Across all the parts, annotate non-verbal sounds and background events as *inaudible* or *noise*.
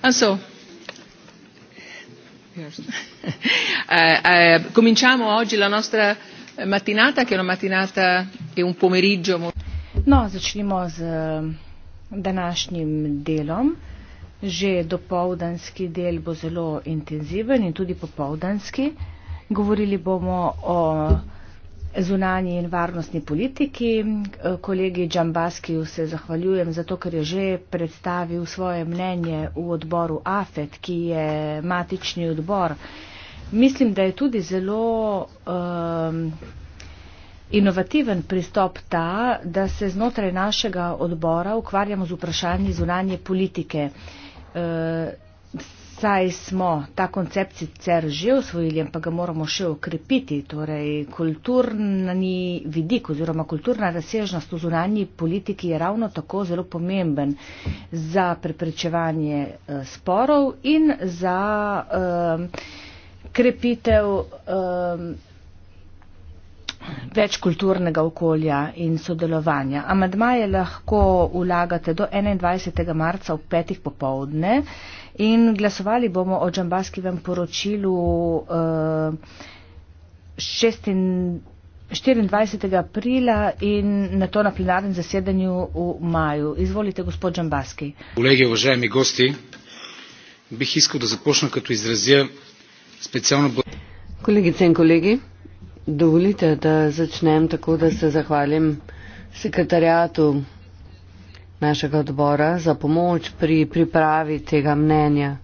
Ah, eh, eh, cominciamo oggi la nostra mattinata che è una mattinata e un pomeriggio No, začnimo z eh, današnjim delom. Že dopoldanski del bo zelo intenziven in tudi popoldanski. Govorili bomo o zunanji in varnostni politiki. Eh, kolegi Džambaskiju se zahvaljujem zato, ker je že predstavil svoje mnenje v odboru AFET, ki je matični odbor. Mislim, da je tudi zelo um, inovativen pristop ta, da se znotraj našega odbora ukvarjamo z vprašanji zunanje politike. Uh, saj smo ta koncept sicer že osvojili, ampak ga moramo še okrepiti. Torej, kulturni vidik oziroma kulturna razsežnost v zunanji politiki je ravno tako zelo pomemben za preprečevanje eh, sporov in za eh, krepitev. Eh, več kulturnega okolja in sodelovanja. Amadmaje lahko vlagate do 21. marca v petih popovdne. In glasovali bomo o Džambaskivem poročilu uh, 16, 24. aprila in na to na plenarnem zasedanju v maju. Izvolite, gospod Džambaski. Kolegi, uvaženi gosti, bih iskal, da započnem, kot izrazil specialno. Kolegice in kolegi, dovolite, da začnem tako, da se zahvalim sekretarjatu našega odbora za pomoč pri pripravi tega mnenja.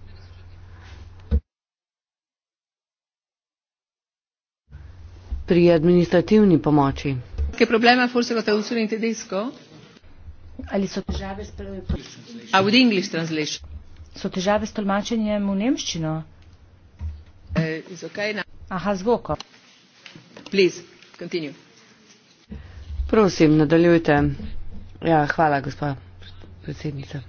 Pri administrativni pomoči. Problema, Ali so težave s prevodom? Ah, so težave s tolmačenjem v nemščino? Eh, Aha, zvoko. Prosim, nadaljujte. Ja, hvala, gospod predsednica.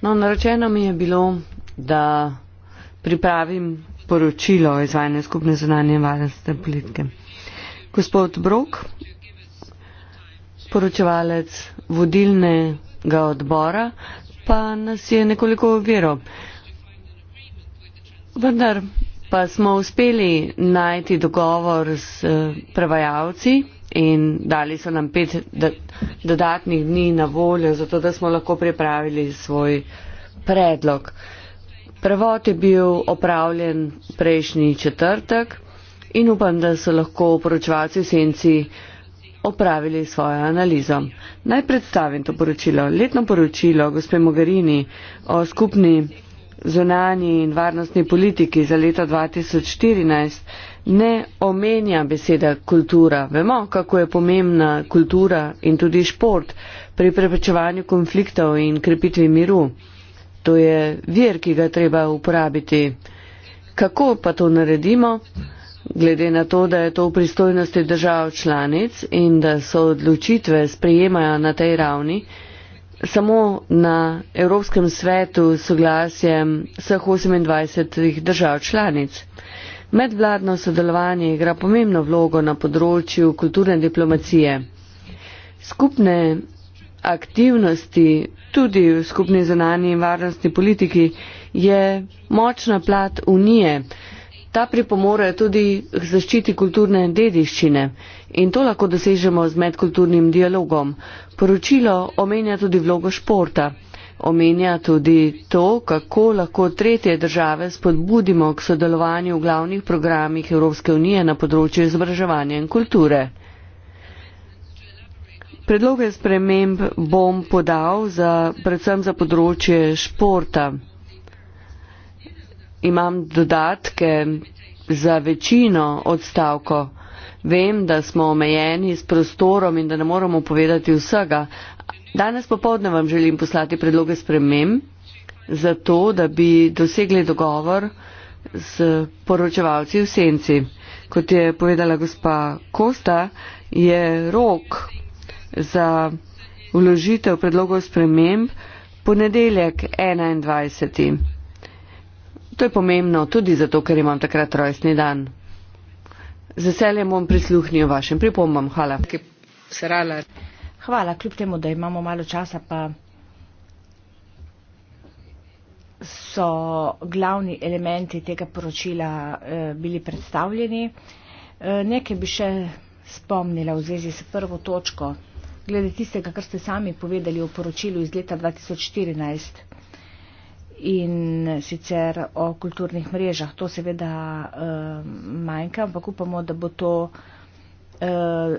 No, naročeno mi je bilo, da pripravim poročilo o izvajanju skupne zunanje varnostne politike. Gospod Brok, poročevalec vodilnega odbora, pa nas je nekoliko uviro. Vendar pa smo uspeli najti dogovor s eh, prevajalci in dali so nam pet dodatnih dni na voljo, zato da smo lahko pripravili svoj predlog. Prvot je bil opravljen prejšnji četrtek in upam, da so lahko poročevalci v senci opravili svojo analizo. Naj predstavim to poročilo. Letno poročilo gospe Mogherini o skupni zonani in varnostni politiki za leto 2014 ne omenja beseda kultura. Vemo, kako je pomembna kultura in tudi šport pri preprečevanju konfliktov in krepitvi miru. To je vir, ki ga treba uporabiti. Kako pa to naredimo, glede na to, da je to v pristojnosti držav članic in da so odločitve sprejemajo na tej ravni, samo na Evropskem svetu s soglasjem vseh 28 držav članic medvladno sodelovanje igra pomembno vlogo na področju kulturne diplomacije. Skupne aktivnosti, tudi v skupni zunanji in varnostni politiki, je močna plat Unije. Ta pripomore tudi k zaščiti kulturne dediščine in to lahko dosežemo z medkulturnim dialogom. Poročilo omenja tudi vlogo športa omenja tudi to, kako lahko tretje države spodbudimo k sodelovanju v glavnih programih Evropske unije na področju izobraževanja in kulture. Predloge sprememb bom podal za, predvsem za področje športa. Imam dodatke za večino odstavko. Vem, da smo omejeni s prostorom in da ne moremo povedati vsega, Danes popovdne vam želim poslati predloge spremem, zato da bi dosegli dogovor z poročevalci v senci. Kot je povedala gospa Kosta, je rok za uložitev predlogov sprememb ponedeljek 21. To je pomembno tudi zato, ker imam takrat rojstni dan. Z veseljem bom prisluhnil vašim pripombam. Hvala. Hvala, kljub temu, da imamo malo časa, pa so glavni elementi tega poročila eh, bili predstavljeni. Eh, nekaj bi še spomnila v zvezi s prvo točko, glede tistega, kar ste sami povedali o poročilu iz leta 2014 in sicer o kulturnih mrežah. To seveda eh, manjka, ampak upamo, da bo to. Eh,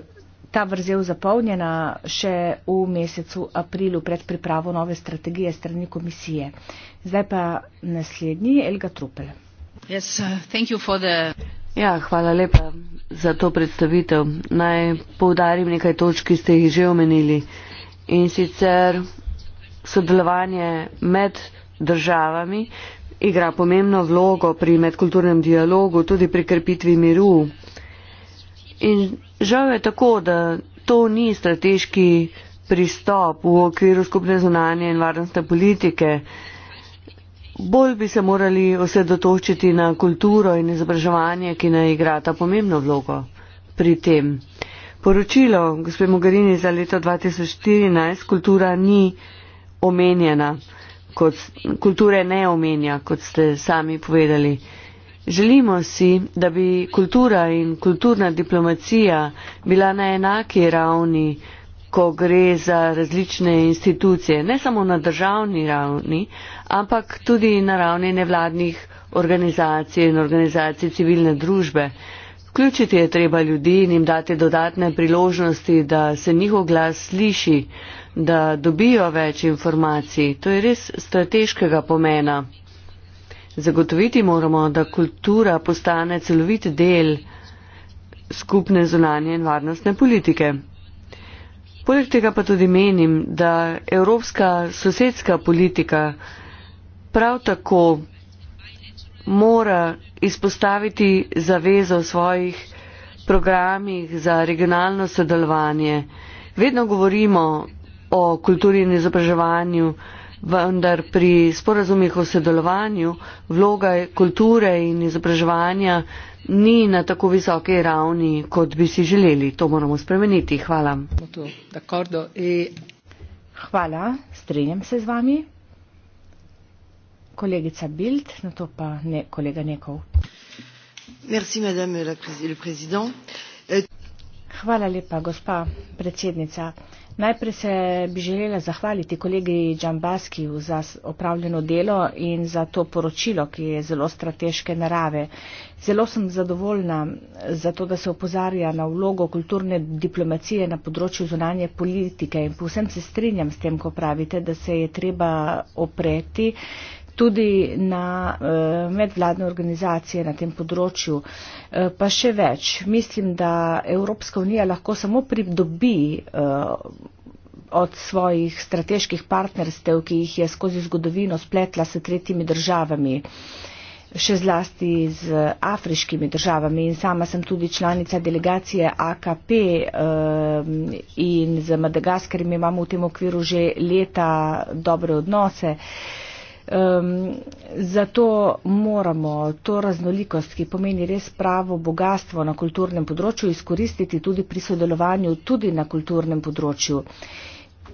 ta vrzel zapolnjena še v mesecu aprilu pred pripravo nove strategije strani komisije. Zdaj pa naslednji, Elga Trupel. Yes, the... ja, hvala lepa za to predstavitev. Naj povdarim nekaj točk, ki ste jih že omenili. In sicer sodelovanje med državami igra pomembno vlogo pri medkulturnem dialogu, tudi pri krepitvi miru. In Žal je tako, da to ni strateški pristop v okviru skupne zunanje in varnostne politike. Bolj bi se morali osredotočiti na kulturo in izobraževanje, ki naj igra ta pomembno vlogo pri tem. Poročilo gospe Mogarini za leto 2014 kultura ni omenjena, kot, kulture ne omenja, kot ste sami povedali. Želimo si, da bi kultura in kulturna diplomacija bila na enaki ravni, ko gre za različne institucije, ne samo na državni ravni, ampak tudi na ravni nevladnih organizacij in organizacij civilne družbe. Vključiti je treba ljudi in jim dati dodatne priložnosti, da se njihov glas sliši, da dobijo več informacij. To je res strateškega pomena. Zagotoviti moramo, da kultura postane celovit del skupne zunanje in varnostne politike. Poleg tega pa tudi menim, da evropska sosedska politika prav tako mora izpostaviti zavezo v svojih programih za regionalno sodelovanje. Vedno govorimo o kulturi in izobraževanju, vendar pri sporazumih o sodelovanju vloga kulture in izobraževanja ni na tako visoki ravni, kot bi si želeli. To moramo spremeniti. Hvala. E- Hvala, strinjam se z vami. Kolegica Bild, na to pa ne, kolega Nekov. Merci, madame, la, le Hvala lepa, gospa predsednica. Najprej se bi želela zahvaliti kolegi Džambaskiju za opravljeno delo in za to poročilo, ki je zelo strateške narave. Zelo sem zadovoljna za to, da se opozarja na vlogo kulturne diplomacije na področju zunanje politike in povsem se strinjam s tem, ko pravite, da se je treba opreti tudi na eh, medvladne organizacije na tem področju. Eh, pa še več, mislim, da Evropska unija lahko samo pridobi eh, od svojih strateških partnerstev, ki jih je skozi zgodovino spletla s tretjimi državami še zlasti z afriškimi državami in sama sem tudi članica delegacije AKP in z Madagaskarjem imamo v tem okviru že leta dobre odnose. Um, zato moramo to raznolikost, ki pomeni res pravo bogatstvo na kulturnem področju, izkoristiti tudi pri sodelovanju tudi na kulturnem področju.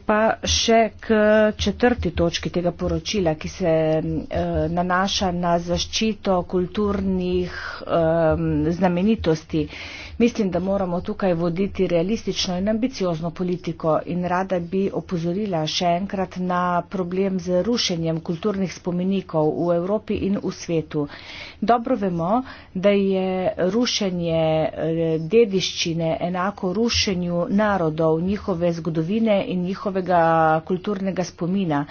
Pa še k četrti točki tega poročila, ki se eh, nanaša na zaščito kulturnih eh, znamenitosti. Eh, Mislim, da moramo tukaj voditi realistično in ambiciozno politiko in rada bi opozorila še enkrat na problem z rušenjem kulturnih spomenikov v Evropi in v svetu. Dobro vemo, da je rušenje eh, dediščine enako rušenju narodov, njihove zgodovine in njihovega kulturnega spomina.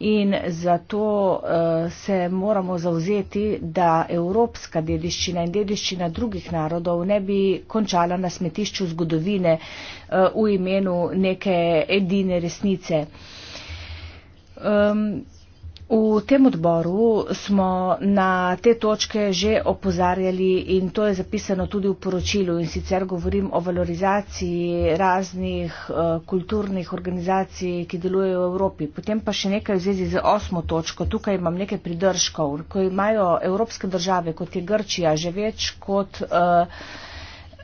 In zato eh, se moramo zauzeti, da evropska dediščina in dediščina drugih narodov ne bi končala na smetišču zgodovine eh, v imenu neke edine resnice. V tem odboru smo na te točke že opozarjali in to je zapisano tudi v poročilu in sicer govorim o valorizaciji raznih eh, kulturnih organizacij, ki delujejo v Evropi. Potem pa še nekaj v zvezi z osmo točko. Tukaj imam nekaj pridržkov, ko imajo evropske države, kot je Grčija, že več kot. Uh,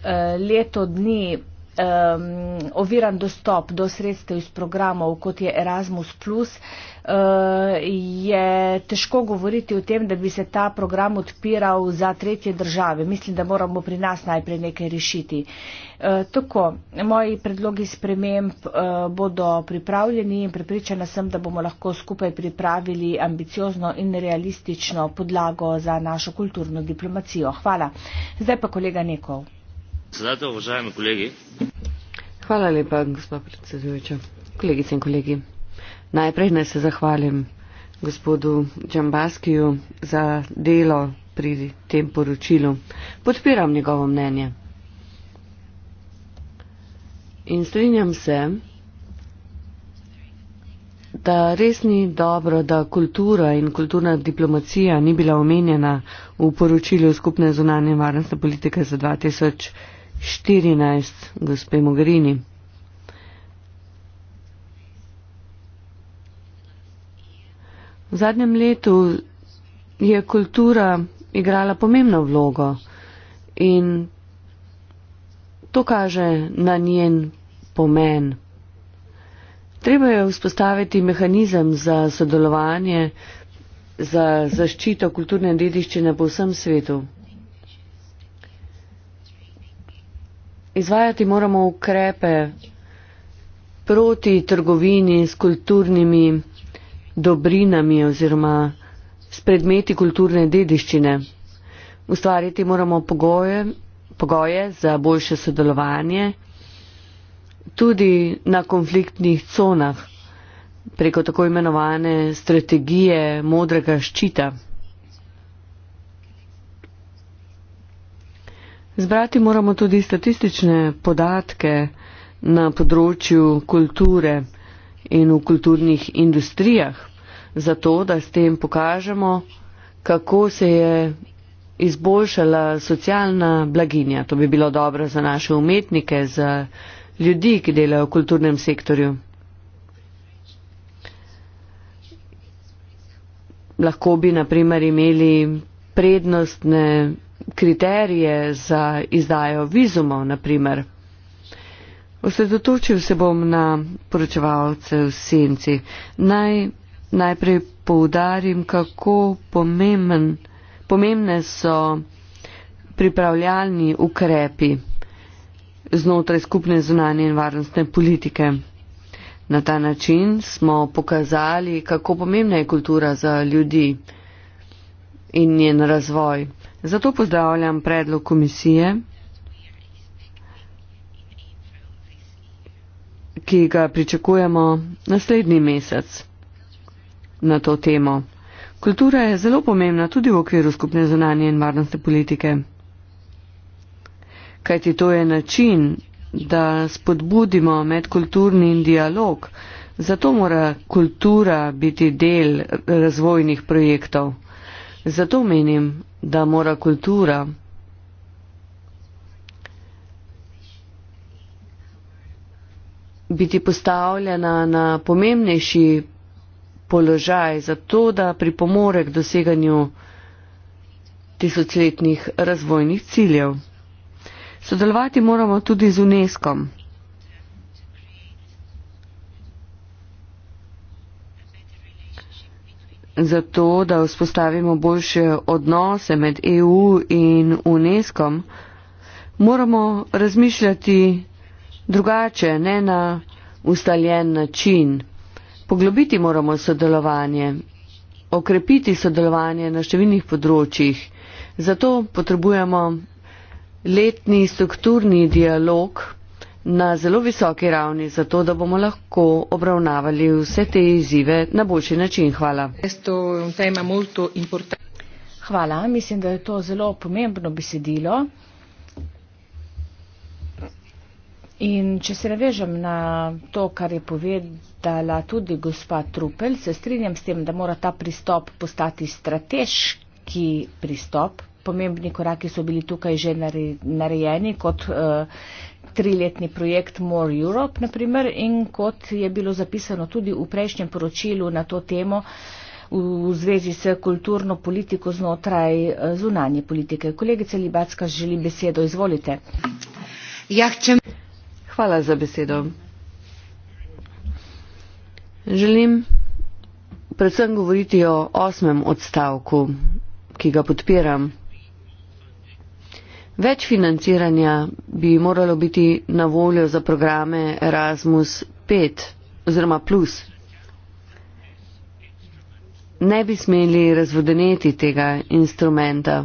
Eh, leto dni um, oviran dostop do sredstev iz programov, kot je Erasmus, uh, je težko govoriti o tem, da bi se ta program odpiral za tretje države. Mislim, da moramo pri nas najprej nekaj rešiti. Uh, tako, moji predlogi sprememb uh, bodo pripravljeni in pripričana sem, da bomo lahko skupaj pripravili ambiciozno in realistično podlago za našo kulturno diplomacijo. Hvala. Zdaj pa kolega Nekov predsedatelj, uvažajmo kolegi. Hvala lepa, gospod predsedujoča. Kolegice in kolegi, najprej naj se zahvalim gospodu Džambaskiju za delo pri tem poročilu. Podpiram njegovo mnenje. In strinjam se, da res ni dobro, da kultura in kulturna diplomacija ni bila omenjena v poročilu skupne zunanje varnostne politike za 2020. 14, gospe Mogrini. V zadnjem letu je kultura igrala pomembno vlogo in to kaže na njen pomen. Treba je vzpostaviti mehanizem za sodelovanje, za zaščito kulturne dediščine po vsem svetu. izvajati moramo ukrepe proti trgovini s kulturnimi dobrinami oziroma s predmeti kulturne dediščine. Ustvariti moramo pogoje, pogoje za boljše sodelovanje tudi na konfliktnih conah preko tako imenovane strategije modrega ščita. Zbrati moramo tudi statistične podatke na področju kulture in v kulturnih industrijah, zato da s tem pokažemo, kako se je izboljšala socialna blaginja. To bi bilo dobro za naše umetnike, za ljudi, ki delajo v kulturnem sektorju. Lahko bi, na primer, imeli prednostne kriterije za izdajo vizumov, naprimer. Osredotočil se bom na poročevalce v senci. Naj najprej poudarim, kako pomemben, pomembne so pripravljalni ukrepi znotraj skupne zunanje in varnostne politike. Na ta način smo pokazali, kako pomembna je kultura za ljudi in njen razvoj. Zato pozdravljam predlog komisije, ki ga pričakujemo naslednji mesec na to temo. Kultura je zelo pomembna tudi v okviru skupne zunanje in varnostne politike, kajti to je način, da spodbudimo medkulturni dialog. Zato mora kultura biti del razvojnih projektov. Zato menim, da mora kultura biti postavljena na pomembnejši položaj za to, da pripomore k doseganju tisočletnih razvojnih ciljev. Sodelovati moramo tudi z UNESCO. -om. Zato, da vzpostavimo boljše odnose med EU in UNESCO, moramo razmišljati drugače, ne na ustaljen način. Poglobiti moramo sodelovanje, okrepiti sodelovanje na številnih področjih. Zato potrebujemo letni strukturni dialog na zelo visoki ravni, zato da bomo lahko obravnavali vse te izzive na boljši način. Hvala. Hvala, mislim, da je to zelo pomembno besedilo. In če se navežem na to, kar je povedala tudi gospa Trupel, se strinjam s tem, da mora ta pristop postati strateški pristop. Pomembni koraki so bili tukaj že narejeni, kot uh, triletni projekt More Europe, naprimer, in kot je bilo zapisano tudi v prejšnjem poročilu na to temo v, v zvezi s kulturno politiko znotraj eh, zunanje politike. Kolegica Libacka želi besedo, izvolite. Ja, če... Hvala za besedo. Želim predvsem govoriti o osmem odstavku, ki ga podpiram. Več financiranja bi moralo biti na voljo za programe Erasmus 5 oziroma plus. Ne bi smeli razvodeneti tega instrumenta.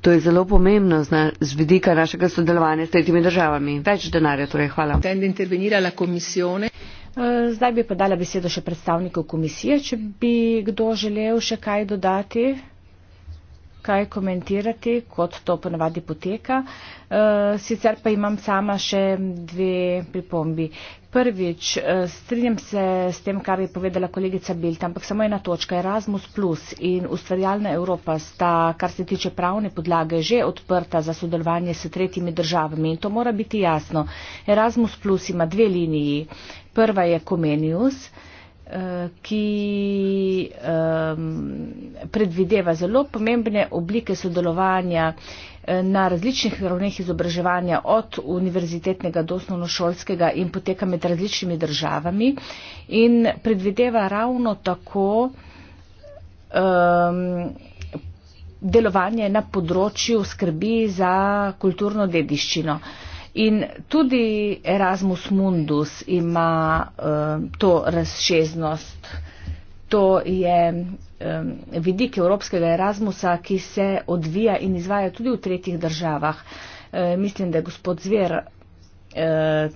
To je zelo pomembno z vidika našega sodelovanja s tretjimi državami. Več denarja torej, hvala. Eh, zdaj bi pa dala besedo še predstavniku komisije, če bi kdo želel še kaj dodati kaj komentirati, kot to ponavadi poteka. Eh, sicer pa imam sama še dve pripombi. Prvič, eh, strinjam se s tem, kar je povedala kolegica Bilt, ampak samo ena točka. Erasmus Plus in ustvarjalna Evropa sta, kar se tiče pravne podlage, že odprta za sodelovanje s tretjimi državami in to mora biti jasno. Erasmus Plus ima dve liniji. Prva je Comenius ki um, predvideva zelo pomembne oblike sodelovanja eh, na različnih ravneh izobraževanja od univerzitetnega do osnovnošolskega in poteka med različnimi državami in predvideva ravno tako um, delovanje na področju skrbi za kulturno dediščino. Uh, In tudi Erasmus Mundus ima um, to razšeznost. To je um, vidik evropskega Erasmusa, ki se odvija in izvaja tudi v tretjih državah. E, mislim, da je gospod Zver e,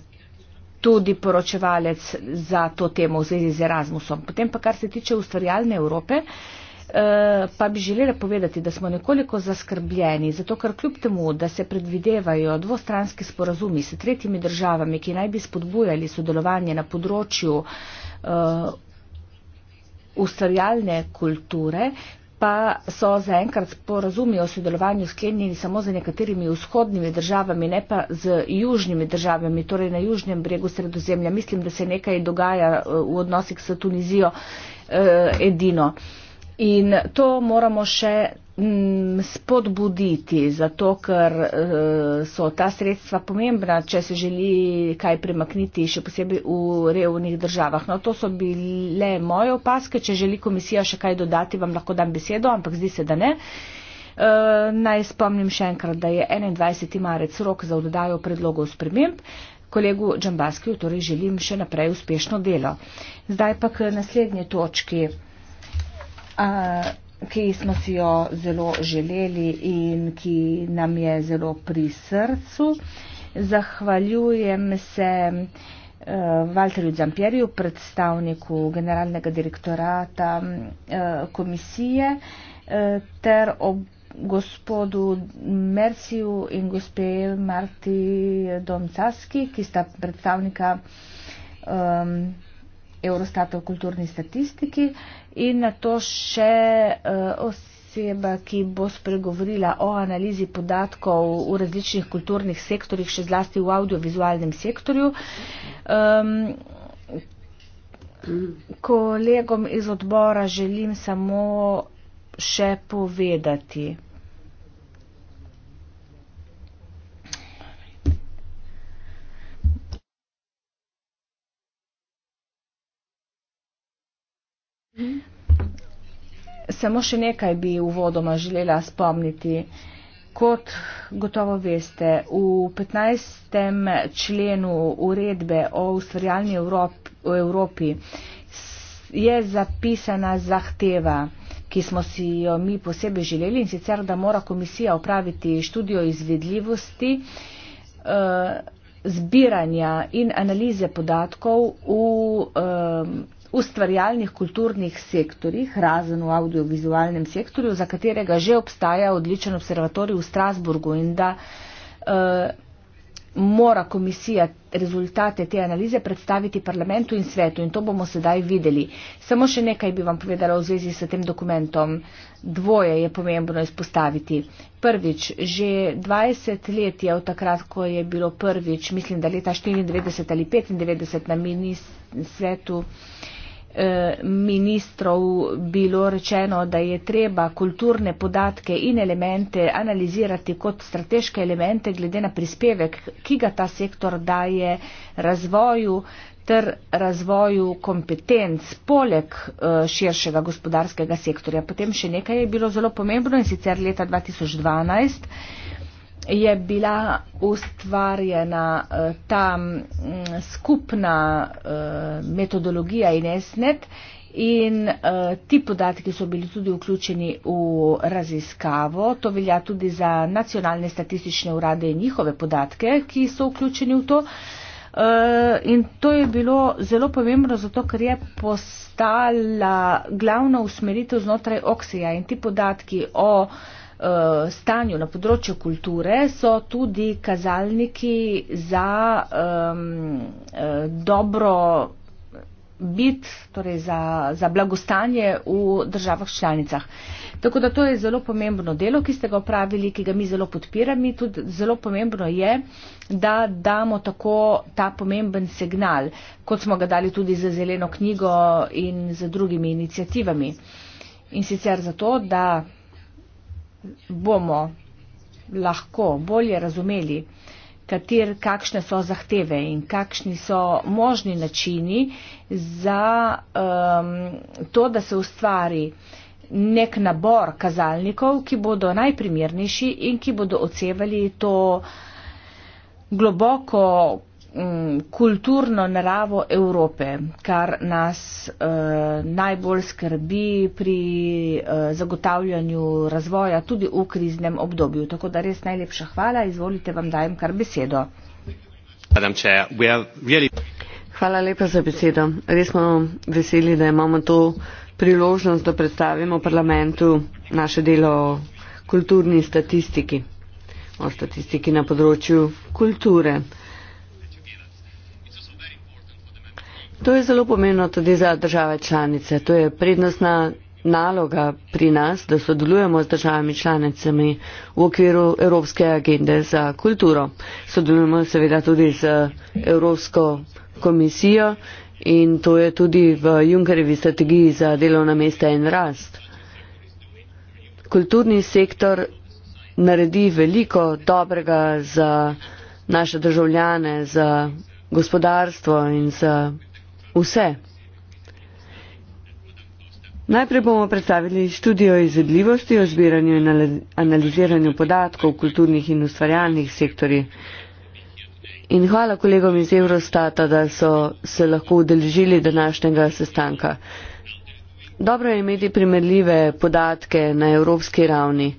tudi poročevalec za to temo v zvezi z Erasmusom. Potem pa kar se tiče ustvarjalne Evrope. E, Eh, pa bi želela povedati, da smo nekoliko zaskrbljeni, zato ker kljub temu, da se predvidevajo dvostranski sporazumi s tretjimi državami, ki naj bi spodbujali sodelovanje na področju uh, ustvarjalne kulture, pa so zaenkrat sporazumi o sodelovanju sklenjeni samo z nekaterimi vzhodnimi državami, ne pa z južnimi državami, torej na južnem bregu sredozemlja. Mislim, da se nekaj dogaja eh, v odnosih s Tunizijo uh, edino. Uh, In to moramo še mm, spodbuditi, zato ker eh, so ta sredstva pomembna, če se želi kaj premakniti, še posebej v revnih državah. No, to so bile moje opaske, če želi komisija še kaj dodati, vam lahko dam besedo, ampak zdi se, da ne. E, naj spomnim še enkrat, da je 21. marec rok za oddajo predlogov sprememb. Kolegu Džambaskiju torej želim še naprej uspešno delo. Zdaj pa k naslednji točki ki smo si jo zelo želeli in ki nam je zelo pri srcu. Zahvaljujem se Valterju e, Zampjerju, predstavniku generalnega direktorata e, komisije e, ter ob gospodu Merciju in gospe Marti Domcaski, ki sta predstavnika um, Eurostata v kulturni statistiki in na to še eh, oseba, ki bo spregovorila o analizi podatkov v različnih kulturnih sektorjih, še zlasti v audiovizualnem sektorju. Um, kolegom iz odbora želim samo še povedati. Samo še nekaj bi uvodoma želela spomniti. Kot gotovo veste, v 15. členu uredbe o ustvarjalni Evropi, Evropi je zapisana zahteva, ki smo si jo mi posebej želeli in sicer, da mora komisija upraviti študijo izvedljivosti eh, zbiranja in analize podatkov v eh, ustvarjalnih kulturnih sektorjih, razen v audiovizualnem sektorju, za katerega že obstaja odličen observatorij v Strasburgu in da eh, mora komisija rezultate te analize predstaviti parlamentu in svetu in to bomo sedaj videli. Samo še nekaj bi vam povedala v zvezi s tem dokumentom. Dvoje je pomembno izpostaviti. Prvič, že 20 let je od takrat, ko je bilo prvič, mislim, da leta 94 ali 95 na mini svetu. Eh, ministrov bilo rečeno, da je treba kulturne podatke in elemente analizirati kot strateške elemente glede na prispevek, ki ga ta sektor daje razvoju ter razvoju kompetenc poleg eh, širšega gospodarskega sektorja. Potem še nekaj je bilo zelo pomembno in sicer leta 2012 je bila ustvarjena eh, ta mm, skupna eh, metodologija in esnet eh, in ti podatki so bili tudi vključeni v raziskavo. To velja tudi za nacionalne statistične urade in njihove podatke, ki so vključeni v to. In to je bilo zelo pomembno, zato ker je postala glavna usmeritev znotraj OXIA in ti podatki o Eh, stanju na področju kulture so tudi kazalniki za um, dobro bit, torej za, za blagostanje v državah članicah. Tako da to je zelo pomembno delo, ki ste ga opravili, ki ga mi zelo podpiramo in tudi zelo pomembno je, da damo tako ta pomemben signal, kot smo ga dali tudi za zeleno knjigo in za drugimi inicijativami. In sicer zato, da bomo lahko bolje razumeli, katere, kakšne so zahteve in kakšni so možni načini za um, to, da se ustvari nek nabor kazalnikov, ki bodo najprimernejši in ki bodo odsevali to globoko Mm, kulturno naravo Evrope, kar nas eh, najbolj skrbi pri eh, zagotavljanju razvoja tudi v kriznem obdobju. Tako da res najlepša hvala, izvolite vam dajem kar besedo. Hvala lepa za besedo. Res smo veseli, da imamo to priložnost, da predstavimo parlamentu naše delo o kulturni statistiki, o statistiki na področju kulture. To je zelo pomembno tudi za države članice. To je prednostna naloga pri nas, da sodelujemo z državami članicami v okviru Evropske agende za kulturo. Sodelujemo seveda tudi z Evropsko komisijo in to je tudi v Junkerjevi strategiji za delovna mesta in rast. Kulturni sektor naredi veliko dobrega za naše državljane, za gospodarstvo in za vse. Najprej bomo predstavili študijo izvedljivosti o zbiranju in analiziranju podatkov kulturnih in ustvarjalnih sektorji. In hvala kolegom iz Eurostata, da so se lahko udeležili današnjega sestanka. Dobro je imeti primerljive podatke na evropski ravni.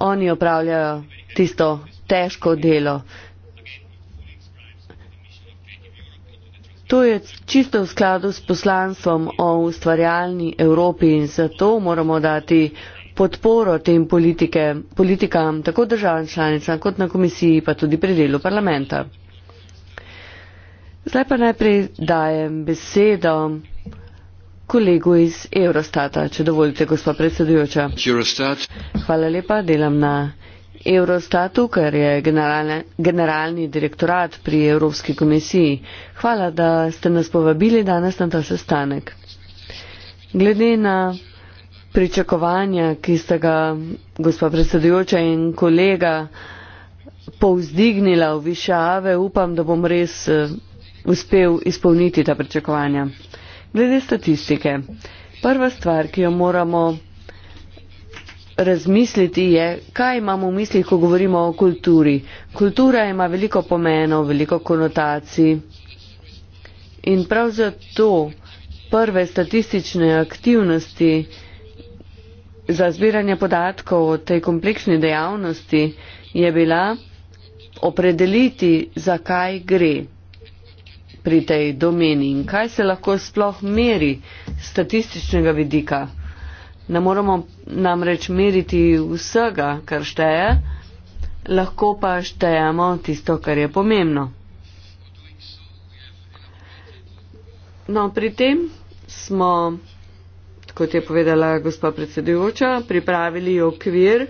Oni opravljajo tisto težko delo. To je čisto v skladu s poslanstvom o ustvarjalni Evropi in zato moramo dati podporo tem politike, politikam, tako državam članicam, kot na komisiji, pa tudi pri delu parlamenta. Zdaj pa najprej dajem besedo kolegu iz Eurostata, če dovolite, gospod predsedujoča. Hvala lepa, delam na Eurostatu, kar je generalne, generalni direktorat pri Evropski komisiji. Hvala, da ste nas povabili danes na ta sestanek. Glede na pričakovanja, ki ste ga gospa predsedujoča in kolega povzdignila v višave, upam, da bom res eh, uspel izpolniti ta pričakovanja. Glede statistike. Prva stvar, ki jo moramo razmisliti je, kaj imamo v mislih, ko govorimo o kulturi. Kultura ima veliko pomenov, veliko konotacij in prav zato prve statistične aktivnosti za zbiranje podatkov o tej kompleksni dejavnosti je bila opredeliti, zakaj gre pri tej domeni in kaj se lahko sploh meri statističnega vidika. Ne moremo namreč meriti vsega, kar šteje, lahko pa štejemo tisto, kar je pomembno. No, pri tem smo, kot je povedala gospa predsedujoča, pripravili okvir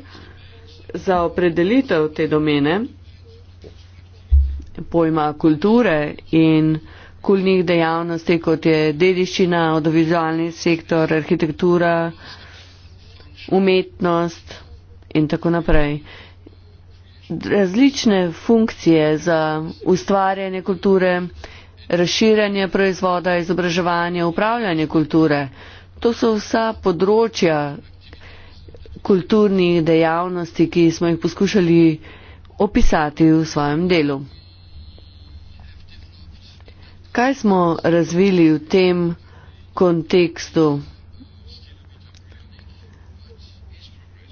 za opredelitev te domene, pojma kulture in kulnih dejavnosti, kot je dediščina, audiovizualni sektor, arhitektura, umetnost in tako naprej. Različne funkcije za ustvarjanje kulture, razširjanje proizvoda, izobraževanje, upravljanje kulture. To so vsa področja kulturnih dejavnosti, ki smo jih poskušali opisati v svojem delu. Kaj smo razvili v tem kontekstu?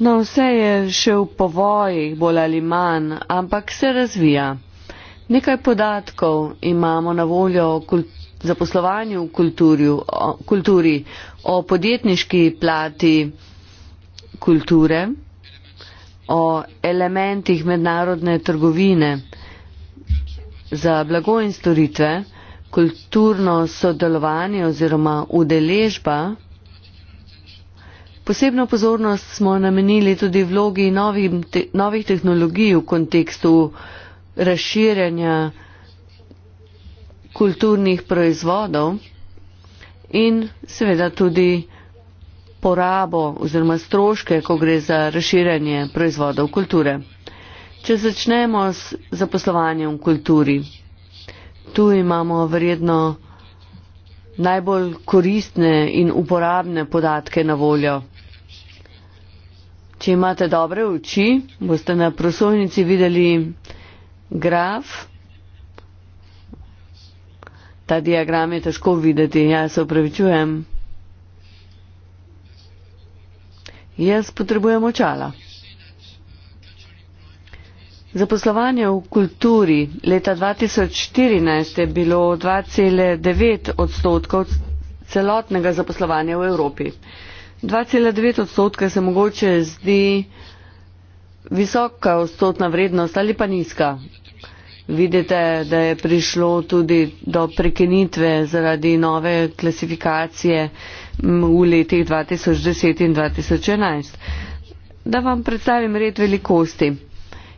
No, vse je šel po vojih, bolj ali manj, ampak se razvija. Nekaj podatkov imamo na voljo o zaposlovanju v kulturi, o, kulturi, o podjetniški plati kulture, o elementih mednarodne trgovine za blago in storitve, kulturno sodelovanje oziroma udeležba Posebno pozornost smo namenili tudi vlogi novih, te, novih tehnologij v kontekstu razširjanja kulturnih proizvodov in seveda tudi porabo oziroma stroške, ko gre za razširjanje proizvodov kulture. Če začnemo s zaposlovanjem v kulturi, tu imamo verjetno najbolj koristne in uporabne podatke na voljo. Če imate dobre oči, boste na prosojnici videli graf. Ta diagram je težko videti, ja se upravičujem. Jaz potrebujem očala. Zaposlovanje v kulturi leta 2014 je bilo 2,9 odstotkov celotnega zaposlovanja v Evropi. 2,9 odstotka se mogoče zdi visoka odstotna vrednost ali pa nizka. Vidite, da je prišlo tudi do prekenitve zaradi nove klasifikacije v letih 2010 in 2011. Da vam predstavim red velikosti.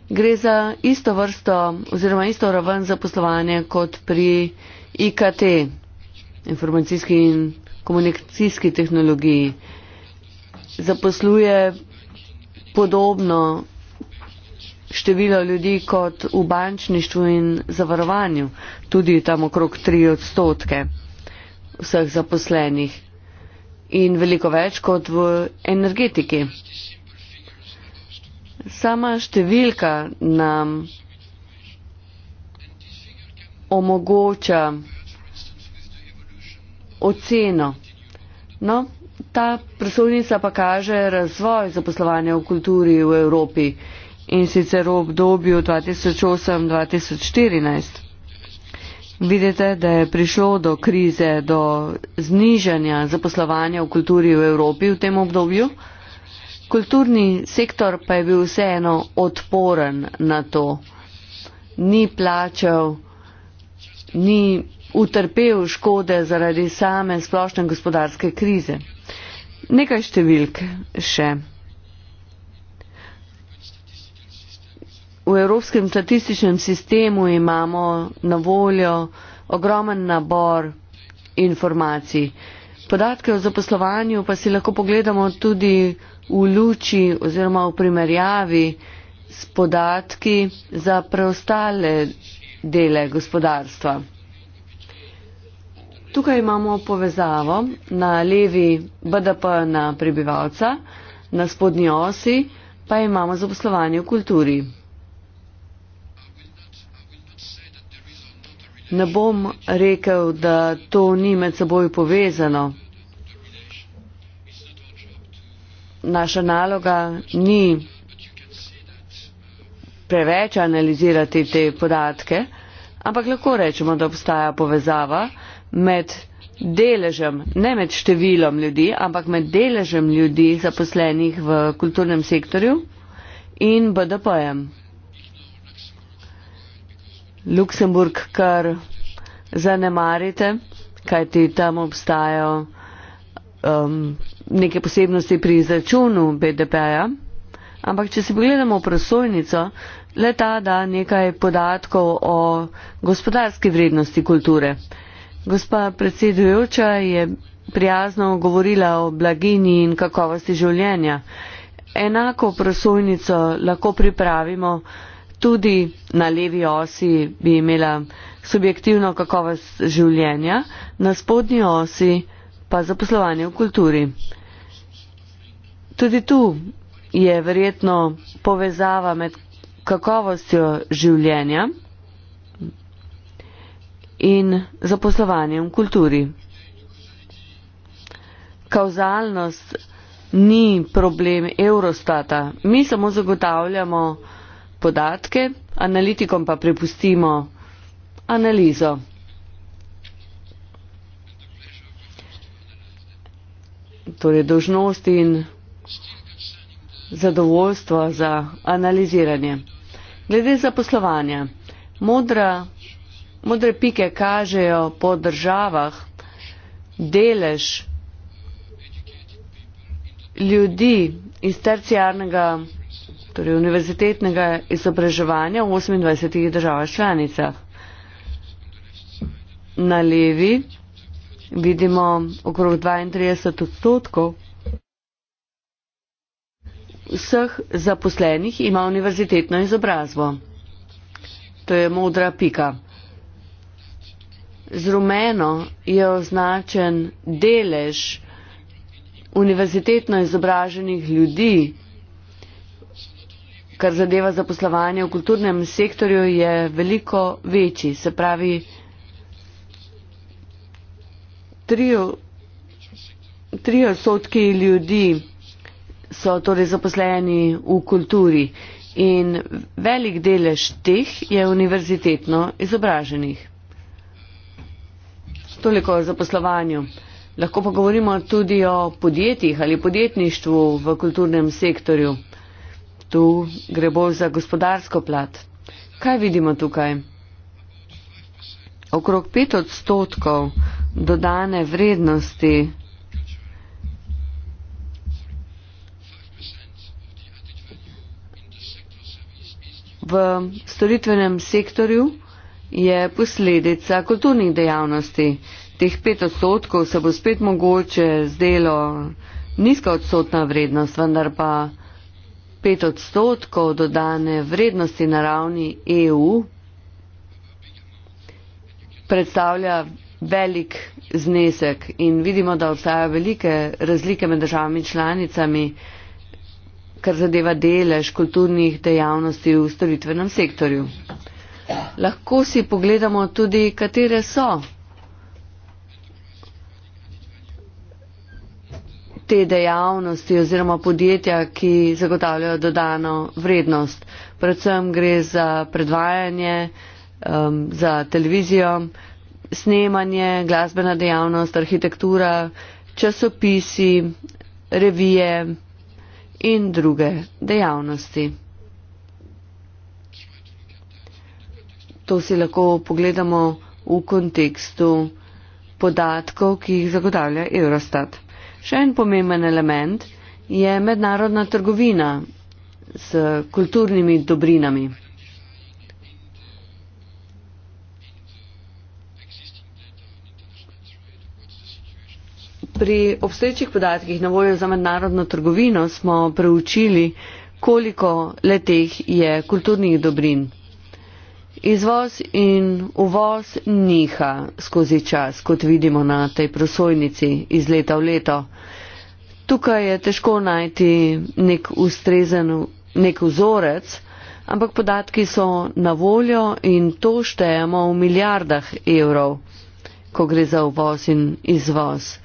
Gre za isto vrsto oziroma isto raven zaposlovanja kot pri IKT, informacijski in komunikacijski tehnologiji zaposluje podobno število ljudi kot v bančništvu in zavarovanju, tudi tam okrog 3 odstotke vseh zaposlenih in veliko več kot v energetiki. Sama številka nam omogoča oceno. No, Ta prosovnica pa kaže razvoj zaposlovanja v kulturi v Evropi in sicer v obdobju 2008-2014. Vidite, da je prišlo do krize, do znižanja zaposlovanja v kulturi v Evropi v tem obdobju. Kulturni sektor pa je bil vseeno odporen na to. Ni plačal, ni utrpel škode zaradi same splošne gospodarske krize. Nekaj številk še. V evropskem statističnem sistemu imamo na voljo ogromen nabor informacij. Podatke o zaposlovanju pa si lahko pogledamo tudi v luči oziroma v primerjavi s podatki za preostale dele gospodarstva. Tukaj imamo povezavo na levi BDP na prebivalca, na spodnji osi pa imamo zaposlovanje v kulturi. Ne bom rekel, da to ni med seboj povezano. Naša naloga ni preveč analizirati te podatke, ampak lahko rečemo, da obstaja povezava med deležem ne med številom ljudi, ampak med deležem ljudi zaposlenih v kulturnem sektorju in BDP-jem. Luksemburg kar zanemarite, kajti tam obstajajo um, neke posebnosti pri izračunu BDP-ja, ampak če si pogledamo prosojnico, le ta da nekaj podatkov o gospodarski vrednosti kulture. Gospa predsedujoča je prijazno govorila o blaginji in kakovosti življenja. Enako prosojnico lahko pripravimo tudi na levi osi bi imela subjektivno kakovost življenja, na spodnji osi pa zaposlovanje v kulturi. Tudi tu je verjetno povezava med kakovostjo življenja in zaposlovanjem v kulturi. Kauzalnost ni problem Eurostata. Mi samo zagotavljamo podatke, analitikom pa prepustimo analizo. Torej, dožnost in zadovoljstvo za analiziranje. Glede zaposlovanja. Modra Modre pike kažejo po državah delež ljudi iz terciarnega, torej univerzitetnega izobraževanja v 28 državah članicah. Na levi vidimo okrog 32 odstotkov vseh zaposlenih ima univerzitetno izobrazbo. To je modra pika z rumeno je označen delež univerzitetno izobraženih ljudi, kar zadeva zaposlovanje v kulturnem sektorju, je veliko večji. Se pravi, tri odstotki ljudi so torej zaposleni v kulturi in velik delež teh je univerzitetno izobraženih. Toliko o zaposlovanju. Lahko pa govorimo tudi o podjetjih ali podjetništvu v kulturnem sektorju. Tu gre bolj za gospodarsko plat. Kaj vidimo tukaj? Okrog pet odstotkov dodane vrednosti v storitvenem sektorju je posledica kulturnih dejavnosti. Teh pet odstotkov se bo spet mogoče zdelo nizka odstotna vrednost, vendar pa pet odstotkov dodane vrednosti na ravni EU predstavlja velik znesek in vidimo, da obstajajo velike razlike med državami članicami, kar zadeva delež kulturnih dejavnosti v storitvenem sektorju. Ja. Lahko si pogledamo tudi, katere so te dejavnosti oziroma podjetja, ki zagotavljajo dodano vrednost. Predvsem gre za predvajanje, um, za televizijo, snemanje, glasbena dejavnost, arhitektura, časopisi, revije in druge dejavnosti. To si lahko pogledamo v kontekstu podatkov, ki jih zagotavlja Eurostat. Še en pomemben element je mednarodna trgovina s kulturnimi dobrinami. Pri obstoječih podatkih na voljo za mednarodno trgovino smo preučili, koliko le teh je kulturnih dobrin. Izvoz in uvoz niha skozi čas, kot vidimo na tej prosojnici iz leta v leto. Tukaj je težko najti nek ustrezen nek vzorec, ampak podatki so na voljo in to štejemo v milijardah evrov, ko gre za uvoz in izvoz.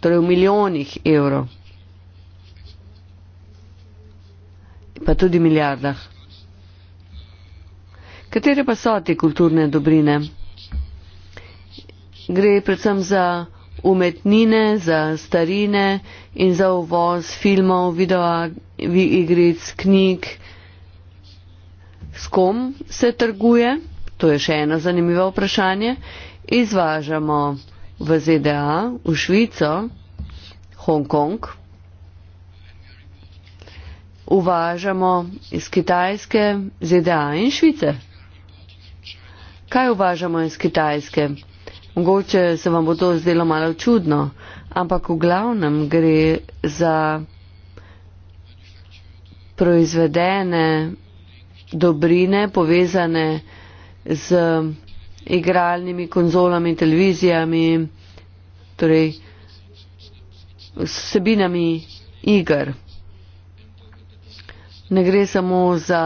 Torej v milijonih evrov. Pa tudi milijardah. Katere pa so te kulturne dobrine? Gre predvsem za umetnine, za starine in za uvoz filmov, videoigric, knjig. S kom se trguje? To je še eno zanimivo vprašanje. Izvažamo v ZDA, v Švico, Hongkong. Uvažamo iz Kitajske, ZDA in Švice kaj uvažamo iz Kitajske. Mogoče se vam bo to zdelo malo čudno, ampak v glavnem gre za proizvedene dobrine povezane z igralnimi konzolami, televizijami, torej vsebinami igr. Ne gre samo za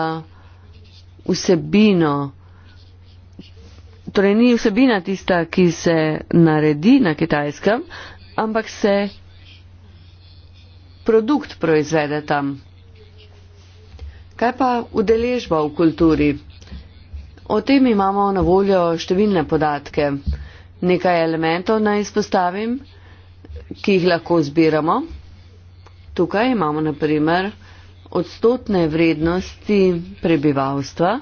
vsebino, torej ni vsebina tista, ki se naredi na kitajskem, ampak se produkt proizvede tam. Kaj pa udeležba v kulturi? O tem imamo na voljo številne podatke. Nekaj elementov naj izpostavim, ki jih lahko zbiramo. Tukaj imamo naprimer odstotne vrednosti prebivalstva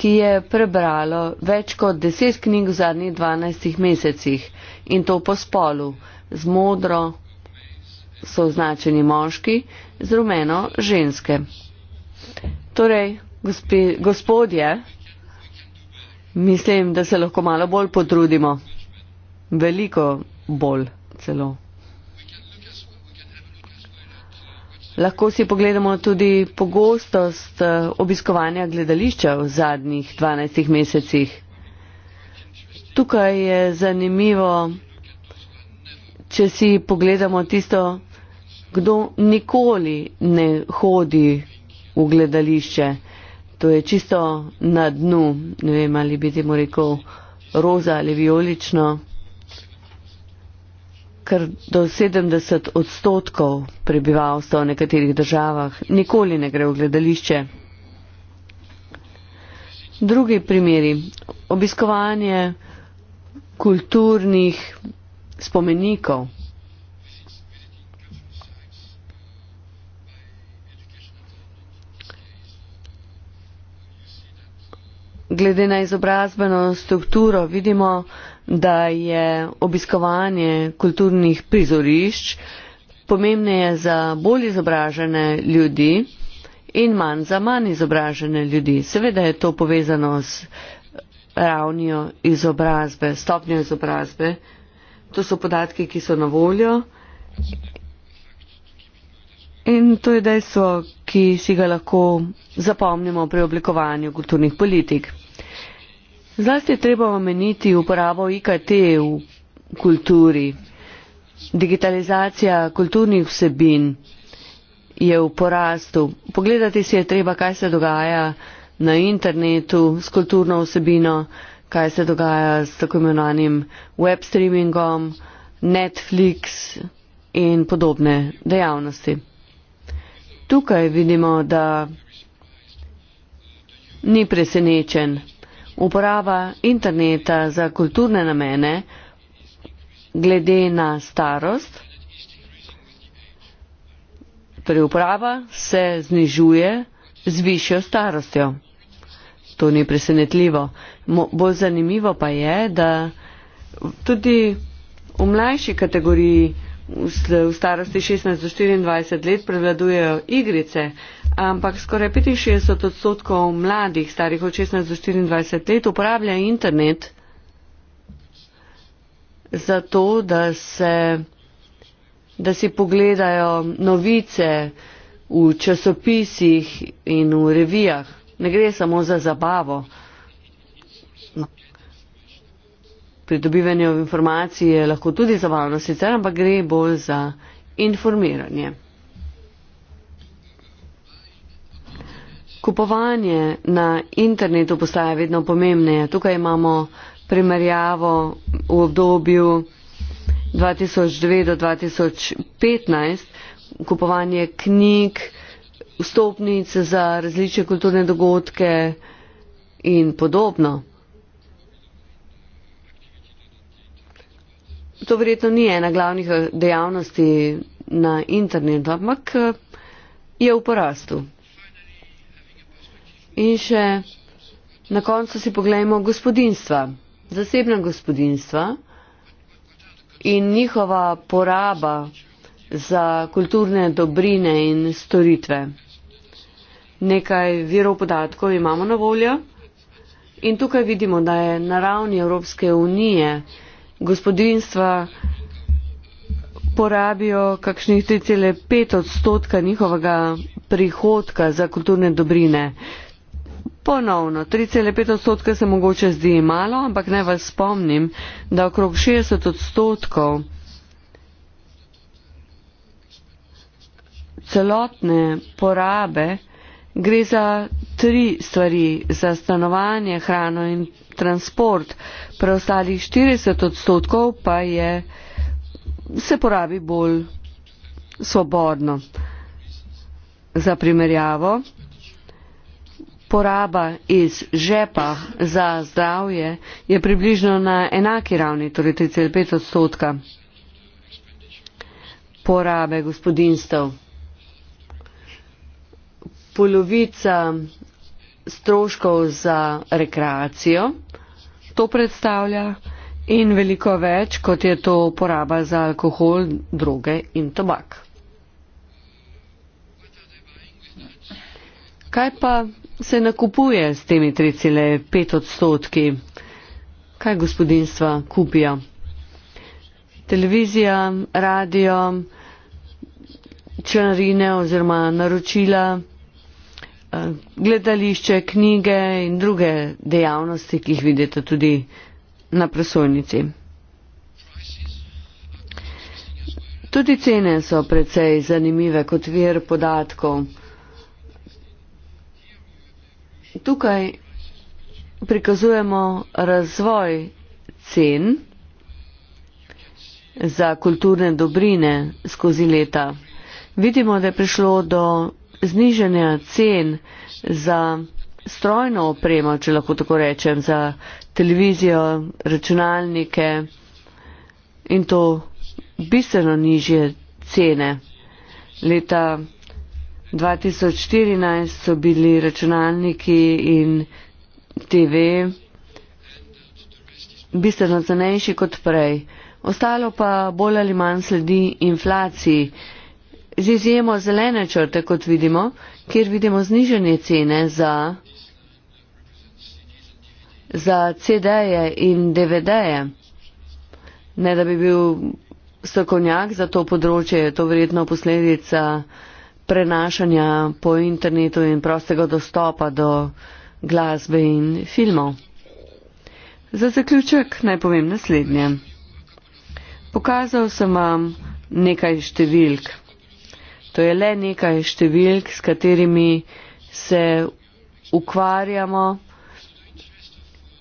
ki je prebralo več kot deset knjig v zadnjih dvanajstih mesecih in to po spolu, z modro so označeni moški, z rumeno ženske. Torej, gospi, gospodje, mislim, da se lahko malo bolj potrudimo, veliko bolj celo. Lahko si pogledamo tudi pogostost eh, obiskovanja gledališča v zadnjih 12 mesecih. Tukaj je zanimivo, če si pogledamo tisto, kdo nikoli ne hodi v gledališče. To je čisto na dnu, ne vem ali bi ti mu rekel roza ali vijolično kar do 70 odstotkov prebivalstva v nekaterih državah nikoli ne gre v gledališče. Drugi primeri. Obiskovanje kulturnih spomenikov. Glede na izobrazbeno strukturo vidimo, da je obiskovanje kulturnih prizorišč pomembneje za bolj izobražene ljudi in manj za manj izobražene ljudi. Seveda je to povezano s ravnjo izobrazbe, stopnjo izobrazbe. To so podatki, ki so na voljo. In to je dejstvo, ki si ga lahko zapomnimo pri oblikovanju kulturnih politik. Zlasti je treba omeniti uporabo IKT v kulturi. Digitalizacija kulturnih vsebin je v porastu. Pogledati si je treba, kaj se dogaja na internetu s kulturno vsebino, kaj se dogaja s tako imenovanim web streamingom, Netflix in podobne dejavnosti. Tukaj vidimo, da ni presenečen uporaba interneta za kulturne namene glede na starost, preuporaba torej, se znižuje z višjo starostjo. To ni presenetljivo. Bolj zanimivo pa je, da tudi v mlajši kategoriji v starosti 16 do 24 let prevladujejo igrice, ampak skoraj 65 odstotkov mladih, starih od 16 do 24 let, uporablja internet za to, da, se, da si pogledajo novice v časopisih in v revijah. Ne gre samo za zabavo. No. Pridobivanje informacij je lahko tudi zabavno sicer, ampak gre bolj za informiranje. Kupovanje na internetu postaja vedno pomembneje. Tukaj imamo primerjavo v obdobju 2009 do 2015, kupovanje knjig, vstopnic za različne kulturne dogodke in podobno. To verjetno ni ena glavnih eh, dejavnosti na internetu, ampak eh, je v porastu. In še na koncu si pogledajmo gospodinstva, zasebna gospodinstva in njihova poraba za kulturne dobrine in storitve. Nekaj virov podatkov imamo na voljo in tukaj vidimo, da je na ravni Evropske unije gospodinstva porabijo kakšnih 3,5 odstotka njihovega prihodka za kulturne dobrine. Ponovno, 3,5 odstotka se mogoče zdi malo, ampak naj vas spomnim, da okrog 60 odstotkov celotne porabe gre za tri stvari, za stanovanje, hrano in transport, preostalih 40 odstotkov pa je, se porabi bolj svobodno. Za primerjavo, poraba iz žepa za zdravje je približno na enaki ravni, torej 3,5 odstotka porabe gospodinstv. Polovica stroškov za rekreacijo to predstavlja in veliko več, kot je to poraba za alkohol, droge in tobak. Kaj pa se nakupuje s temi 3,5 odstotki? Kaj gospodinstva kupijo? Televizija, radio, članarine oziroma naročila, eh, gledališče, knjige in druge dejavnosti, ki jih vidite tudi na presojnici. Tudi cene so precej zanimive kot vir podatkov. Tukaj prikazujemo razvoj cen za kulturne dobrine skozi leta. Vidimo, da je prišlo do zniženja cen za strojno opremo, če lahko tako rečem, za televizijo, računalnike in to bistveno nižje cene. Leta 2014 so bili računalniki in TV bistveno cenejši kot prej. Ostalo pa bolj ali manj sledi inflaciji. Z izjemo zelene črte, kot vidimo, kjer vidimo znižanje cene za, za CD-je in DVD-je. Ne da bi bil strokovnjak za to področje, je to verjetno posledica prenašanja po internetu in prostega dostopa do glasbe in filmov. Za zaključek naj povem naslednje. Pokazal sem vam nekaj številk. To je le nekaj številk, s katerimi se ukvarjamo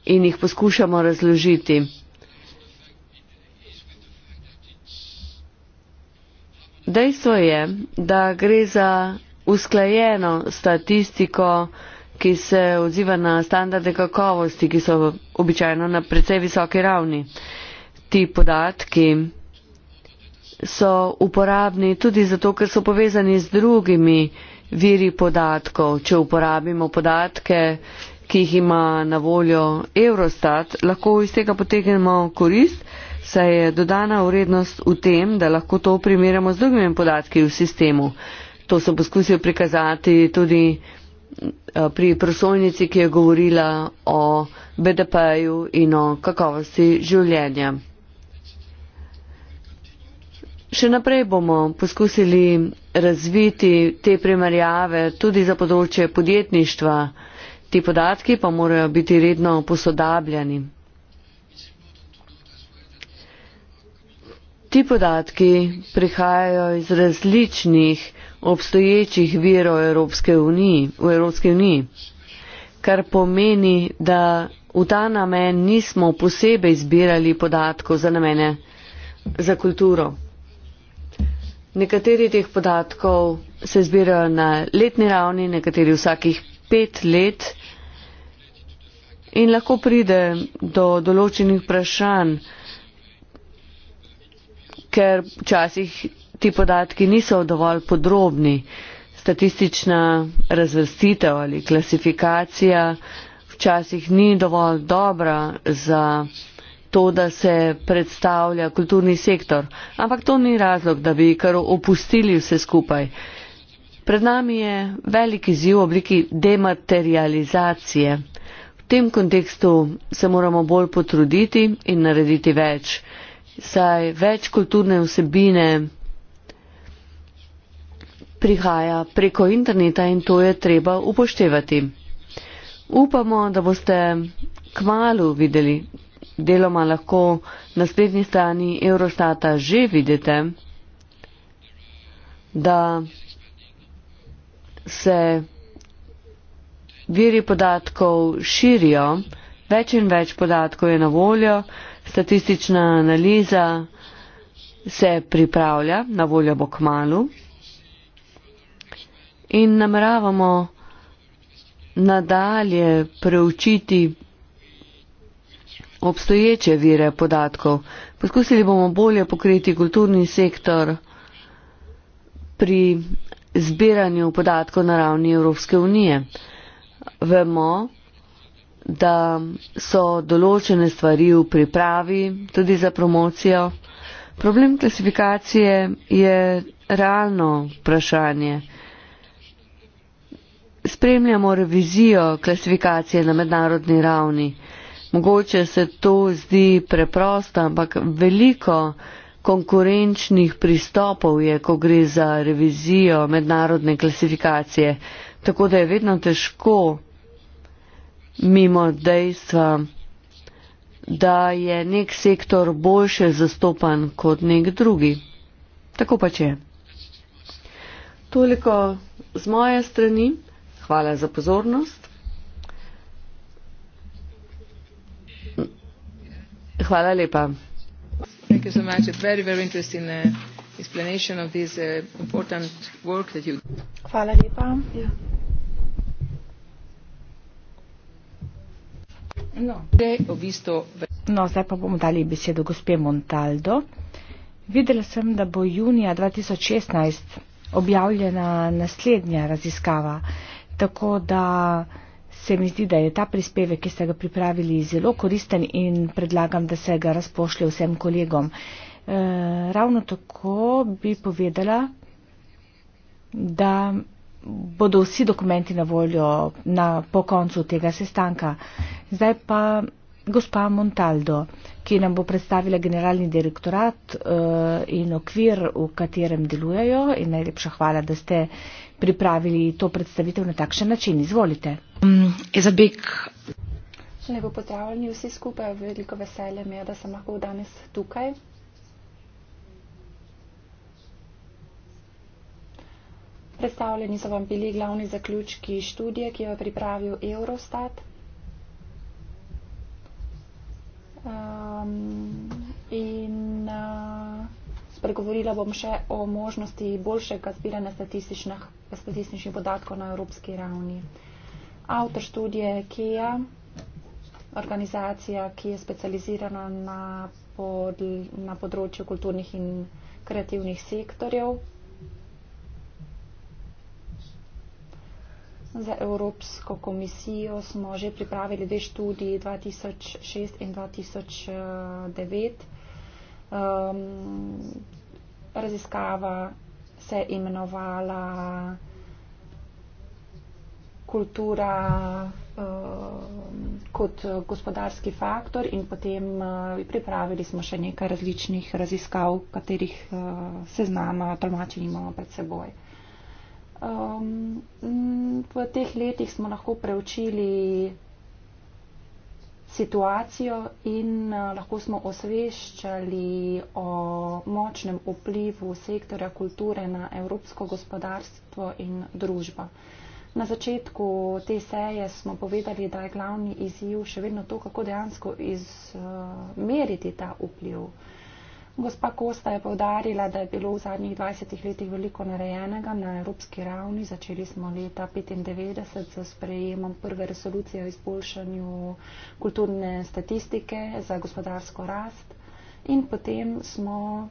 in jih poskušamo razložiti. Dejstvo je, da gre za usklajeno statistiko, ki se odziva na standarde kakovosti, ki so običajno na precej visoki ravni. Ti podatki so uporabni tudi zato, ker so povezani z drugimi viri podatkov. Če uporabimo podatke, ki jih ima na voljo Eurostat, lahko iz tega potegnemo korist saj je dodana vrednost v tem, da lahko to primerjamo z drugimi podatki v sistemu. To sem poskusil prikazati tudi eh, pri prosojnici, ki je govorila o BDP-ju in o kakovosti življenja. Še naprej bomo poskusili razviti te primerjave tudi za področje podjetništva. Ti podatki pa morajo biti redno posodabljani. Ti podatki prihajajo iz različnih obstoječih virov Evropske unije, v Evropske unije, kar pomeni, da v ta namen nismo posebej zbirali podatkov za namene za kulturo. Nekateri teh podatkov se zbirajo na letni ravni, nekateri vsakih pet let in lahko pride do določenih vprašanj, ker včasih ti podatki niso dovolj podrobni. Statistična razvrstitev ali klasifikacija včasih ni dovolj dobra za to, da se predstavlja kulturni sektor. Ampak to ni razlog, da bi kar opustili vse skupaj. Pred nami je veliki ziv v obliki dematerializacije. V tem kontekstu se moramo bolj potruditi in narediti več saj več kulturne vsebine prihaja preko interneta in to je treba upoštevati. Upamo, da boste kmalo videli, deloma lahko na spletni strani Eurostata že vidite, da se viri podatkov širijo, več in več podatkov je na voljo, Statistična analiza se pripravlja, na voljo bo k malu in nameravamo nadalje preučiti obstoječe vire podatkov. Poskusili bomo bolje pokriti kulturni sektor pri zbiranju podatkov na ravni Evropske unije. Vemo, da so določene stvari v pripravi tudi za promocijo. Problem klasifikacije je realno vprašanje. Spremljamo revizijo klasifikacije na mednarodni ravni. Mogoče se to zdi preprosto, ampak veliko konkurenčnih pristopov je, ko gre za revizijo mednarodne klasifikacije, tako da je vedno težko mimo dejstva, da je nek sektor boljše zastopan kot nek drugi. Tako pač je. Toliko z moje strani. Hvala za pozornost. Hvala lepa. Uh, uh, Hvala lepa. No. no, zdaj pa bomo dali besedo gospe Montaldo. Videla sem, da bo junija 2016 objavljena naslednja raziskava, tako da se mi zdi, da je ta prispevek, ki ste ga pripravili, zelo koristen in predlagam, da se ga razpošlje vsem kolegom. E, ravno tako bi povedala, da bodo vsi dokumenti na voljo na, po koncu tega sestanka. Zdaj pa gospa Montaldo, ki nam bo predstavila generalni direktorat uh, in okvir, v katerem delujejo. In najlepša hvala, da ste pripravili to predstavitev na takšen način. Izvolite. Mm, Izabik. Um, Še ne bo pozdravljeni vsi skupaj. Veliko veselje mi je, da sem lahko danes tukaj. Predstavljeni so vam bili glavni zaključki študije, ki jo je pripravil Eurostat. Um, in uh, spregovorila bom še o možnosti boljšega zbiranja statističnih, statističnih podatkov na evropski ravni. Avtor študije je KIA, organizacija, ki je specializirana na, pod, na področju kulturnih in kreativnih sektorjev. Za Evropsko komisijo smo že pripravili dve študiji 2006 in 2009. Um, raziskava se je imenovala kultura uh, kot gospodarski faktor in potem uh, pripravili smo še nekaj različnih raziskav, katerih uh, seznama tolmačenimo pred seboj. Uh, Um, mm, v teh letih smo lahko preučili situacijo in uh, lahko smo osveščali o močnem vplivu sektorja kulture na evropsko gospodarstvo in družbo. Na začetku te seje smo povedali, da je glavni izziv še vedno to, kako dejansko izmeriti ta vpliv. Uh, Gospa Kosta je povdarila, da je bilo v zadnjih 20 letih veliko narejenega na evropski ravni. Začeli smo leta 1995 z sprejemom prve resolucije o izboljšanju kulturne statistike za gospodarsko rast in potem smo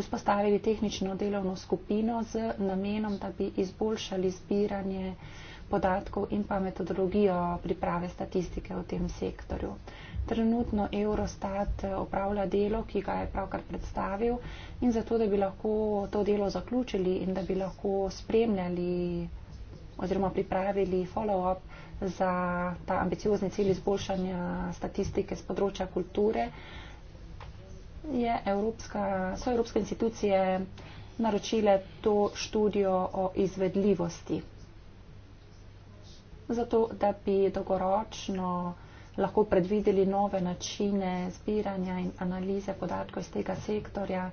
vzpostavili tehnično delovno skupino z namenom, da bi izboljšali zbiranje podatkov in pa metodologijo priprave statistike v tem sektorju trenutno Eurostat upravlja eh, delo, ki ga je pravkar predstavil in zato, da bi lahko to delo zaključili in da bi lahko spremljali oziroma pripravili follow-up za ta ambiciozni cilj izboljšanja statistike z področja kulture, je Evropska, so Evropske institucije naročile to študijo o izvedljivosti. Zato, da bi dogoročno lahko predvideli nove načine zbiranja in analize podatkov iz tega sektorja.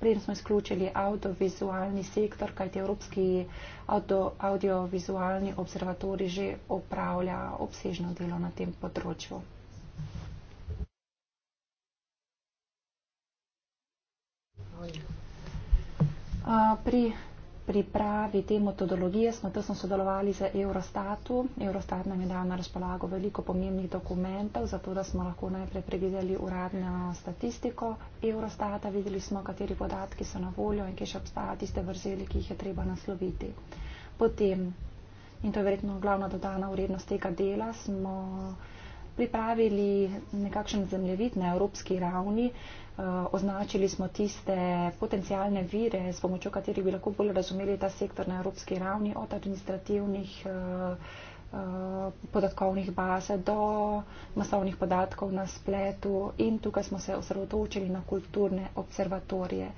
Prej smo izključili audiovizualni sektor, kajti Evropski audio, audiovizualni observatori že opravlja obsežno delo na tem področju. Pri pripravi te metodologije, smo tesno sodelovali z Eurostatu. Eurostat nam je dal na razpolago veliko pomembnih dokumentov, zato da smo lahko najprej pregledali uradno statistiko Eurostata, videli smo, kateri podatki so na voljo in kje še obstajajo tiste vrzeli, ki jih je treba nasloviti. Potem, in to je verjetno glavna dodana vrednost tega dela, smo pripravili nekakšen zemljevid na evropski ravni. Eh, označili smo tiste potencijalne vire, s pomočjo katerih bi lahko bolj razumeli ta sektor na evropski ravni, od administrativnih eh, eh, podatkovnih baz do masovnih podatkov na spletu in tukaj smo se osredotočili na kulturne observatorije.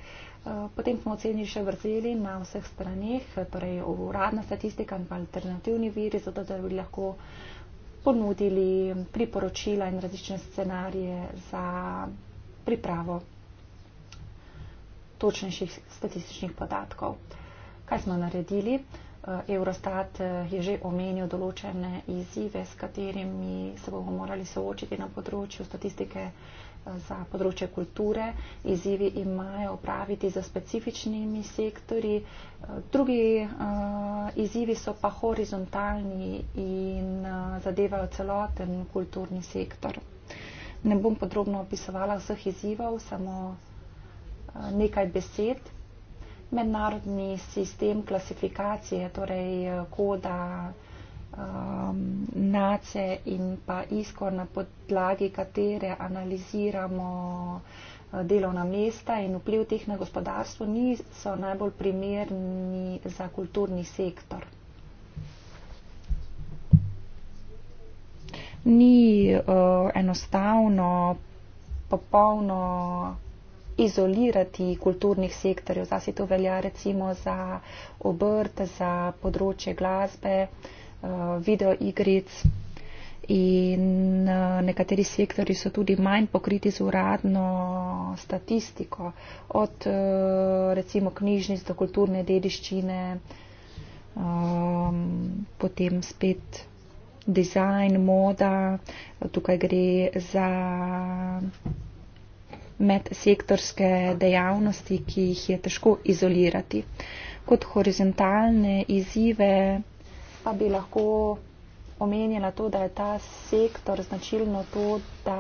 Potem smo ocenili še vrzeli na vseh stranih, torej uradna statistika in pa alternativni viri, zato da bi lahko uh, ponudili priporočila in različne scenarije za pripravo točnejših statističnih podatkov. Kaj smo naredili? Eh, Eurostat eh, je že omenil določene izzive, s katerimi se bomo morali soočiti na področju statistike za področje kulture, izzivi imajo opraviti za specifičnimi sektori, eh, drugi eh, izzivi so pa horizontalni in eh, zadevajo celoten kulturni sektor. Ne bom podrobno opisovala vseh izzivov, samo nekaj besed. Mednarodni sistem klasifikacije, torej koda, um, nace in pa iskor, na podlagi katere analiziramo uh, delovna mesta in vpliv teh na gospodarstvo, niso najbolj primerni za kulturni sektor. Ni uh, enostavno popolno izolirati kulturnih sektorjev. Zasi to velja recimo za obrt, za področje glasbe. Uh, Eh, videoigric in eh, nekateri sektori so tudi manj pokriti z uradno statistiko, od eh, recimo knjižnic do kulturne dediščine, ehm, potem spet dizajn, moda, tukaj gre za medsektorske dejavnosti, ki jih je težko izolirati. Kot horizontalne izzive pa bi lahko omenila to, da je ta sektor značilno to, da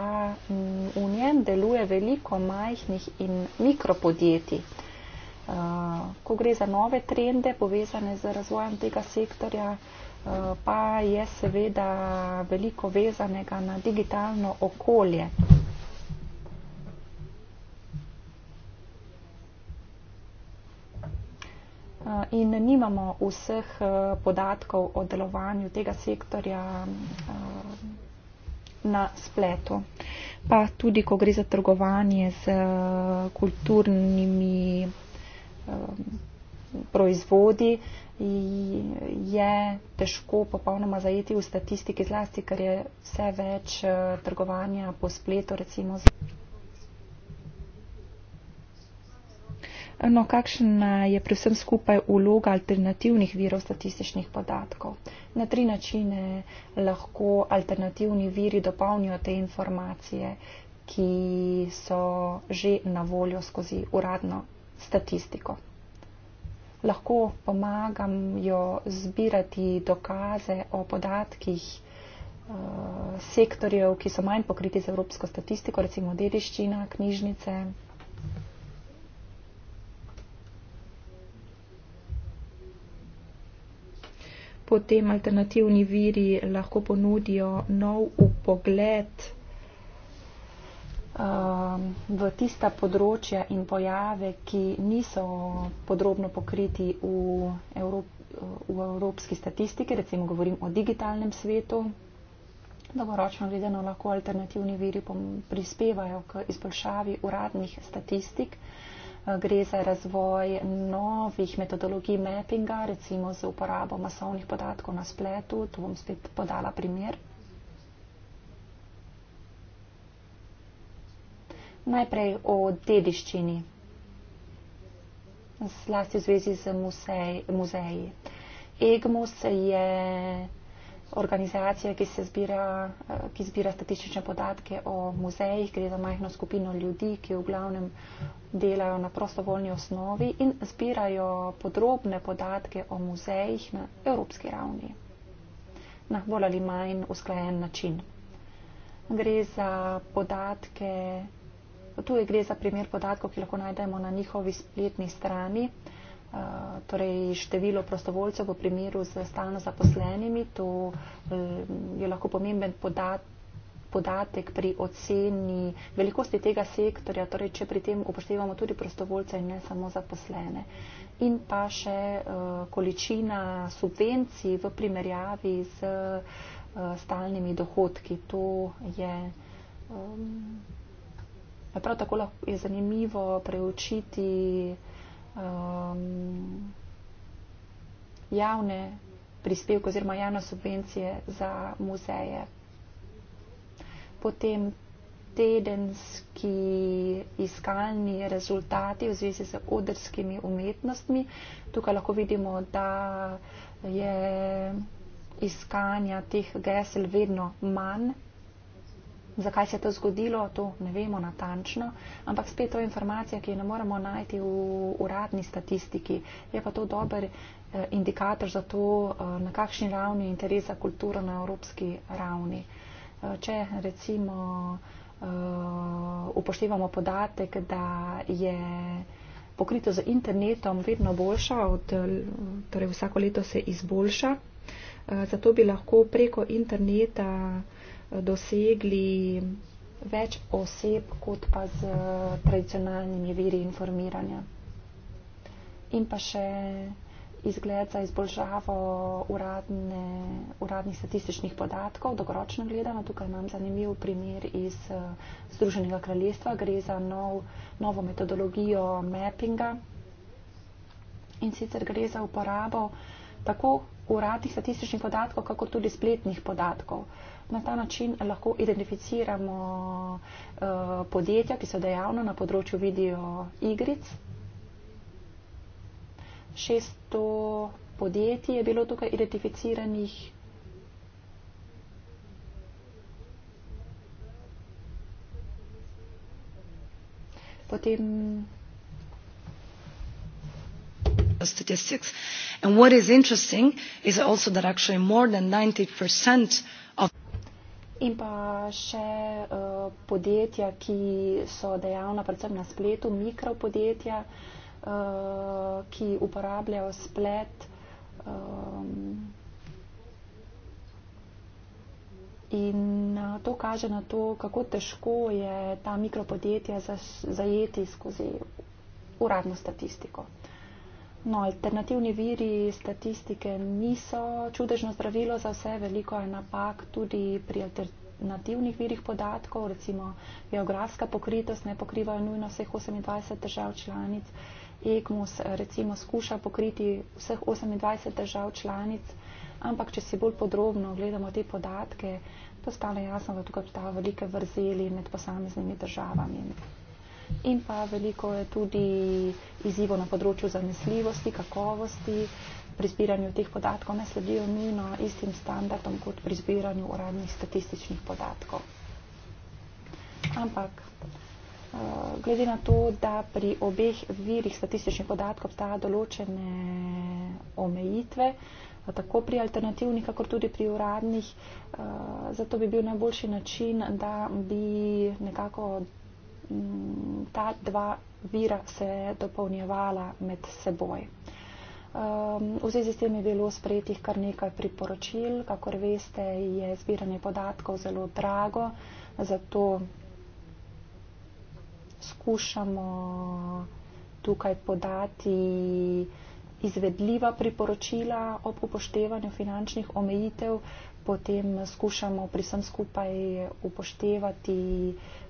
mm, v njem deluje veliko majhnih in mikropodjetij. Uh, ko gre za nove trende povezane z razvojem tega sektorja, uh, pa je seveda veliko vezanega na digitalno okolje. Eh, in nimamo vseh eh, podatkov o delovanju tega sektorja eh, na spletu. Pa tudi, ko gre za trgovanje z kulturnimi proizvodi, je težko popolnoma zajeti v statistiki zlasti, ker je vse več trgovanja po spletu, recimo. No, kakšna je pri vsem skupaj uloga alternativnih virov statističnih podatkov? Na tri načine lahko alternativni viri dopolnijo te informacije, ki so že na voljo skozi uradno statistiko. Lahko pomagajo zbirati dokaze o podatkih eh, sektorjev, ki so manj pokriti z evropsko statistiko, recimo dediščina, knjižnice. potem alternativni viri lahko ponudijo nov upogled um, v tista področja in pojave, ki niso podrobno pokriti v, Evrop v evropski statistiki, recimo govorim o digitalnem svetu. Dolgoročno gledano lahko alternativni viri prispevajo k izboljšavi uradnih statistik. Uh, gre za razvoj novih metodologij mappinga, recimo z uporabo masovnih podatkov na spletu. Tu bom spet podala primer. Najprej o dediščini, zlasti v zvezi z muzeji. EGMUS je organizacijo, ki, se zbira, eh, ki zbira statistične podatke o muzejih, gre za majhno skupino ljudi, ki v glavnem delajo na prostovoljni osnovi in zbirajo podrobne podatke o muzejih na evropski ravni, na bolj ali manj usklajen način. Gre za podatke, tu gre za primer podatkov, ki lahko najdemo na njihovi spletni strani. Eh, torej število prostovoljcev v primeru z stalno zaposlenimi. To eh, je lahko pomemben podatek podatek pri oceni velikosti tega sektorja, torej če pri tem upoštevamo tudi prostovoljce in ne samo zaposlene. In pa še uh, količina subvencij v primerjavi z uh, stalnimi dohodki. To je um, prav tako lahko je zanimivo preučiti um, javne prispevke oziroma javne subvencije za muzeje. Potem tedenski iskalni rezultati v zvezi z odrskimi umetnostmi. Tukaj lahko vidimo, da je iskanja teh gesel vedno manj Zakaj se je to zgodilo, to ne vemo natančno, ampak spet to je informacija, ki jo ne moremo najti v uradni statistiki. Je pa to dober eh, indikator za to, eh, na kakšni ravni je interes za kulturo na evropski ravni. Eh, če recimo upoštevamo podatek, da je pokrito z internetom vedno boljša, od, torej vsako leto se izboljša, zato bi lahko preko interneta dosegli več oseb kot pa z tradicionalnimi viri informiranja. In pa še izgled za izboljšavo uradne, uradnih statističnih podatkov, dolgoročno gledano. Tukaj imam zanimiv primer iz eh, Združenega kraljestva. Gre za nov, novo metodologijo mappinga in sicer gre za uporabo tako uradnih statističnih podatkov, kako tudi spletnih podatkov. Uh, na ta način lahko identificiramo uh, podjetja, ki so dejavno na področju video igric. 600 podjetij je bilo tukaj identificiranih. Potem. Statistics. And what is interesting is also that actually more than 90 percent in pa še uh, podjetja, ki so dejavna predvsem na spletu, mikropodjetja, uh, ki uporabljajo splet um, in to kaže na to, kako težko je ta mikropodjetja zajeti skozi uradno statistiko. No, alternativni viri statistike niso čudežno zdravilo za vse, veliko je napak tudi pri alternativnih virih podatkov, recimo geografska pokritost ne pokrivajo nujno vseh 28 držav članic. EGMUS recimo skuša pokriti vseh 28 držav članic, ampak če si bolj podrobno gledamo te podatke, postane jasno, da tukaj obstajajo velike vrzeli med posameznimi državami in pa veliko je tudi izzivo na področju zanesljivosti, kakovosti, pri zbiranju teh podatkov ne sledijo nujno istim standardom kot pri zbiranju uradnih statističnih podatkov. Ampak eh, glede na to, da pri obeh virih statističnih podatkov ta določene omejitve, eh, tako pri alternativnih, kako tudi pri uradnih, eh, zato bi bil najboljši način, da bi nekako določenje ta dva vira se dopolnjevala med seboj. Ehm, v zvezi s tem je bilo sprejetih kar nekaj priporočil. Kakor veste, je zbiranje podatkov zelo drago, zato skušamo tukaj podati izvedljiva priporočila ob upoštevanju finančnih omejitev, potem skušamo pri vsem skupaj upoštevati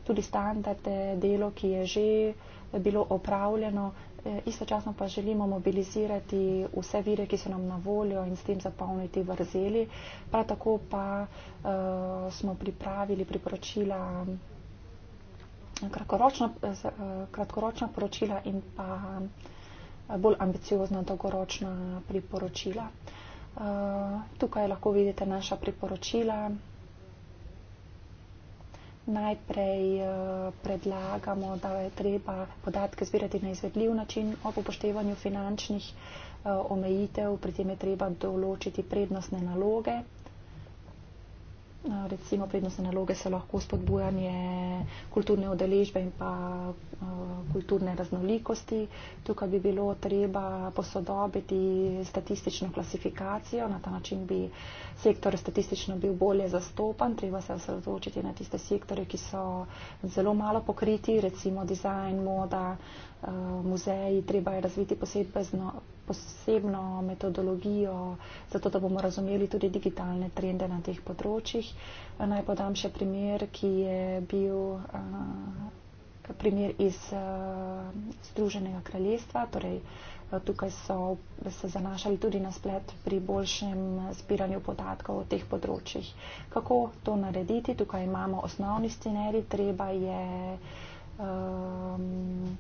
tudi standarde, delo, ki je že bilo opravljeno, e, istočasno pa želimo mobilizirati vse vire, ki so nam na voljo in s tem zapolniti vrzeli. Prav tako pa uh, smo pripravili priporočila, kratkoročna, e, kratkoročna poročila in pa bolj ambiciozna dolgoročna priporočila. Uh, tukaj lahko vidite naša priporočila najprej eh, predlagamo, da je treba podatke zbirati na izvedljiv način ob upoštevanju finančnih eh, omejitev, pri tem je treba določiti prednostne naloge recimo prednostne naloge so lahko spodbujanje kulturne odeležbe in pa eh, kulturne raznolikosti. Tukaj bi bilo treba posodobiti statistično klasifikacijo, na ta način bi sektor statistično bil bolje zastopan, treba se osredotočiti na tiste sektore, ki so zelo malo pokriti, recimo dizajn, moda, eh, muzeji, treba je razviti posebno, posebno metodologijo, zato da bomo razumeli tudi digitalne trende na teh področjih. Eh, naj podam še primer, ki je bil eh, primer iz eh, Združenega kraljestva. Torej, tukaj so se zanašali tudi na splet pri boljšem zbiranju podatkov o teh področjih. Kako to narediti? Tukaj imamo osnovni scenerij, treba je um,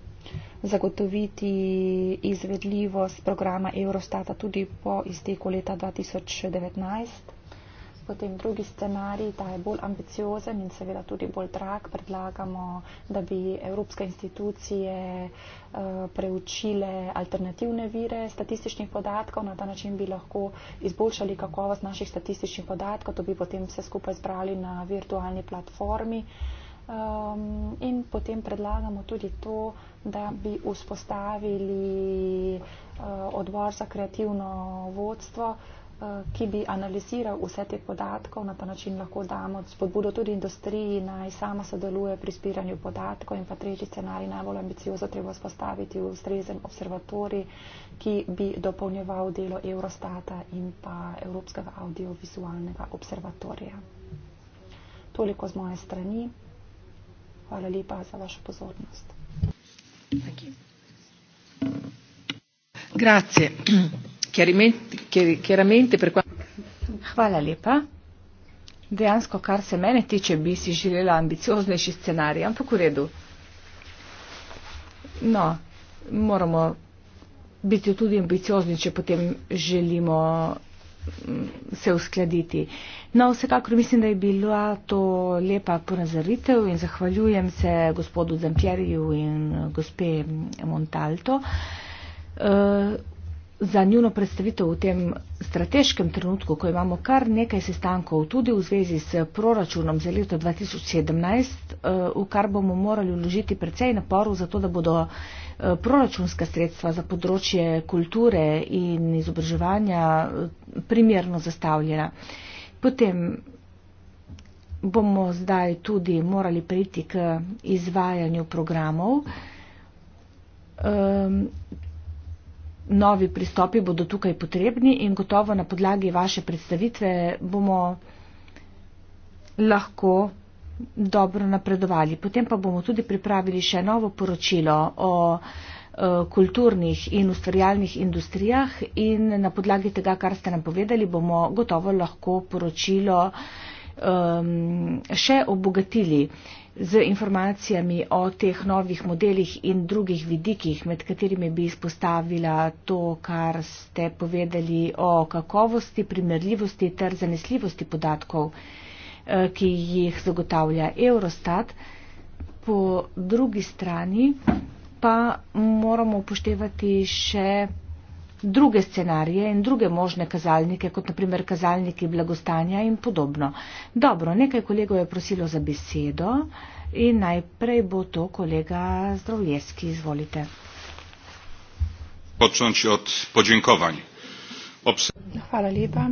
zagotoviti izvedljivost programa Eurostata tudi po izteku leta 2019. Potem drugi scenarij, ta je bolj ambiciozen in seveda tudi bolj drag, predlagamo, da bi evropske institucije uh, preučile alternativne vire statističnih podatkov, na ta način bi lahko izboljšali kakovost naših statističnih podatkov, to bi potem vse skupaj zbrali na virtualni platformi. Uh, Um, in potem predlagamo tudi to, da bi vzpostavili uh, odbor za kreativno vodstvo, uh, ki bi analiziral vse te podatke, na ta način lahko damo spodbudo tudi industriji naj sama sodeluje pri spiranju podatkov in pa tretji scenarij najbolj ambiciozno treba vzpostaviti ustrezen observatori, ki bi dopolnjeval delo Eurostata in pa Evropskega audiovizualnega observatorija. Toliko z moje strani. Hvala lepa za vašo pozornost. Grazie. Chiaramente per Hvala lepa. Dejansko, kar se mene tiče, bi si želela ambicioznejši scenarij, ampak v redu. No, moramo biti tudi ambiciozni, če potem želimo se uskladiti. No, vsekakor mislim, da je bila to lepa ponazaritev in zahvaljujem se gospodu Zampjerju in gospe Montalto eh, za njuno predstavitev v tem strateškem trenutku, ko imamo kar nekaj sestankov tudi v zvezi s proračunom za leto 2017, eh, v kar bomo morali vložiti precej naporov, zato da bodo Eh, proračunska sredstva za področje kulture in izobraževanja eh, primerno zastavljena. Potem bomo zdaj tudi morali priti k izvajanju programov. Um, novi pristopi bodo tukaj potrebni in gotovo na podlagi vaše predstavitve bomo lahko dobro napredovali. Potem pa bomo tudi pripravili še novo poročilo o e, kulturnih in ustvarjalnih industrijah in na podlagi tega, kar ste nam povedali, bomo gotovo lahko poročilo um, še obogatili z informacijami o teh novih modelih in drugih vidikih, med katerimi bi izpostavila to, kar ste povedali o kakovosti, primerljivosti ter zanesljivosti podatkov. Eh, ki jih zagotavlja Eurostat. Po drugi strani pa moramo upoštevati še druge scenarije in druge možne kazalnike, kot naprimer kazalniki blagostanja in podobno. Dobro, nekaj kolegov je prosilo za besedo in najprej bo to kolega Zdravljeski, izvolite. Počnoči od podžinkovanj. Obse... Hvala lepa.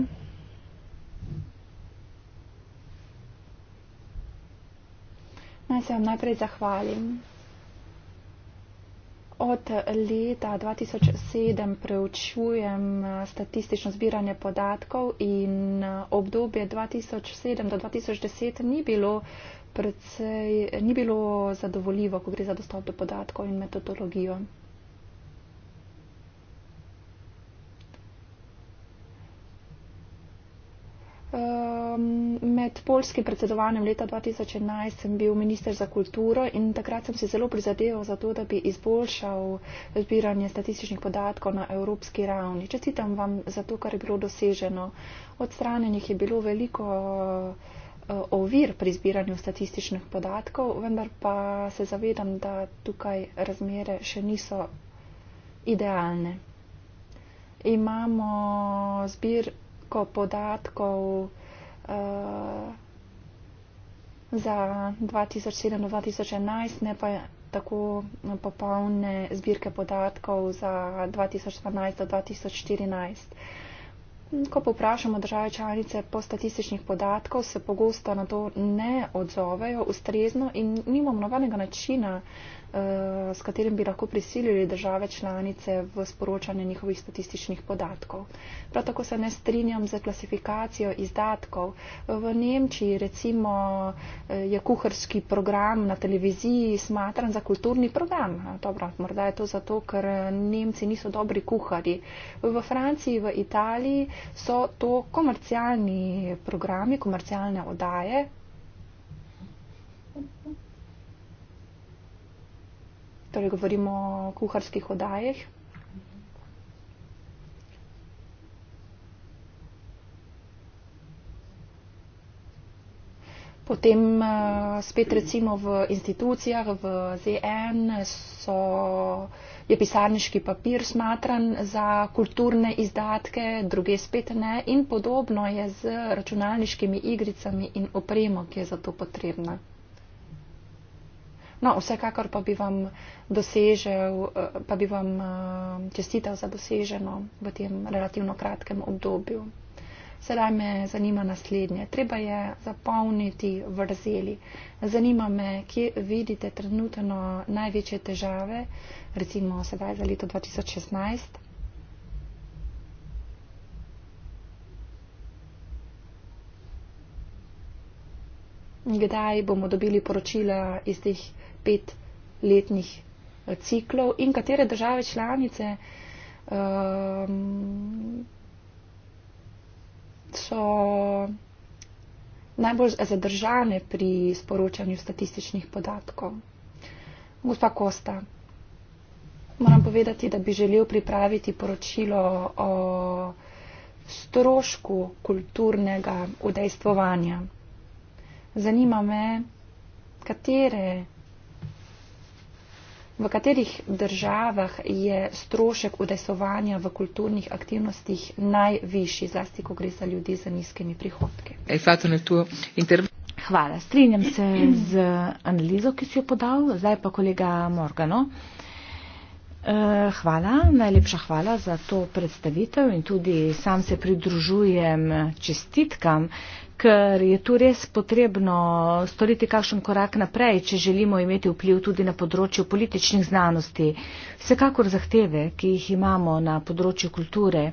Naj se vam najprej zahvalim. Od leta 2007 preučujem eh, statistično zbiranje podatkov in eh, obdobje 2007 do 2010 ni bilo, predvsej, ni bilo zadovoljivo, ko gre za dostop do podatkov in metodologijo. Um, Med polskim predsedovanjem leta 2011 sem bil minister za kulturo in takrat sem si zelo prizadeval za to, da bi izboljšal zbiranje statističnih podatkov na evropski ravni. Čestitam vam za to, kar je bilo doseženo. Odstranjenih je bilo veliko eh, ovir pri zbiranju statističnih podatkov, vendar pa se zavedam, da tukaj razmere še niso idealne. Imamo zbirko podatkov, Eh, za 2007-2011, ne pa tako popolne zbirke podatkov za 2012-2014. Ko pa vprašamo države članice po statističnih podatkov, se pogosto na to ne odzovejo ustrezno in nimamo nobenega načina, Eh, s katerim bi lahko prisilili države članice v sporočanje njihovih statističnih podatkov. Prav tako se ne strinjam za klasifikacijo izdatkov. V Nemčiji recimo eh, je kuharski program na televiziji smatran za kulturni program. Dobro, morda je to zato, ker Nemci niso dobri kuhari. V Franciji, v Italiji so to komercialni programi, komercialne odaje. Thank you torej govorimo o kuharskih odajah. Potem eh, spet recimo v institucijah, v ZN so, je pisarniški papir smatran za kulturne izdatke, druge spet ne in podobno je z računalniškimi igricami in opremo, ki je za to potrebna. No, vsekakor pa bi vam dosežel, eh, pa bi vam eh, čestital za doseženo v tem relativno kratkem obdobju. Sedaj me zanima naslednje. Treba je zapolniti vrzeli. Zanima me, kje vidite trenutno največje težave, recimo sedaj za leto 2016. Kdaj bomo dobili poročila iz teh petletnih eh, ciklov in katere države članice um, so najbolj zadržane pri sporočanju statističnih podatkov. Gospa Kosta, moram povedati, da bi želel pripraviti poročilo o strošku kulturnega udejstvovanja. Zanima me, katere V katerih državah je strošek udesovanja v kulturnih aktivnostih najvišji, zlasti ko gre za ljudi z nizkimi prihodki? Hvala, strinjam se z analizo, ki si jo podal, zdaj pa kolega Morgano. Eh, hvala, najlepša hvala za to predstavitev in tudi sam se pridružujem čestitkam, ker je tu res potrebno storiti kakšen korak naprej, če želimo imeti vpliv tudi na področju političnih znanosti. Vsekakor zahteve, ki jih imamo na področju kulture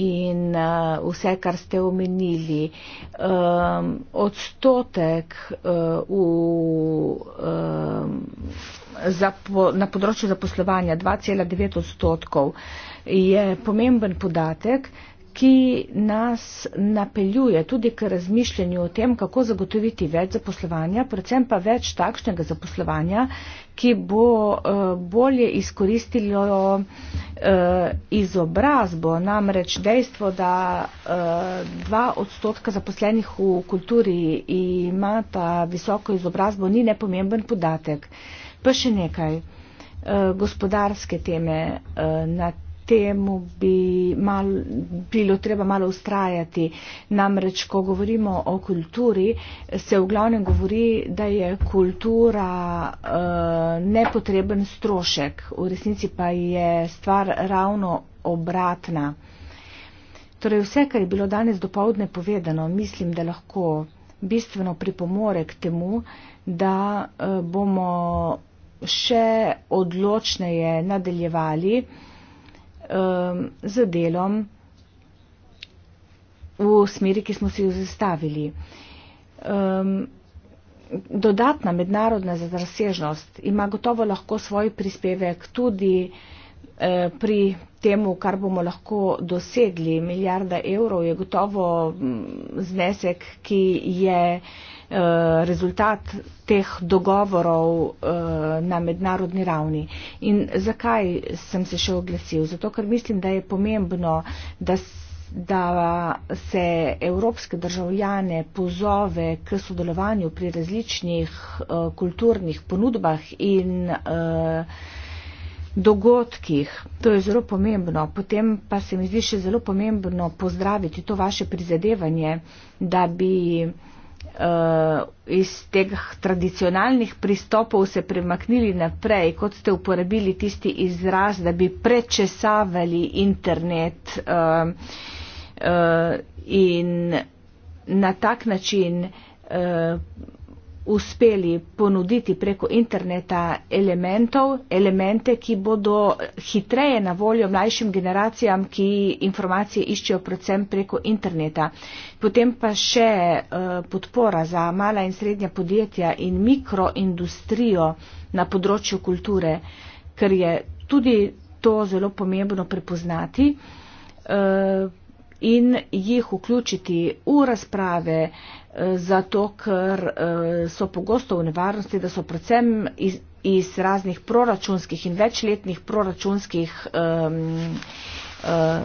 in eh, vse, kar ste omenili, ehm, odstotek eh, v, ehm, na področju zaposlovanja 2,9 odstotkov je pomemben podatek ki nas napeljuje tudi k razmišljanju o tem, kako zagotoviti več zaposlovanja, predvsem pa več takšnega zaposlovanja, ki bo eh, bolje izkoristilo eh, izobrazbo. Namreč dejstvo, da eh, dva odstotka zaposlenih v kulturi ima ta visoko izobrazbo, ni nepomemben podatek. Pa še nekaj. Gospodarske teme na temu bi mal, bilo treba malo ustrajati. Namreč, ko govorimo o kulturi, se v glavnem govori, da je kultura uh, nepotreben strošek, v resnici pa je stvar ravno obratna. Torej, vse, kar je bilo danes dopovdne povedano, mislim, da lahko bistveno pripomore k temu, da uh, bomo še odločneje nadaljevali um, z delom v smeri, ki smo si jo zastavili. Um, dodatna mednarodna razsežnost ima gotovo lahko svoj prispevek tudi Eh, pri temu, kar bomo lahko dosegli. Milijarda evrov je gotovo mm, znesek, ki je eh, rezultat teh dogovorov eh, na mednarodni ravni. In zakaj sem se še oglasil? Zato, ker mislim, da je pomembno, da da se evropske državljane pozove k sodelovanju pri različnih uh, kulturnih ponudbah in uh, dogodkih. To je zelo pomembno. Potem pa se mi zdi še zelo pomembno pozdraviti to vaše prizadevanje, da bi uh, iz teh tradicionalnih pristopov se premaknili naprej, kot ste uporabili tisti izraz, da bi prečesavali internet uh, uh, in na tak način uh, uspeli ponuditi preko interneta elementov, elemente, ki bodo hitreje na voljo mlajšim generacijam, ki informacije iščejo predvsem preko interneta. Potem pa še eh, podpora za mala in srednja podjetja in mikroindustrijo na področju kulture, ker je tudi to zelo pomembno prepoznati eh, in jih vključiti v razprave, zato ker eh, so pogosto v nevarnosti, da so predvsem iz, iz raznih proračunskih in večletnih proračunskih um, uh,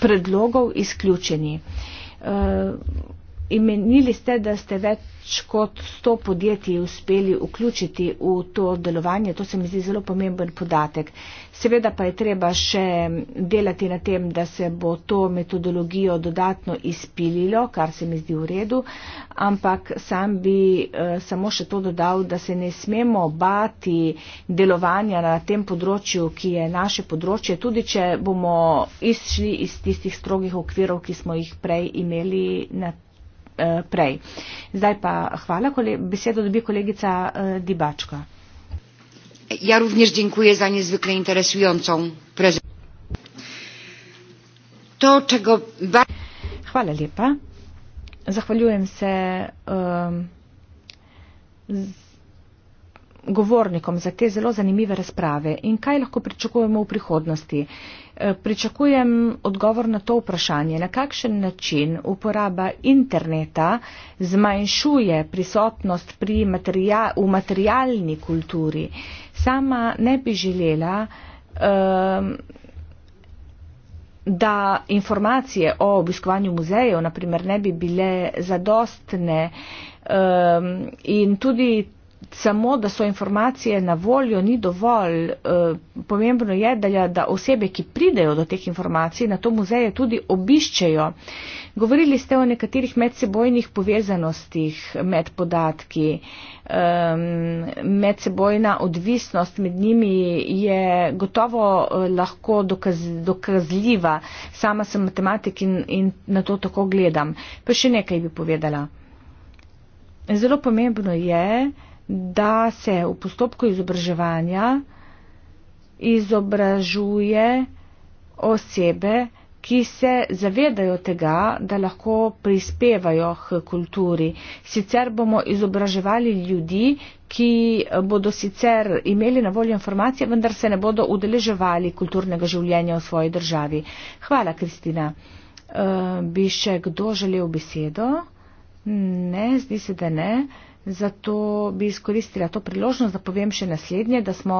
predlogov izključeni. Uh, Imenili ste, da ste več kot 100 podjetij uspeli vključiti v to delovanje. To se mi zdi zelo pomemben podatek. Seveda pa je treba še delati na tem, da se bo to metodologijo dodatno izpililo, kar se mi zdi v redu. Ampak sam bi eh, samo še to dodal, da se ne smemo bati delovanja na tem področju, ki je naše področje, tudi če bomo izšli iz tistih strogih okvirov, ki smo jih prej imeli na. Eh, prej. Zdaj pa hvala, besedo dobi kolegica eh, Dibačka. Ja, również dziękuję za niezwykle interesującą prezentację. Ba... Hvala lepa. Zahvaljujem se um, govornikom za te zelo zanimive razprave. In kaj lahko pričakujemo v prihodnosti? Uh, Eh, pričakujem odgovor na to vprašanje, na kakšen način uporaba interneta zmanjšuje prisotnost pri materija v materialni kulturi. Sama ne bi želela, um, da informacije o obiskovanju muzejev naprimer, ne bi bile zadostne um, in tudi samo, da so informacije na voljo, ni dovolj. Eh, pomembno je, da, ja, da osebe, ki pridejo do teh informacij, na to muzeje tudi obiščejo. Govorili ste o nekaterih medsebojnih povezanostih med podatki. Medsebojna odvisnost med njimi je gotovo eh, lahko dokaz, dokazljiva. Sama sem matematik in, in na to tako gledam. Pa še nekaj bi povedala. Zelo pomembno je, da se v postopku izobraževanja izobražuje osebe, ki se zavedajo tega, da lahko prispevajo k kulturi. Sicer bomo izobraževali ljudi, ki bodo sicer imeli na voljo informacije, vendar se ne bodo udeleževali kulturnega življenja v svoji državi. Hvala, Kristina. Uh, bi še kdo želel besedo? Ne, zdi se, da ne. Uh, Zato bi izkoristila to priložnost, da povem še naslednje, da smo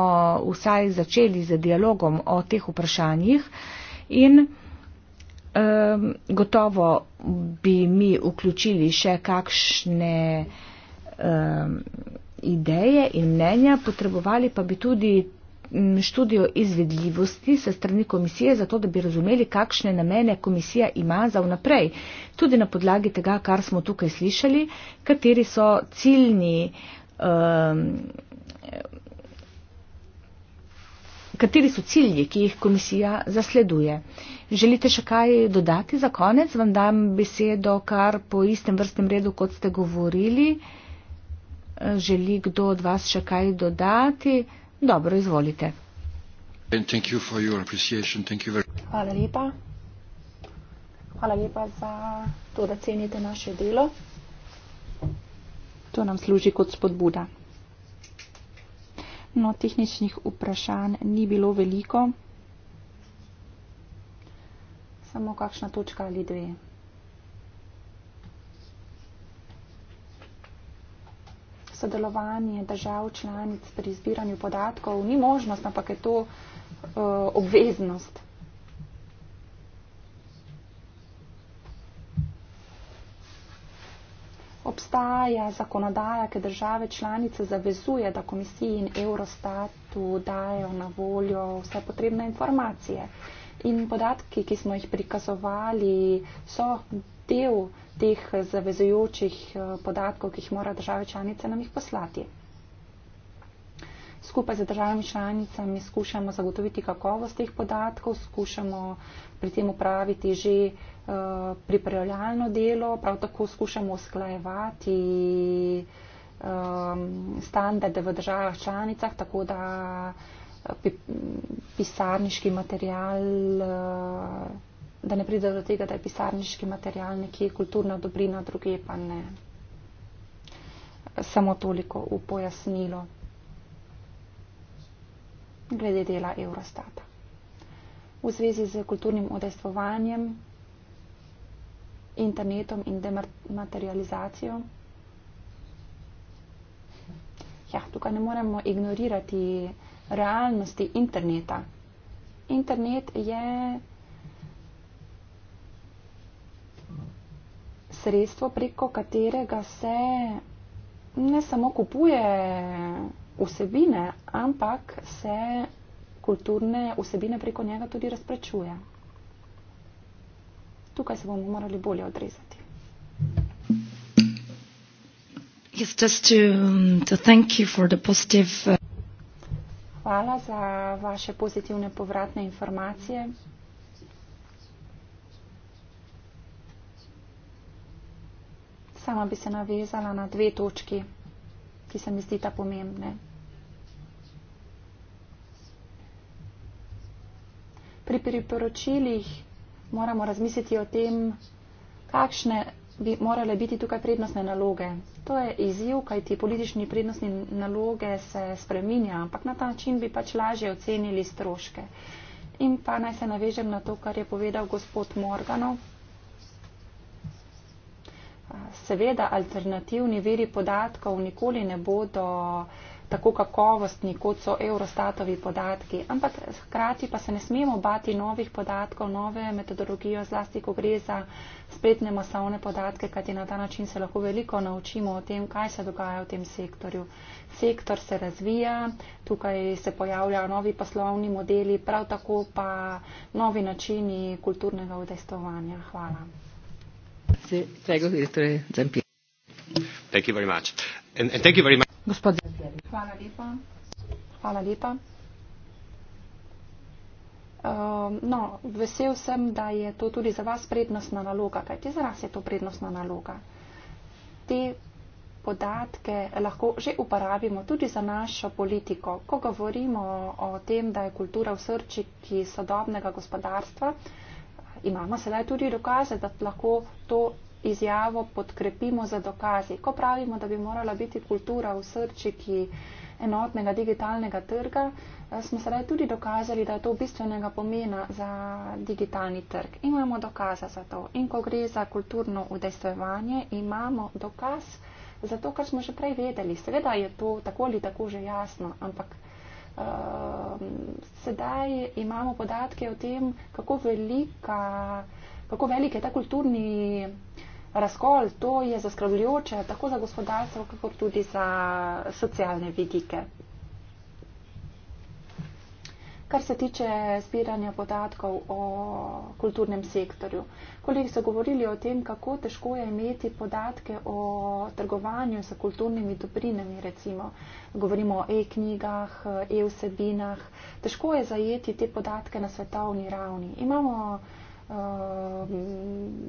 vsaj začeli z dialogom o teh vprašanjih in um, gotovo bi mi vključili še kakšne um, ideje in mnenja, potrebovali pa bi tudi študijo izvedljivosti se strani komisije, zato da bi razumeli, kakšne namene komisija ima za vnaprej. Tudi na podlagi tega, kar smo tukaj slišali, kateri so ciljni. Um, Kateri so cilji, ki jih komisija zasleduje? Želite še kaj dodati za konec? Vam dam besedo kar po istem vrstem redu, kot ste govorili. Želi kdo od vas še kaj dodati? Dobro, izvolite. Hvala lepa. Hvala lepa za to, da cenite naše delo. To nam služi kot spodbuda. No, tehničnih vprašanj ni bilo veliko. Samo kakšna točka ali dve. sodelovanje držav članic pri izbiranju podatkov ni možnost, ampak je to uh, obveznost. Obstaja zakonodaja, ki države članice zavezuje, da komisiji in Eurostatu dajo na voljo vse potrebne informacije. In podatki, ki smo jih prikazovali, so del teh zavezujočih eh, podatkov, ki jih mora države članice nam jih poslati. Skupaj z državami članicami skušamo zagotoviti kakovost teh podatkov, skušamo pri tem upraviti že eh, pripravljalno delo, prav tako skušamo usklajevati ehm, standarde v državah članicah, tako da eh, pisarniški material da ne pride do tega, da je pisarniški material nekje kulturna dobrina, druge pa ne. Samo toliko v pojasnilo glede dela Eurostata. V zvezi z kulturnim odestvovanjem, internetom in dematerializacijo. Ja, tukaj ne moremo ignorirati realnosti interneta. Internet je sredstvo, preko katerega se ne samo kupuje vsebine, ampak se kulturne vsebine preko njega tudi razprečuje. Tukaj se bomo morali bolje odrezati. Yes, just to, to thank you for the positive, uh... Hvala za vaše pozitivne povratne informacije. sama bi se navezala na dve točki, ki se mi zdita pomembne. Pri priporočilih moramo razmisliti o tem, kakšne bi morale biti tukaj prednostne naloge. To je izjiv, kaj ti politični prednostni naloge se spreminja, ampak na ta način bi pač lažje ocenili stroške. In pa naj se navežem na to, kar je povedal gospod Morganov. Seveda alternativni veri podatkov nikoli ne bodo tako kakovostni, kot so Eurostatovi podatki, ampak hkrati pa se ne smemo bati novih podatkov, nove metodologije, zlasti, ko gre za spletne masovne podatke, kajti na ta način se lahko veliko naučimo o tem, kaj se dogaja v tem sektorju. Sektor se razvija, tukaj se pojavljajo novi poslovni modeli, prav tako pa novi načini kulturnega udejstovanja. Hvala. Prego, direktore Zampir. Thank you very much. And, and thank you very much. Gospod Zampir. Hvala lepa. Hvala lepa. Ehm, no, vesel sem, da je to tudi za vas prednostna naloga, kajti za vas je to prednostna naloga. Te podatke lahko že uporabimo tudi za našo politiko. Ko govorimo o tem, da je kultura v srčiki sodobnega gospodarstva, uh, imamo sedaj tudi dokaze, da lahko to izjavo podkrepimo za dokazi. Ko pravimo, da bi morala biti kultura v srčiki enotnega digitalnega trga, smo sedaj tudi dokazali, da je to bistvenega pomena za digitalni trg. Imamo dokaza za to. In ko gre za kulturno udejstvovanje, imamo dokaz za to, kar smo že prej vedeli. Seveda je to tako ali tako že jasno, ampak. Ehm, sedaj imamo podatke o tem, kako, velika, kako velik je ta kulturni razkol. To je zaskrbljujoče tako za gospodarstvo, kako tudi za socialne vidike kar se tiče zbiranja podatkov o kulturnem sektorju. Kolegi so govorili o tem, kako težko je imeti podatke o trgovanju s kulturnimi dobrinami, recimo. Govorimo o e-knjigah, e-vsebinah. Težko je zajeti te podatke na svetovni ravni. Imamo um,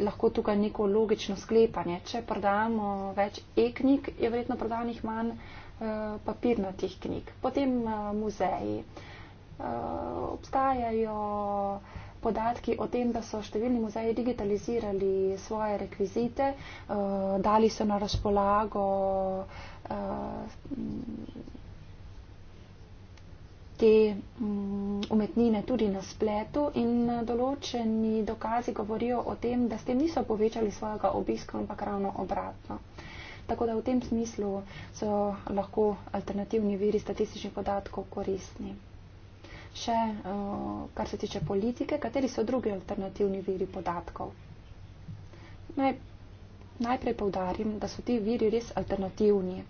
lahko tukaj neko logično sklepanje. Če prodajamo več e-knjig, je verjetno prodanih manj. Eh, papirnatih knjig. Potem eh, muzeji. Eh, obstajajo podatki o tem, da so številni muzeji digitalizirali svoje rekvizite, dali so na razpolago te mm, umetnine tudi na spletu in določeni dokazi govorijo o tem, da s tem niso povečali svojega obiska, ampak ravno obratno. Tako da v tem smislu so lahko alternativni viri statističnih podatkov koristni. Še eh, kar se tiče politike, kateri so drugi alternativni viri podatkov? Naj, najprej povdarim, da so ti viri res alternativni.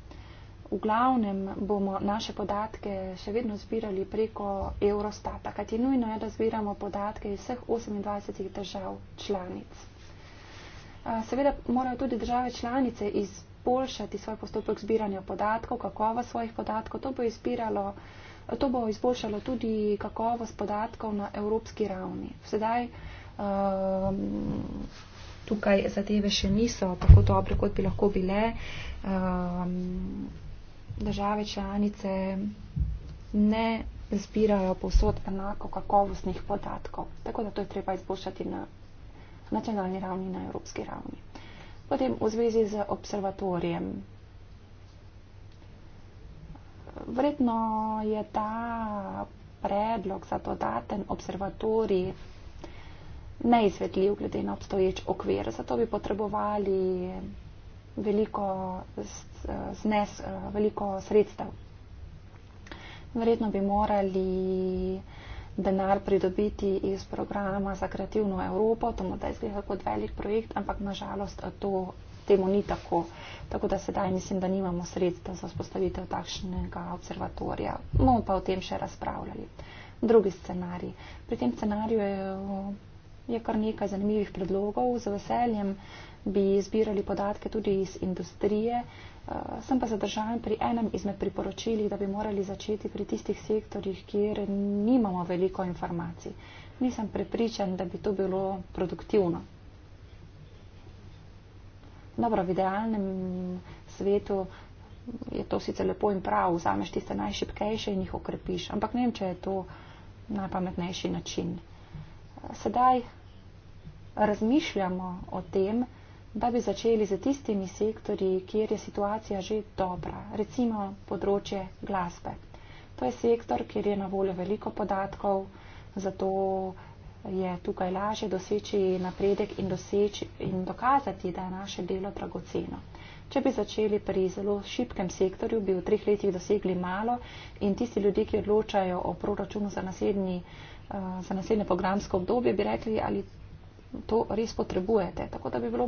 V glavnem bomo naše podatke še vedno zbirali preko Eurostata, kajti nujno je, da zbiramo podatke iz vseh 28 držav članic. Eh, seveda morajo tudi države članice izbirati izboljšati svoj postopek zbiranja podatkov, kakovost svojih podatkov. To bo, izbiralo, to bo izboljšalo tudi kakovost podatkov na evropski ravni. Sedaj um, tukaj zadeve še niso tako dobre, kot bi lahko bile. Um, države članice ne zbirajo povsod enako kakovostnih podatkov. Tako da to je treba izboljšati na nacionalni ravni, na evropski ravni potem v zvezi z observatorijem. Vredno je ta predlog za dodaten observatorij neizvedljiv glede na obstoječ okvir, zato bi potrebovali veliko, znes, veliko sredstev. Verjetno bi morali denar pridobiti iz programa za kreativno Evropo. To morda izgleda kot velik projekt, ampak nažalost to, temu ni tako. Tako da sedaj mislim, da nimamo sredstva za vzpostavitev takšnega observatorija. Bomo pa o tem še razpravljali. Drugi scenarij. Pri tem scenariju je, je kar nekaj zanimivih predlogov. Z veseljem bi zbirali podatke tudi iz industrije. Eh, sem pa zadržan pri enem izmed priporočilih, da bi morali začeti pri tistih sektorjih, kjer nimamo veliko informacij. Nisem prepričan, da bi to bilo produktivno. Dobro, v idealnem svetu je to sicer lepo in prav, vzameš tiste najšipkejše in jih okrepiš, ampak ne vem, če je to najpametnejši način. Eh, sedaj razmišljamo o tem, da bi začeli z tistimi sektori, kjer je situacija že dobra, recimo področje glasbe. To je sektor, kjer je na voljo veliko podatkov, zato je tukaj lažje doseči napredek in, doseči in dokazati, da je naše delo dragoceno. Če bi začeli pri zelo šipkem sektorju, bi v treh letih dosegli malo in tisti ljudje, ki odločajo o proračunu za, naslednji, eh, za naslednje programsko obdobje, bi rekli, ali to res potrebujete. Tako da bi bilo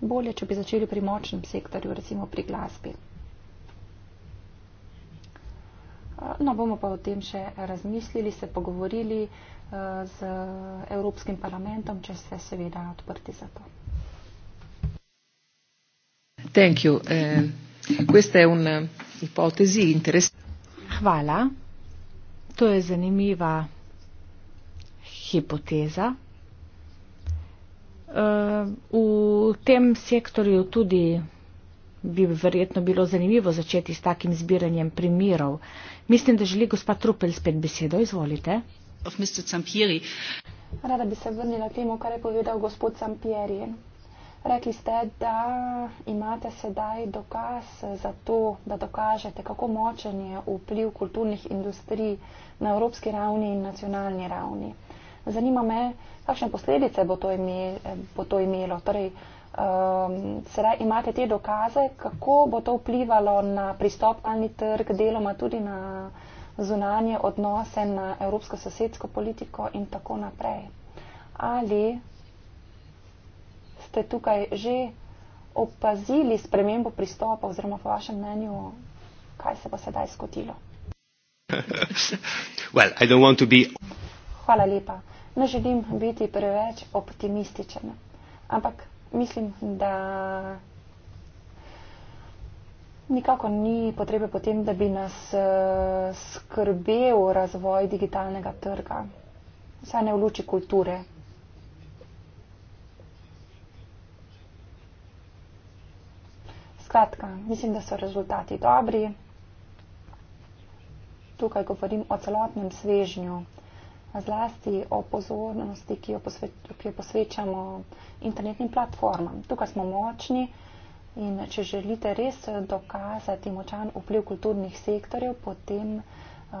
Bolje, če bi začeli pri močnem sektorju, recimo pri glasbi. Eh, no, bomo pa o tem še razmislili, se pogovorili eh, z Evropskim parlamentom, če ste seveda odprti za to. Thank you. Eh, questa è un'ipotesi interessante. Hvala. To je zanimiva hipoteza. Eh, v tem sektorju tudi bi verjetno bilo zanimivo začeti s takim zbiranjem primirov. Mislim, da želi gospa Trupel spet besedo. Izvolite. Rada bi se vrnila temu, kar je povedal gospod Sampieri. Rekli ste, da imate sedaj dokaz za to, da dokažete, kako močen je vpliv kulturnih industrij na evropski ravni in nacionalni ravni. Zanima me, kakšne posledice bo to, ime, bo to imelo. Torej, um, sedaj imate te dokaze, kako bo to vplivalo na pristopalni trg, deloma tudi na zunanje odnose, na evropsko sosedsko politiko in tako naprej. Ali ste tukaj že opazili spremembo pristopa oziroma po vašem mnenju, kaj se bo sedaj skotilo? *laughs* well, Hvala lepa ne želim biti preveč optimističen. Ampak mislim, da nikako ni potrebe potem, da bi nas eh, skrbel razvoj digitalnega trga, saj ne v luči kulture. Skratka, mislim, da so rezultati dobri. Tukaj govorim o celotnem svežnju zlasti o pozornosti, ki jo, posve, ki jo posvečamo internetnim platformam. Tukaj smo močni in če želite res dokazati močan vpliv kulturnih sektorjev, potem uh,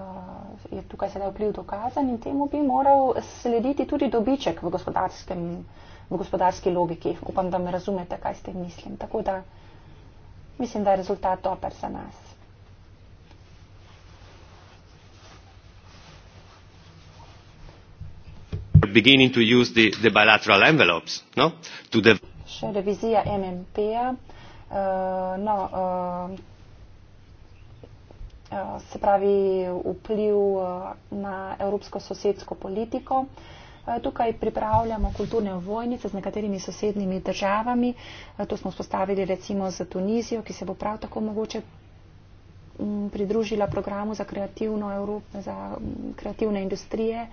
je tukaj sedaj vpliv dokazan in temu bi moral slediti tudi dobiček v, v gospodarski logiki. Upam, da me razumete, kaj s tem mislim. Tako da mislim, da je rezultat dober za nas. beginning to use the, the bilateral envelopes no to the Še revizija MMP -ja. uh, eh, no uh, uh, se pravi vpliv uh, na evropsko sosedsko politiko Tukaj pripravljamo kulturne vojnice z nekaterimi sosednjimi državami. To smo spostavili recimo z Tunizijo, ki se bo prav tako mogoče pridružila programu za kreativno Evropo, za kreativne industrije.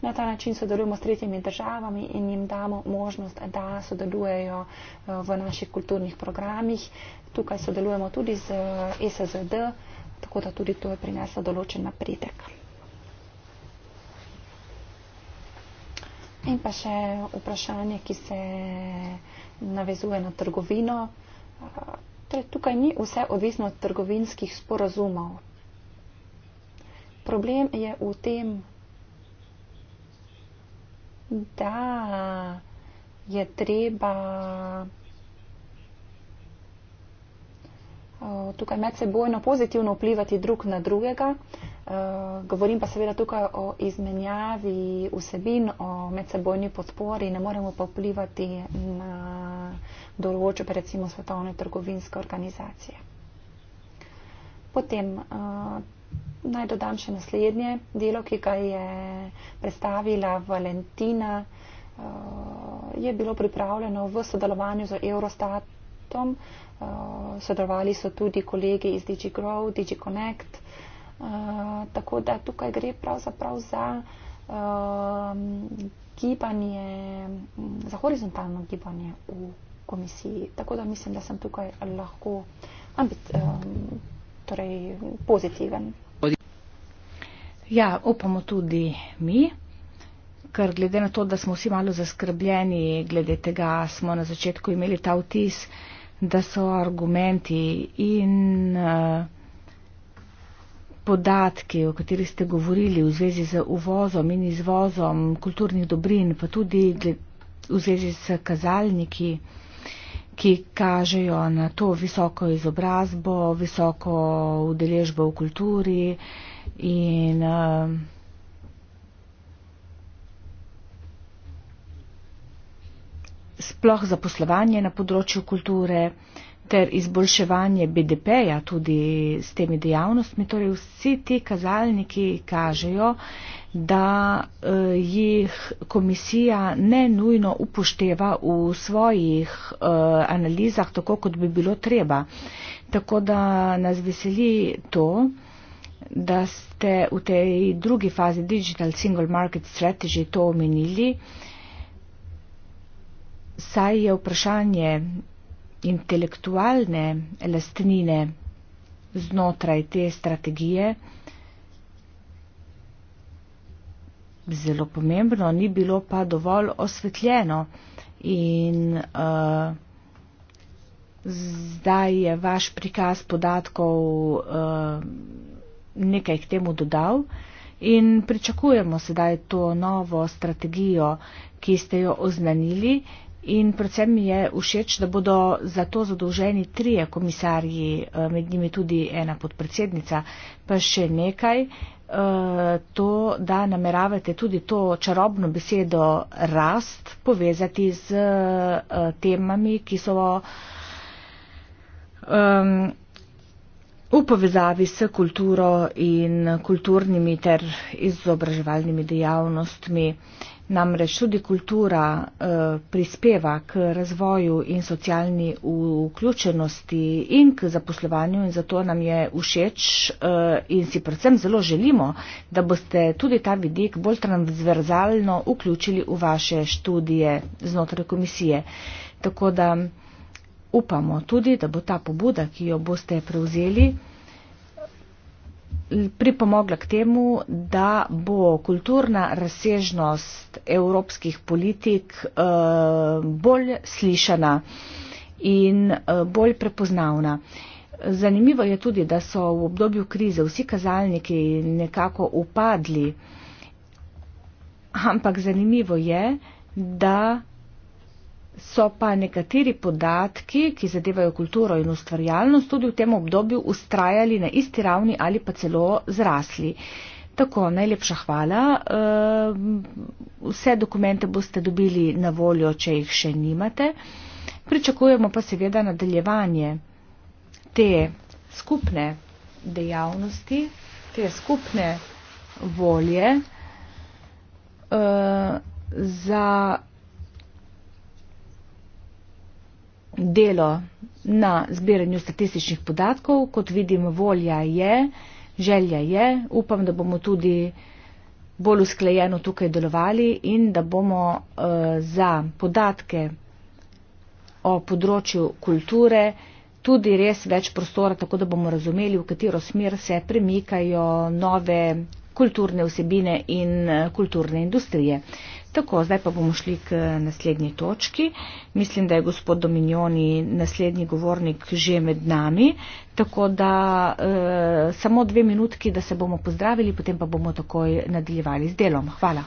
Na ta način sodelujemo s tretjimi državami in jim damo možnost, da sodelujejo e, v naših kulturnih programih. Tukaj sodelujemo tudi z e, SZD, tako da tudi to je prineslo določen napredek. In pa še vprašanje, ki se navezuje na trgovino. Torej, tukaj ni vse odvisno od trgovinskih sporazumov. Problem je v tem, da je treba eh, tukaj medsebojno pozitivno vplivati drug na drugega, Eh, govorim pa seveda tukaj o izmenjavi vsebin, o medsebojni podpori, ne moremo pa vplivati na določe, pa recimo svetovne trgovinske organizacije. Potem eh, naj dodam še naslednje delo, ki ga je predstavila Valentina, eh, je bilo pripravljeno v sodelovanju z Eurostatom, sodelovali so tudi kolegi iz DigiGrow, DigiConnect, Connect, Eh, tako da tukaj gre pravzaprav za uh, gibanje, za horizontalno gibanje v komisiji. Tako da mislim, da sem tukaj lahko ambic, uh, ehm, torej pozitiven. Ja, upamo tudi mi, ker glede na to, da smo vsi malo zaskrbljeni, glede tega smo na začetku imeli ta vtis, da so argumenti in uh, podatki, o katerih ste govorili v zvezi z uvozom in izvozom kulturnih dobrin, pa tudi v zvezi s kazalniki, ki kažejo na to visoko izobrazbo, visoko udeležbo v kulturi in uh, sploh zaposlovanje na področju kulture. Uh, ter izboljševanje BDP-ja tudi s temi dejavnostmi. Torej vsi ti kazalniki kažejo, da eh, jih komisija ne nujno upošteva v svojih eh, analizah, tako kot bi bilo treba. Tako da nas veseli to, da ste v tej drugi fazi Digital Single Market Strategy to omenili. Saj je vprašanje intelektualne lastnine znotraj te strategije zelo pomembno, ni bilo pa dovolj osvetljeno in uh, zdaj je vaš prikaz podatkov uh, nekaj k temu dodal in pričakujemo sedaj to novo strategijo, ki ste jo oznanili In predvsem mi je všeč, da bodo za to zadolženi trije komisarji, eh, med njimi tudi ena podpredsednica. Pa še nekaj, eh, to, da nameravate tudi to čarobno besedo rast povezati z eh, temami, ki so um, v povezavi s kulturo in kulturnimi ter izobraževalnimi dejavnostmi. Namreč tudi kultura eh, prispeva k razvoju in socialni vključenosti in k zaposlovanju in zato nam je všeč eh, in si predvsem zelo želimo, da boste tudi ta vidik bolj transverzalno vključili v vaše študije znotraj komisije. Tako da upamo tudi, da bo ta pobuda, ki jo boste prevzeli, pripomogla k temu, da bo kulturna razsežnost evropskih politik eh, bolj slišana in eh, bolj prepoznavna. Zanimivo je tudi, da so v obdobju krize vsi kazalniki nekako upadli, ampak zanimivo je, da so pa nekateri podatki, ki zadevajo kulturo in ustvarjalnost, tudi v tem obdobju ustrajali na isti ravni ali pa celo zrasli. Tako, najlepša hvala. Ehm, vse dokumente boste dobili na voljo, če jih še nimate. Pričakujemo pa seveda nadaljevanje te skupne dejavnosti, te skupne volje uh, za. delo na zbiranju statističnih podatkov. Kot vidim, volja je, želja je. Upam, da bomo tudi bolj usklajeno tukaj delovali in da bomo uh, za podatke o področju kulture tudi res več prostora, tako da bomo razumeli, v katero smer se premikajo nove kulturne vsebine in eh, kulturne industrije. Uh, Tako, zdaj pa bomo šli k eh, naslednji točki. Mislim, da je gospod Dominjoni naslednji govornik že med nami, tako da e, samo dve minutki, da se bomo pozdravili, potem pa bomo takoj nadaljevali z delom. Hvala.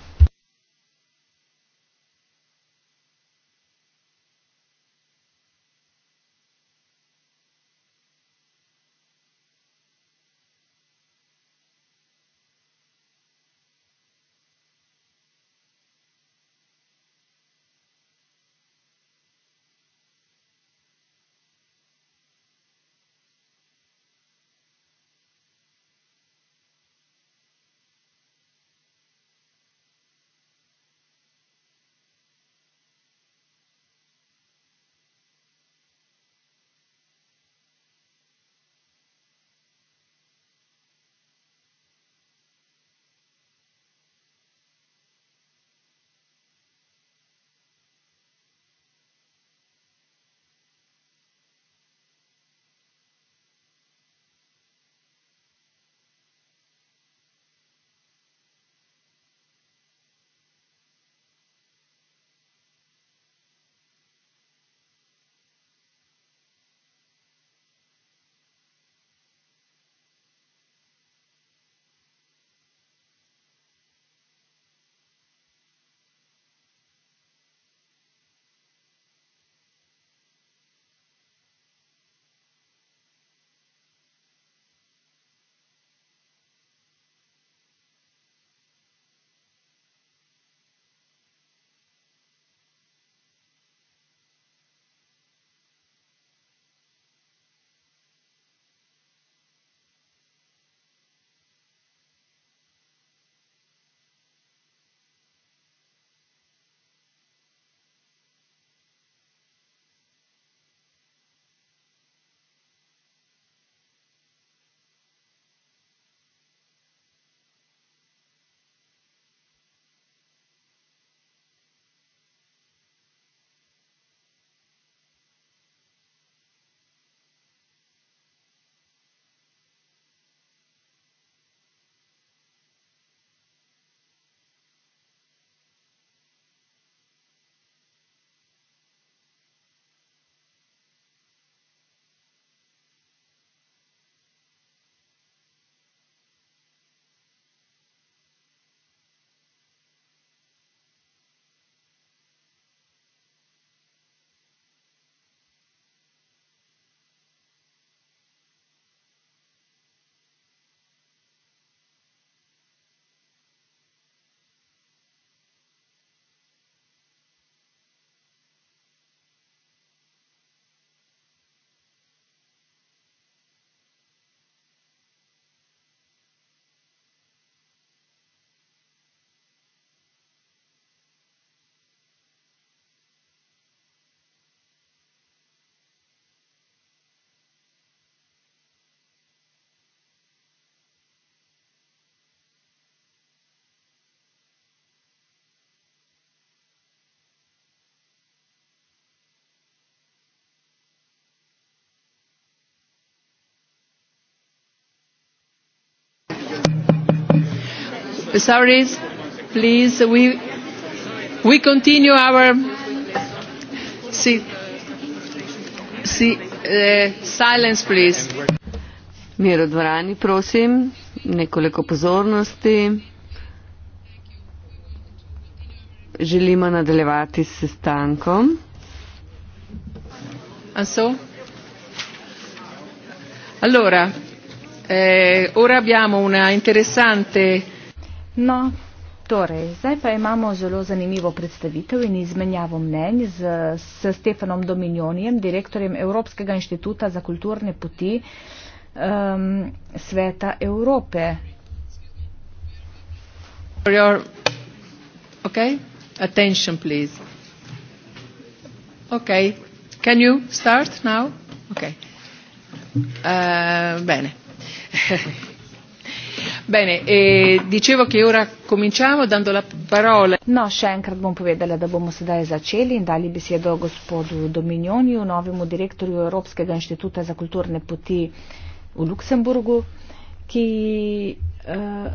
sorry, please, we, we continue our si, si, eh, silence, please. Mir v dvorani, prosim, nekoliko pozornosti. Želimo nadaljevati s sestankom. Allora, eh, ora abbiamo una interessante No, torej, zdaj pa imamo zelo zanimivo predstavitev in izmenjavo mnenj z, s Stefanom Dominjonijem, direktorjem Evropskega inštituta za kulturne poti um, Sveta Evrope. For your, okay, attention please. Okay, can you start now? Okay. Uh, bene. *laughs* Bene, e dicevo che ora cominciamo dando la parola. No, še enkrat bom povedala, da bomo sedaj začeli in dali besedo gospodu Dominjoniju, novemu direktorju Evropskega inštituta za kulturne poti v Luksemburgu, ki eh,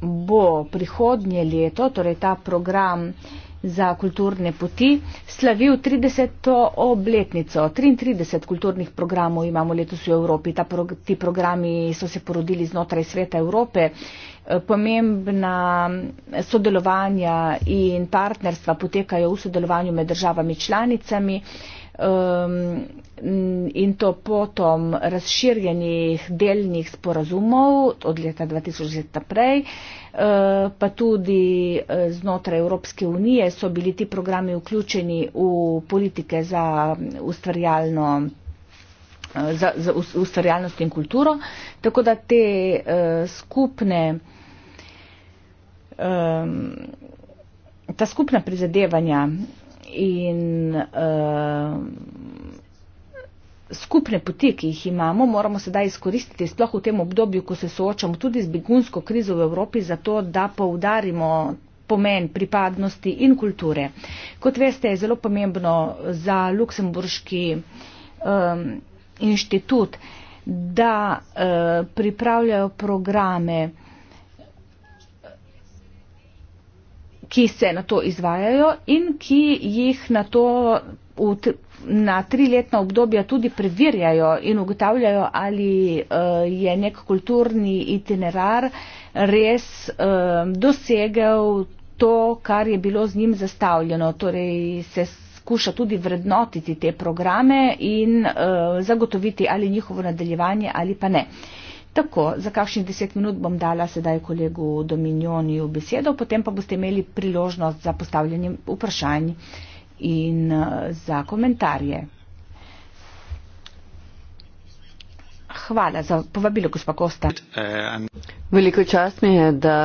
bo prihodnje leto, torej ta program, eh, za kulturne poti slavil 30. obletnico. 33 kulturnih programov imamo letos v Evropi. Ta pro, ti programi so se porodili znotraj sveta Evrope. Eh, pomembna sodelovanja in partnerstva potekajo v sodelovanju med državami članicami um, in to potom razširjenih delnih sporazumov od leta 2000 naprej, uh, pa tudi uh, znotraj Evropske unije so bili ti programi vključeni v politike za ustvarjalno. Uh, za, za ustvarjalnost in kulturo, tako da te uh, skupne, um, ta skupna prizadevanja in uh, skupne poti, ki jih imamo, moramo sedaj izkoristiti, sploh v tem obdobju, ko se soočamo tudi z begunsko krizo v Evropi, zato da poudarimo pomen pripadnosti in kulture. Kot veste, je zelo pomembno za Luksemburški um, inštitut, da uh, pripravljajo programe, ki se na to izvajajo in ki jih na to na triletna obdobja tudi preverjajo in ugotavljajo, ali eh, je nek kulturni itinerar res eh, dosegel to, kar je bilo z njim zastavljeno. Torej se skuša tudi vrednotiti te programe in eh, zagotoviti ali njihovo nadaljevanje ali pa ne. Tako, za kakšnih deset minut bom dala sedaj kolegu Dominjoniju besedo, potem pa boste imeli priložnost za postavljanje vprašanj in eh, za komentarje. Hvala za povabilo, gospod Kosta. Veliko čast mi je, da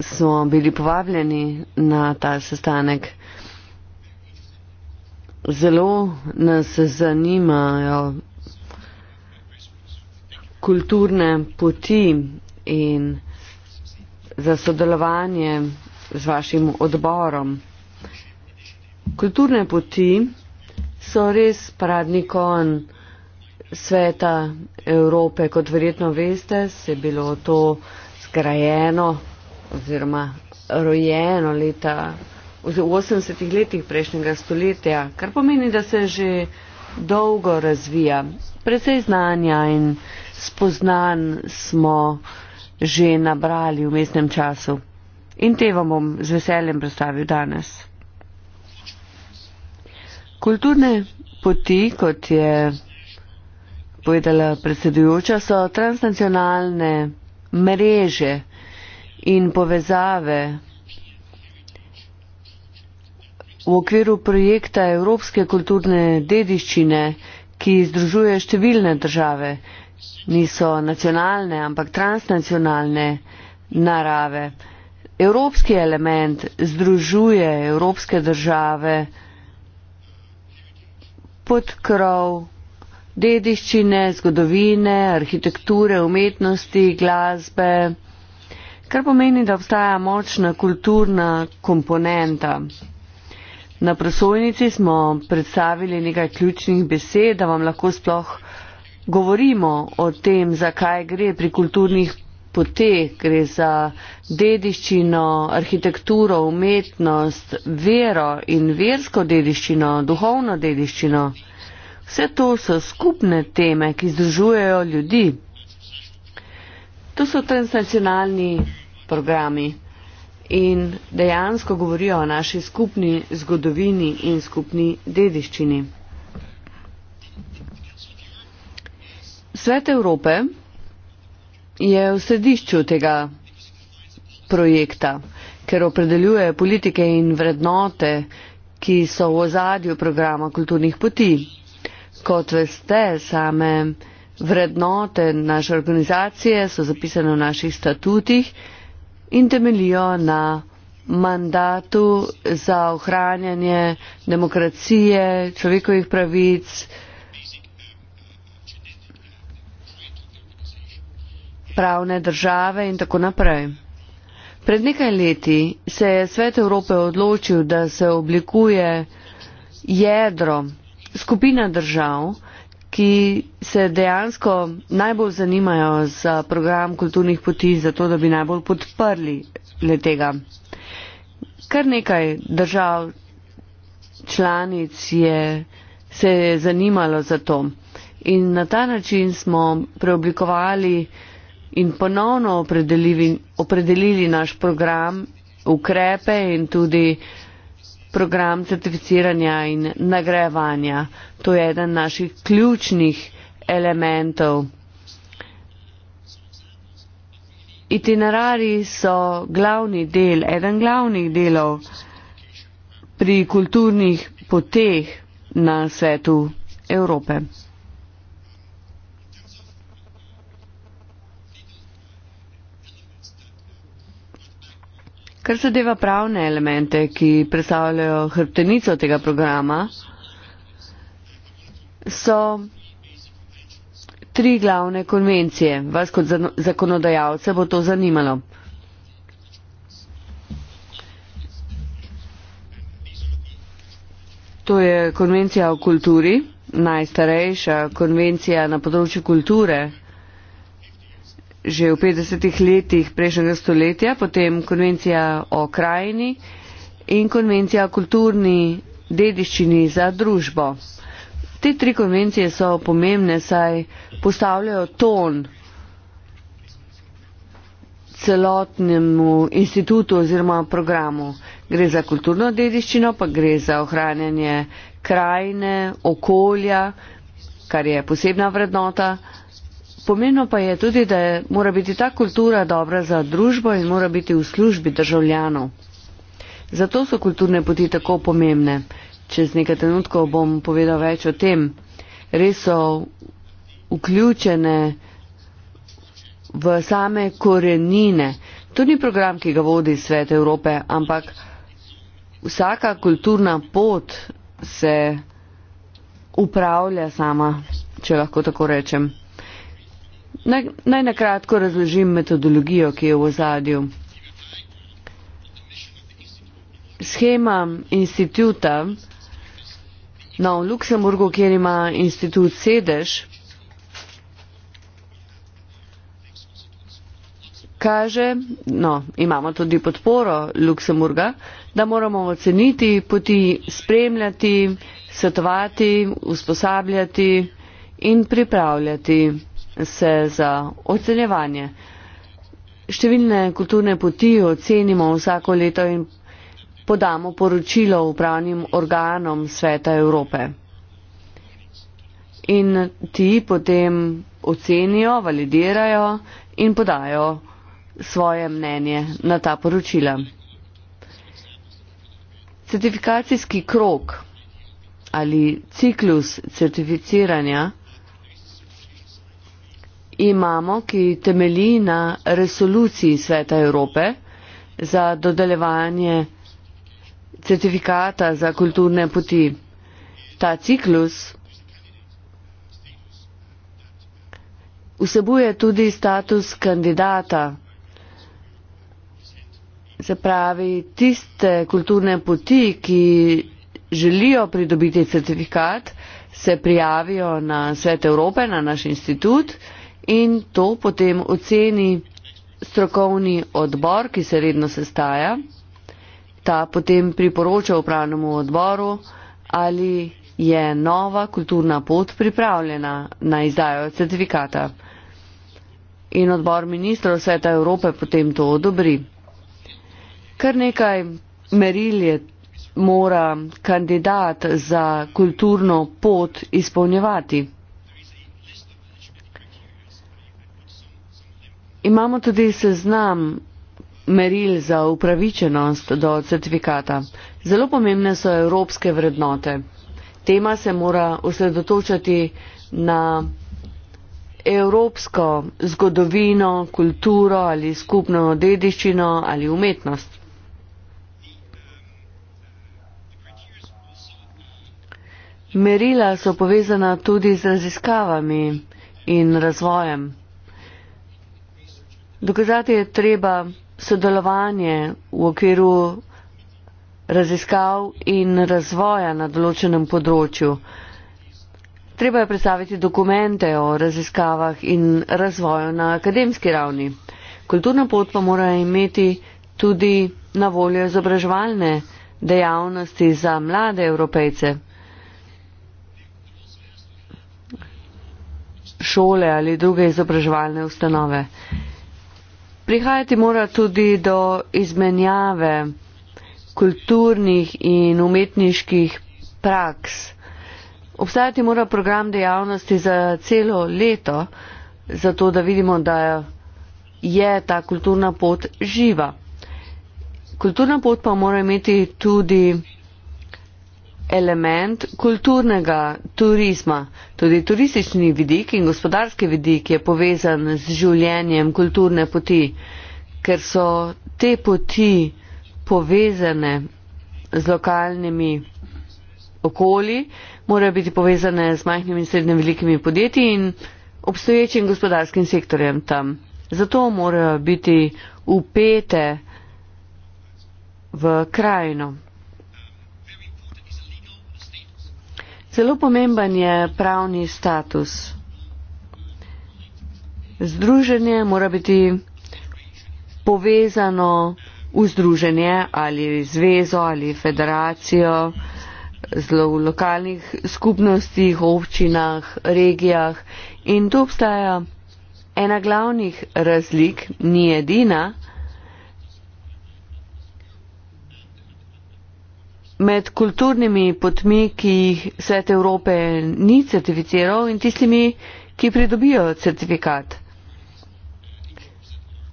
smo bili povabljeni na ta sestanek. Zelo nas zanimajo kulturne poti in za sodelovanje z vašim odborom. Kulturne poti so res paradni kon sveta Evrope, kot verjetno veste, se je bilo to zgrajeno oziroma rojeno leta v 80-ih letih prejšnjega stoletja, kar pomeni, da se že dolgo razvija. Precej znanja in spoznan smo že nabrali v mestnem času. In te vam bom z veseljem predstavil danes. Kulturne poti, kot je povedala predsedujoča, so transnacionalne mreže in povezave v okviru projekta Evropske kulturne dediščine, ki združuje številne države niso nacionalne, ampak transnacionalne narave. Evropski element združuje evropske države pod krov dediščine, zgodovine, arhitekture, umetnosti, glasbe, kar pomeni, da obstaja močna kulturna komponenta. Na prosojnici smo predstavili nekaj ključnih besed, da vam lahko sploh govorimo o tem, zakaj gre pri kulturnih poteh, gre za dediščino, arhitekturo, umetnost, vero in versko dediščino, duhovno dediščino. Vse to so skupne teme, ki združujejo ljudi. To so transnacionalni programi in dejansko govorijo o naši skupni zgodovini in skupni dediščini. Svet Evrope je v središču tega projekta, ker opredeljuje politike in vrednote, ki so v ozadju programa kulturnih poti. Kot veste, same vrednote naše organizacije so zapisane v naših statutih in temelijo na mandatu za ohranjanje demokracije, človekovih pravic, pravne države in tako naprej. Pred nekaj leti se je Svet Evrope odločil, da se oblikuje jedro, skupina držav, ki se dejansko najbolj zanimajo za program kulturnih poti, zato da bi najbolj podprli le tega. Kar nekaj držav članic je, se je zanimalo za to. In na ta način smo preoblikovali in ponovno opredelili, opredelili naš program, ukrepe in tudi program certificiranja in nagrajevanja. To je eden naših ključnih elementov. Itinerari so glavni del, eden glavnih delov pri kulturnih poteh na svetu Evrope. Kar zadeva pravne elemente, ki predstavljajo hrbtenico tega programa, so tri glavne konvencije. Vas kot zakonodajalce bo to zanimalo. To je konvencija o kulturi, najstarejša konvencija na področju kulture, že v 50-ih letih prejšnjega stoletja, potem konvencija o krajini in konvencija o kulturni dediščini za družbo. Te tri konvencije so pomembne, saj postavljajo ton celotnemu institutu oziroma programu. Gre za kulturno dediščino, pa gre za ohranjanje krajine, okolja, kar je posebna vrednota Pomembno pa je tudi, da je, mora biti ta kultura dobra za družbo in mora biti v službi državljanov. Zato so kulturne poti tako pomembne. Čez nekaj trenutkov bom povedal več o tem. Res so vključene v same korenine. To ni program, ki ga vodi Svet Evrope, ampak vsaka kulturna pot se upravlja sama, če lahko tako rečem. Naj, naj nakratko razložim metodologijo, ki je v ozadju. Schema instituta na no, Luksemburgu, kjer ima institut sedež, kaže, no, imamo tudi podporo Luksemburga, da moramo oceniti poti, spremljati, svetovati, usposabljati in pripravljati se za ocenjevanje. Številne kulturne poti ocenimo vsako leto in podamo poročilo upravnim organom Sveta Evrope. In ti potem ocenijo, validirajo in podajo svoje mnenje na ta poročila. Certifikacijski krok ali ciklus certificiranja imamo, ki temelji na resoluciji Sveta Evrope za dodeljevanje certifikata za kulturne poti. Ta ciklus vsebuje tudi status kandidata, se pravi tiste kulturne poti, ki želijo pridobiti certifikat, se prijavijo na Svet Evrope, na naš institut in to potem oceni strokovni odbor, ki se redno sestaja. Ta potem priporoča upravnemu odboru, ali je nova kulturna pot pripravljena na izdajo certifikata. In odbor ministrov Sveta Evrope potem to odobri. Kar nekaj meril je, mora kandidat za kulturno pot izpolnjevati. Imamo tudi seznam meril za upravičenost do certifikata. Zelo pomembne so evropske vrednote. Tema se mora osredotočati na evropsko zgodovino, kulturo ali skupno dediščino ali umetnost. Merila so povezana tudi z raziskavami in razvojem. Dokazati je treba sodelovanje v okviru raziskav in razvoja na določenem področju. Treba je predstaviti dokumente o raziskavah in razvoju na akademski ravni. Kulturna pot pa mora imeti tudi na voljo izobraževalne dejavnosti za mlade evropejce. Šole ali druge izobraževalne ustanove. Prihajati mora tudi do izmenjave kulturnih in umetniških praks. Obstajati mora program dejavnosti za celo leto, zato da vidimo, da je ta kulturna pot živa. Kulturna pot pa mora imeti tudi element kulturnega turizma. Tudi turistični vidik in gospodarski vidik je povezan z življenjem kulturne poti, ker so te poti povezane z lokalnimi okoli, morajo biti povezane z majhnimi in srednjimi velikimi podjetji in obstoječim gospodarskim sektorjem tam. Zato morajo biti upete v krajino. Zelo pomemben je pravni status. Združenje mora biti povezano v združenje ali zvezo ali federacijo, zelo v lokalnih skupnostih, občinah, regijah. In tu obstaja ena glavnih razlik, ni edina, med kulturnimi potmi, ki jih svet Evrope ni certificiral in tistimi, ki pridobijo certifikat.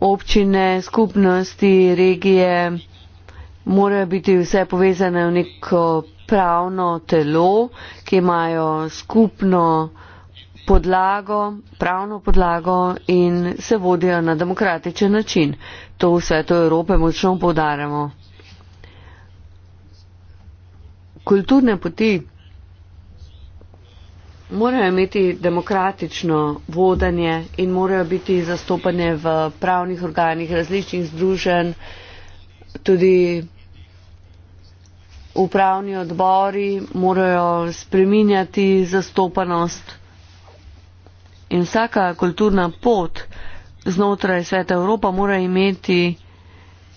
Občine, skupnosti, regije morajo biti vse povezane v neko pravno telo, ki imajo skupno podlago, pravno podlago in se vodijo na demokratičen način. To v svetu Evrope močno podaramo kulturne poti morajo imeti demokratično vodanje in morajo biti zastopane v pravnih organih različnih združen, tudi upravni odbori morajo spreminjati zastopanost in vsaka kulturna pot znotraj sveta Evropa mora imeti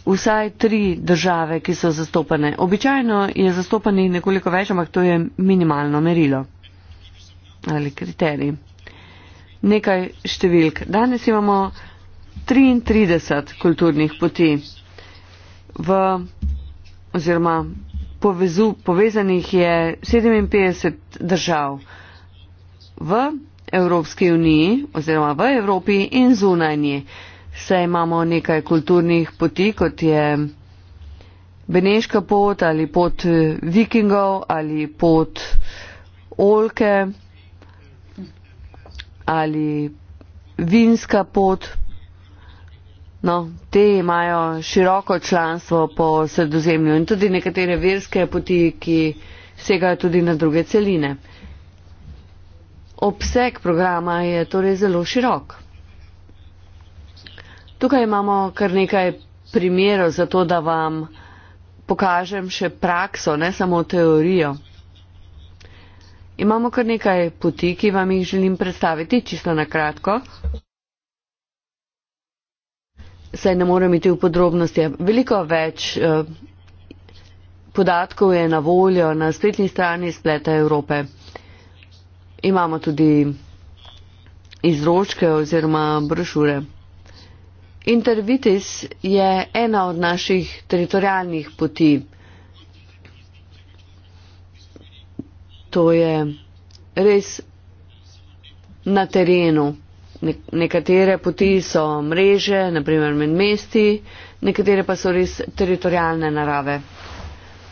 vsaj tri države, ki so zastopane. Običajno je zastopani nekoliko več, ampak to je minimalno merilo ali kriterij. Nekaj številk. Danes imamo 33 kulturnih poti, v, oziroma povezu, povezanih je 57 držav v Evropski uniji, oziroma v Evropi in zunaj njih saj imamo nekaj kulturnih poti, kot je Beneška pot ali pot eh, vikingov ali pot Olke ali Vinska pot. No, te imajo široko članstvo po sredozemlju in tudi nekatere verske poti, ki segajo tudi na druge celine. Obseg programa je torej zelo širok. Tukaj imamo kar nekaj primerov za to, da vam pokažem še prakso, ne samo teorijo. Imamo kar nekaj poti, ki vam jih želim predstaviti, čisto na kratko. Saj ne morem iti v podrobnosti. Veliko več eh, podatkov je na voljo na spletni strani spleta Evrope. Imamo tudi izročke oziroma brošure. Intervitis je ena od naših teritorijalnih poti. To je res na terenu. Nekatere poti so mreže, naprimer med mesti, nekatere pa so res teritorijalne narave.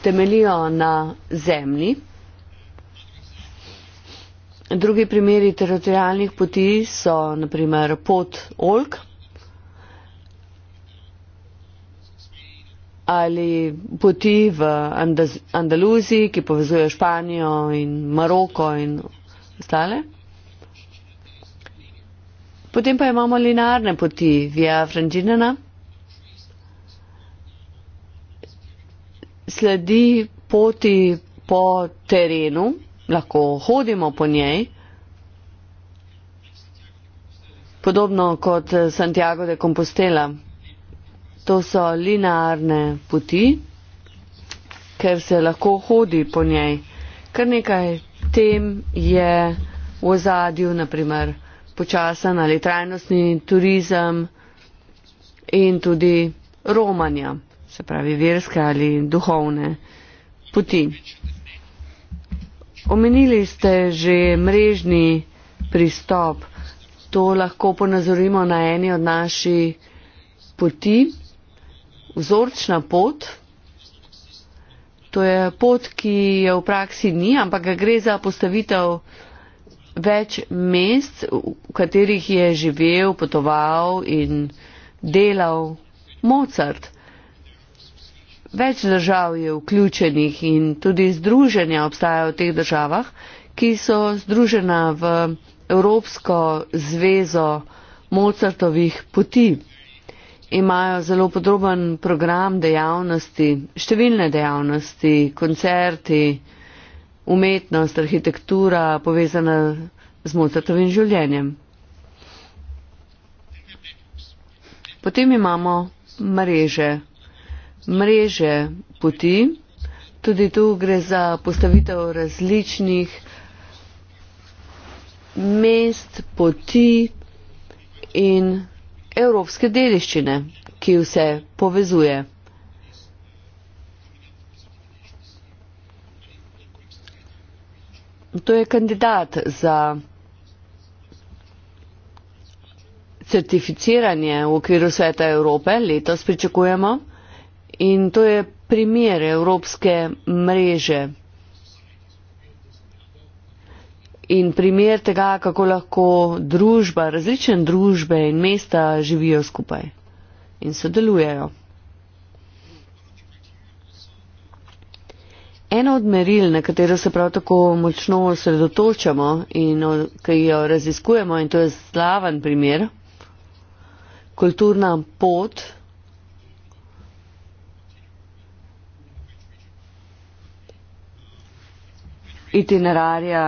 Temelijo na zemlji. Drugi primeri teritorijalnih poti so naprimer pot Olk, ali poti v Andaluziji, ki povezuje Španijo in Maroko in ostale. Potem pa imamo linarne poti via Franginena. Sledi poti po terenu, lahko hodimo po njej. Podobno kot Santiago de Compostela to so linearne poti, ker se lahko hodi po njej. Kar nekaj tem je v ozadju, naprimer počasen ali trajnostni turizem in tudi romanja, se pravi verske ali duhovne poti. Omenili ste že mrežni pristop. To lahko ponazorimo na eni od naših poti, vzorčna pot, to je pot, ki je v praksi ni, ampak gre za postavitev več mest, v katerih je živel, potoval in delal Mozart. Več držav je vključenih in tudi združenja obstajajo v teh državah, ki so združena v Evropsko zvezo Mozartovih poti imajo zelo podroben program dejavnosti, številne dejavnosti, koncerti, umetnost, arhitektura povezana z Mozartovim življenjem. Potem imamo mreže. Mreže poti, tudi tu gre za postavitev različnih mest, poti in evropske dediščine, ki vse povezuje. To je kandidat za certificiranje v okviru Sveta Evrope, letos pričakujemo, in to je primer Evropske mreže. in primer tega, kako lahko družba, različne družbe in mesta živijo skupaj in sodelujejo. Eno od meril, na katero se prav tako močno osredotočamo in ki jo raziskujemo, in to je slaven primer, kulturna pot, itinerarja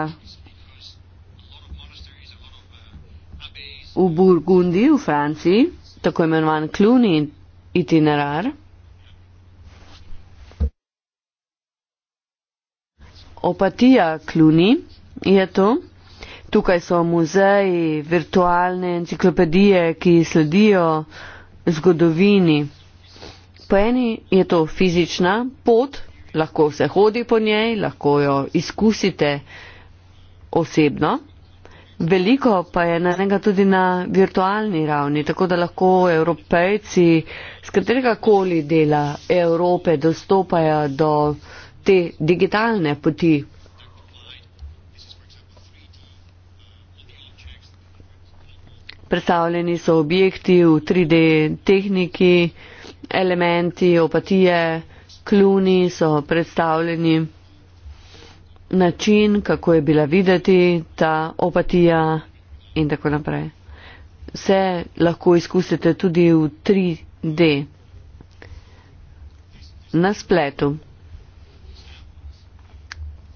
v Burgundiji, v Franciji, tako imenovan kluni itinerar. Opatija kluni je to. Tukaj so muzeji, virtualne enciklopedije, ki sledijo zgodovini. Po eni je to fizična pot, lahko se hodi po njej, lahko jo izkusite osebno. Veliko pa je narejenega tudi na virtualni ravni, tako da lahko evropejci z katerega koli dela Evrope dostopajo do te digitalne poti. Predstavljeni so objekti v 3D tehniki, elementi, opatije, kluni so predstavljeni način, kako je bila videti ta opatija in tako naprej. Vse lahko izkusite tudi v 3D na spletu.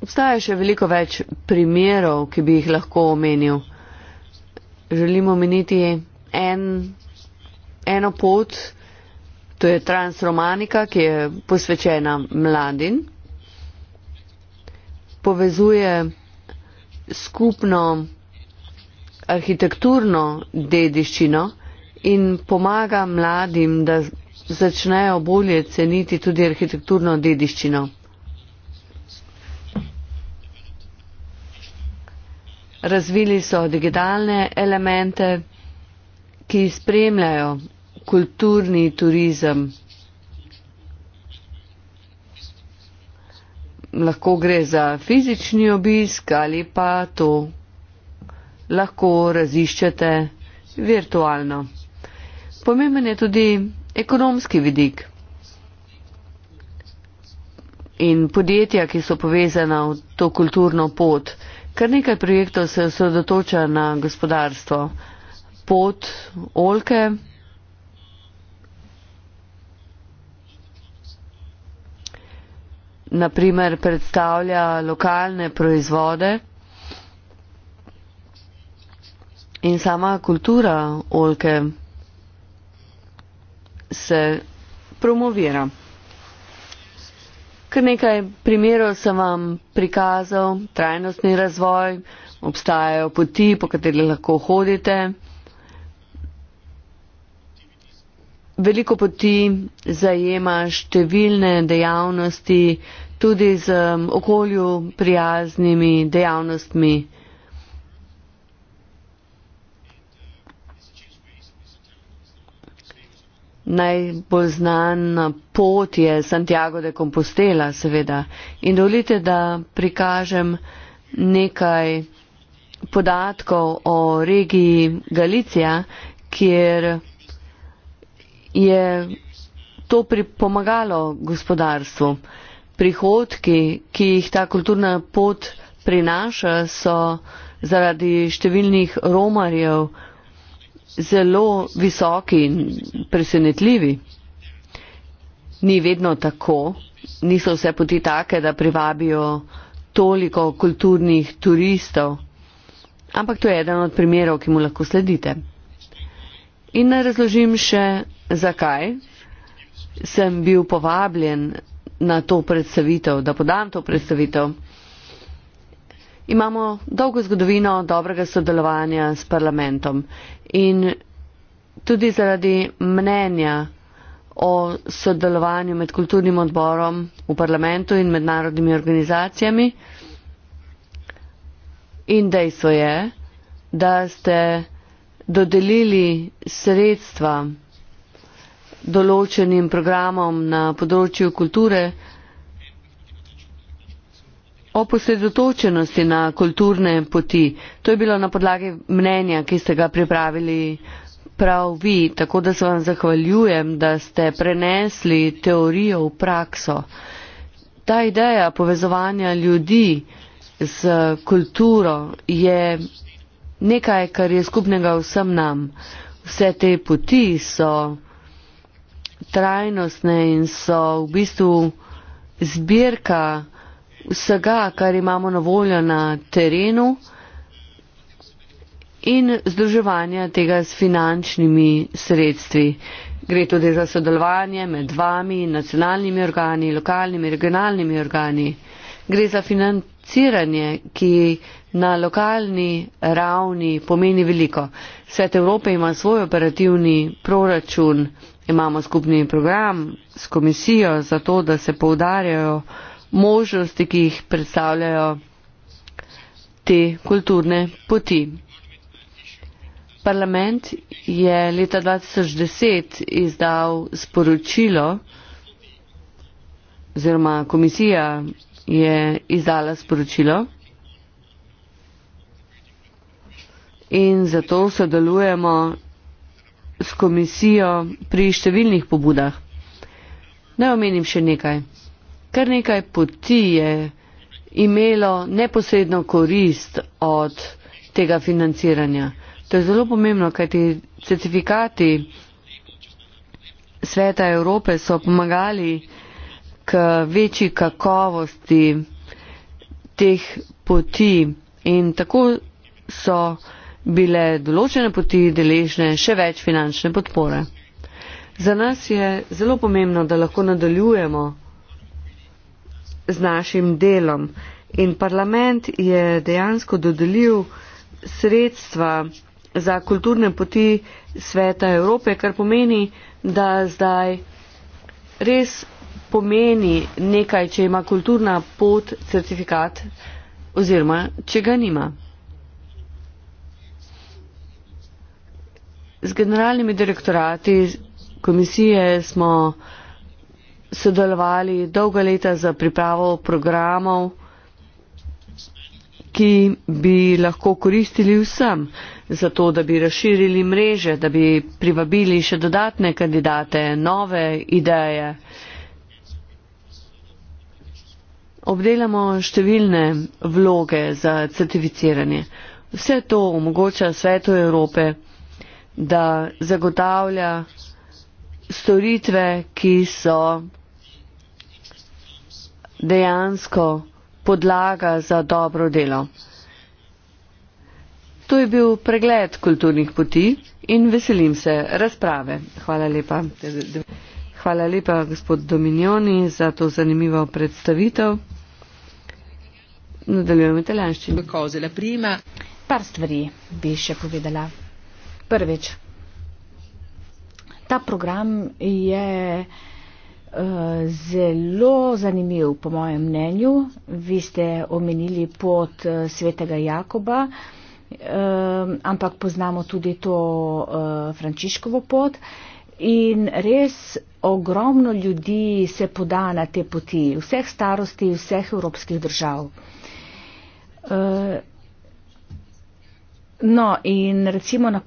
Obstaja še veliko več primerov, ki bi jih lahko omenil. Želimo omeniti en, eno pot, to je transromanika, ki je posvečena mladim povezuje skupno arhitekturno dediščino in pomaga mladim, da začnejo bolje ceniti tudi arhitekturno dediščino. Razvili so digitalne elemente, ki spremljajo kulturni turizem. lahko gre za fizični obisk ali pa to lahko raziščete virtualno. Pomemben je tudi ekonomski vidik. In podjetja, ki so povezana v to kulturno pot, kar nekaj projektov se osredotoča na gospodarstvo. Pot Olke naprimer predstavlja lokalne proizvode in sama kultura oljke se promovira. Kar nekaj primerov sem vam prikazal, trajnostni razvoj, obstajajo poti, po kateri lahko hodite. veliko poti zajema številne dejavnosti, tudi z um, okolju prijaznimi dejavnostmi. Najbolj znana pot je Santiago de Compostela, seveda. In dovolite, da prikažem nekaj podatkov o regiji Galicija, kjer je to pomagalo gospodarstvu. Prihodki, ki jih ta kulturna pot prinaša, so zaradi številnih romarjev zelo visoki in presenetljivi. Ni vedno tako, niso vse poti take, da privabijo toliko kulturnih turistov, ampak to je eden od primerov, ki mu lahko sledite. In naj razložim še zakaj sem bil povabljen na to predstavitev, da podam to predstavitev. Imamo dolgo zgodovino dobrega sodelovanja s parlamentom in tudi zaradi mnenja o sodelovanju med kulturnim odborom v parlamentu in mednarodnimi organizacijami. In dejstvo je, da ste dodelili sredstva določenim programom na področju kulture, o posredotočenosti na kulturne poti. To je bilo na podlagi mnenja, ki ste ga pripravili prav vi, tako da se vam zahvaljujem, da ste prenesli teorijo v prakso. Ta ideja povezovanja ljudi z kulturo je nekaj, kar je skupnega vsem nam. Vse te poti so trajnostne in so v bistvu zbirka vsega, kar imamo na voljo na terenu in združevanja tega s finančnimi sredstvi. Gre tudi za sodelovanje med vami, nacionalnimi organi, lokalnimi, regionalnimi organi. Gre za financiranje, ki na lokalni ravni pomeni veliko. Svet Evrope ima svoj operativni proračun, imamo skupni program s komisijo za to, da se povdarjajo možnosti, ki jih predstavljajo te kulturne poti. Parlament je leta 2010 izdal sporočilo, oziroma komisija je izdala sporočilo in zato sodelujemo s komisijo pri številnih pobudah. Naj omenim še nekaj. Kar nekaj poti je imelo neposredno korist od tega financiranja. To je zelo pomembno, kajti certifikati Sveta Evrope so pomagali k večji kakovosti teh poti in tako so bile določene poti deležne še več finančne podpore. Za nas je zelo pomembno, da lahko nadaljujemo z našim delom in parlament je dejansko dodelil sredstva za kulturne poti sveta Evrope, kar pomeni, da zdaj res pomeni nekaj, če ima kulturna pot certifikat oziroma če ga nima. Z generalnimi direktorati komisije smo sodelovali dolga leta za pripravo programov, ki bi lahko koristili vsem, zato da bi razširili mreže, da bi privabili še dodatne kandidate, nove ideje. Obdelamo številne vloge za certificiranje. Vse to omogoča svetu Evrope da zagotavlja storitve, ki so dejansko podlaga za dobro delo. To je bil pregled kulturnih poti in veselim se razprave. Hvala lepa. Hvala lepa, gospod Dominioni, za to zanimivo predstavitev. Nadaljujemo italijanščino. Par stvari bi še povedala. Prvič, ta program je eh, zelo zanimiv, po mojem mnenju. Vi ste omenili pot eh, svetega Jakoba, eh, ampak poznamo tudi to Frančiškovo pot. In res ogromno ljudi se poda na te poti, vseh starosti, vseh evropskih držav. No, in recimo na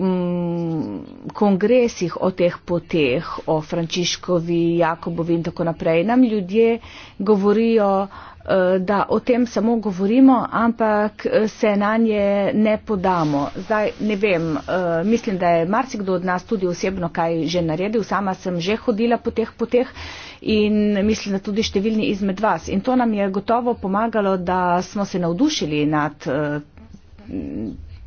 Mm, kongresih o teh poteh, o Frančiškovi, Jakobovi in tako naprej. Nam ljudje govorijo, eh, da o tem samo govorimo, ampak eh, se na nje ne podamo. Zdaj ne vem, eh, mislim, da je marsikdo od nas tudi osebno kaj že naredil, sama sem že hodila po teh poteh in mislim, da tudi številni izmed vas. In to nam je gotovo pomagalo, da smo se navdušili nad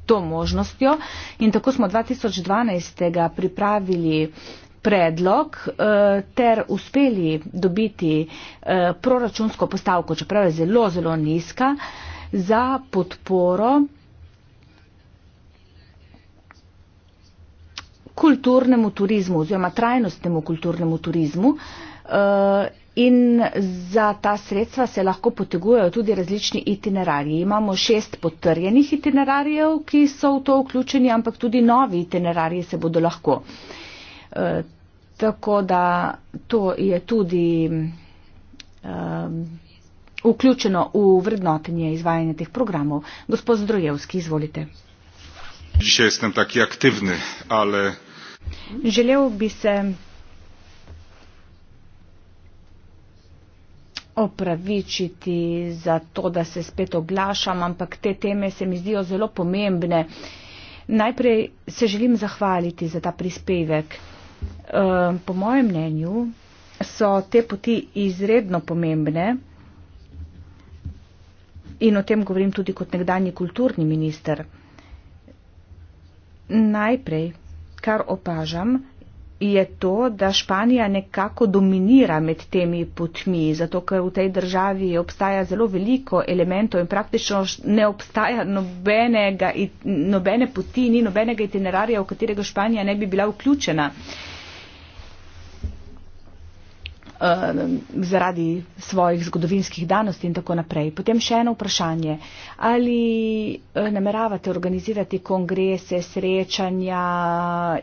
to možnostjo in tako smo 2012. pripravili predlog eh, ter uspeli dobiti eh, proračunsko postavko, čeprav je zelo, zelo nizka, za podporo kulturnemu turizmu oziroma trajnostnemu kulturnemu turizmu eh, in za ta sredstva se lahko potegujejo tudi različni itinerariji. Imamo šest potrjenih itinerarijev, ki so v to vključeni, ampak tudi novi itinerariji se bodo lahko. E, tako da to je tudi e, vključeno v vrednotenje izvajanja teh programov. Gospod Zdrojevski, izvolite. Želel bi se opravičiti za to, da se spet oglašam, ampak te teme se mi zdijo zelo pomembne. Najprej se želim zahvaliti za ta prispevek. Eh, po mojem mnenju so te poti izredno pomembne in o tem govorim tudi kot nekdanji kulturni minister. Najprej, kar opažam, je to, da Španija nekako dominira med temi potmi, zato ker v tej državi obstaja zelo veliko elementov in praktično ne obstaja nobenega, nobene poti, ni nobenega itinerarja, v katerega Španija ne bi bila vključena. Uh, Eh, zaradi svojih zgodovinskih danosti in tako naprej. Potem še eno vprašanje. Ali eh, nameravate organizirati kongrese, srečanja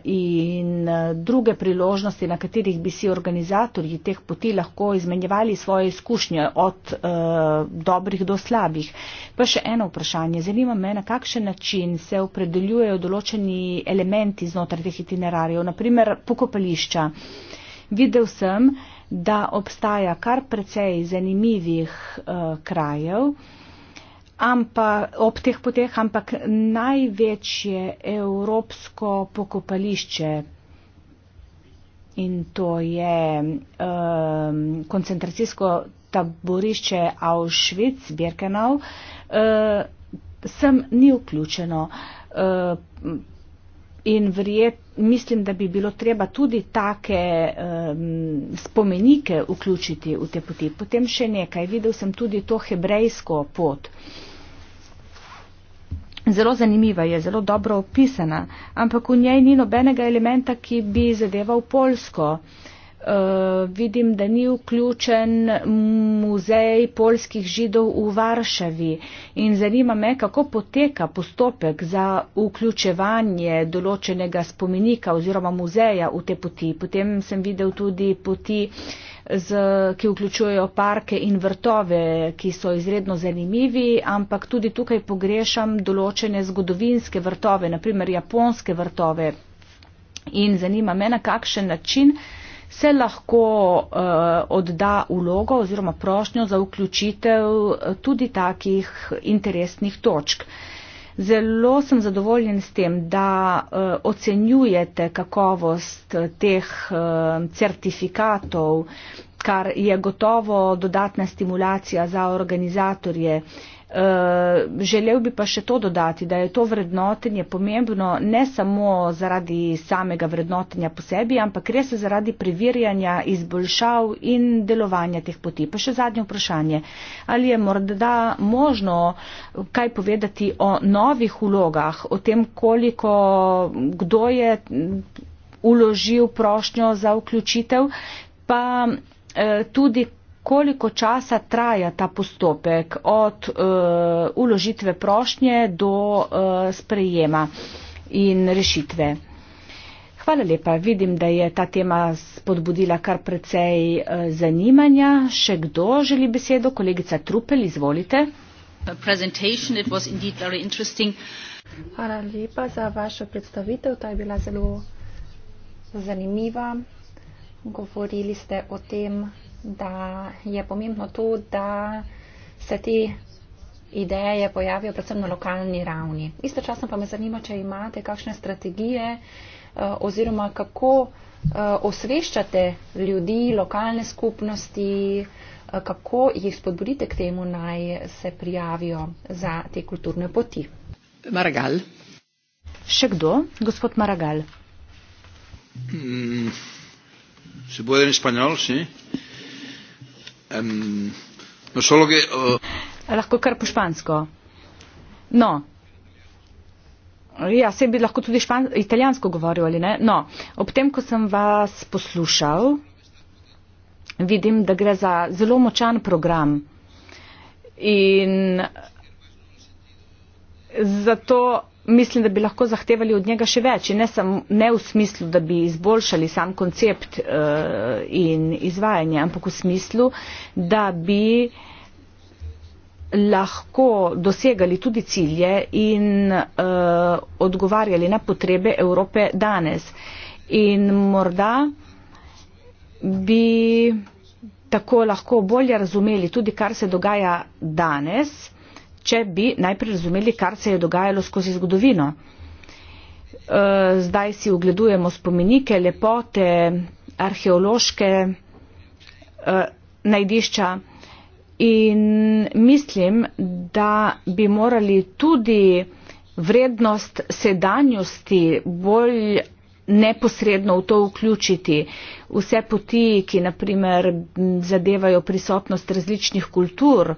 in eh, druge priložnosti, na katerih bi si organizatorji teh poti lahko izmenjevali svoje izkušnje od uh, dobrih do slabih? Pa še eno vprašanje. Zanima me, na kakšen način se opredeljujejo določeni elementi znotraj teh itinerarjev, naprimer pokopališča. Videl sem, da obstaja kar precej zanimivih uh, krajev, ampak ob teh poteh, ampak največje evropsko pokopališče in to je um, koncentracijsko taborišče Auschwitz-Birkenau, uh, eh, sem ni vključeno uh, in vrjet mislim, da bi bilo treba tudi take um, spomenike vključiti v te poti. Potem še nekaj, videl sem tudi to hebrejsko pot. Zelo zanimiva je, zelo dobro opisana, ampak v njej ni nobenega elementa, ki bi zadeval Polsko. Uh, Eh, vidim, da ni vključen muzej polskih židov v Varšavi in zanima me, kako poteka postopek za vključevanje določenega spomenika oziroma muzeja v te poti. Potem sem videl tudi poti, z, ki vključujejo parke in vrtove, ki so izredno zanimivi, ampak tudi tukaj pogrešam določene zgodovinske vrtove, naprimer japonske vrtove. In zanima me, na kakšen način se lahko uh, odda vlogo oziroma prošnjo za vključitev eh, tudi takih interesnih točk. Zelo sem zadovoljen s tem, da uh, ocenjujete kakovost teh uh, certifikatov, kar je gotovo dodatna stimulacija za organizatorje. Uh, Eh, želel bi pa še to dodati, da je to vrednotenje pomembno ne samo zaradi samega vrednotenja po sebi, ampak res zaradi preverjanja izboljšav in delovanja teh poti. Pa še zadnje vprašanje. Ali je morda možno kaj povedati o novih ulogah, o tem, koliko kdo je uložil prošnjo za vključitev, pa eh, tudi koliko časa traja ta postopek od uh, uložitve prošnje do uh, sprejema in rešitve. Hvala lepa. Vidim, da je ta tema spodbudila kar precej uh, zanimanja. Še kdo želi besedo? Kolegica Trupel, izvolite. Hvala lepa za vašo predstavitev. Ta je bila zelo zanimiva. Govorili ste o tem, da je pomembno to, da se te ideje pojavijo predvsem na lokalni ravni. Istočasno pa me zanima, če imate kakšne strategije eh, oziroma kako eh, osveščate ljudi, lokalne skupnosti, eh, kako jih spodbudite k temu, naj se prijavijo za te kulturne poti. Maragal. Še kdo? Gospod Maragal. Mm, se bojo en španjol, še? Si? No, lahko kar po špansko. No. Ja, se bi lahko tudi špan, italijansko govoril ali ne. No, ob tem, ko sem vas poslušal, vidim, da gre za zelo močan program. In zato mislim, da bi lahko zahtevali od njega še več in ne, sam, ne v smislu, da bi izboljšali sam koncept uh, in izvajanje, ampak v smislu, da bi lahko dosegali tudi cilje in uh, odgovarjali na potrebe Evrope danes. In morda bi tako lahko bolje razumeli tudi, kar se dogaja danes če bi najprej razumeli, kar se je dogajalo skozi zgodovino. E, zdaj si ogledujemo spomenike, lepote, arheološke e, najdišča in mislim, da bi morali tudi vrednost sedanjosti bolj neposredno v to vključiti. Vse poti, ki naprimer zadevajo prisotnost različnih kultur,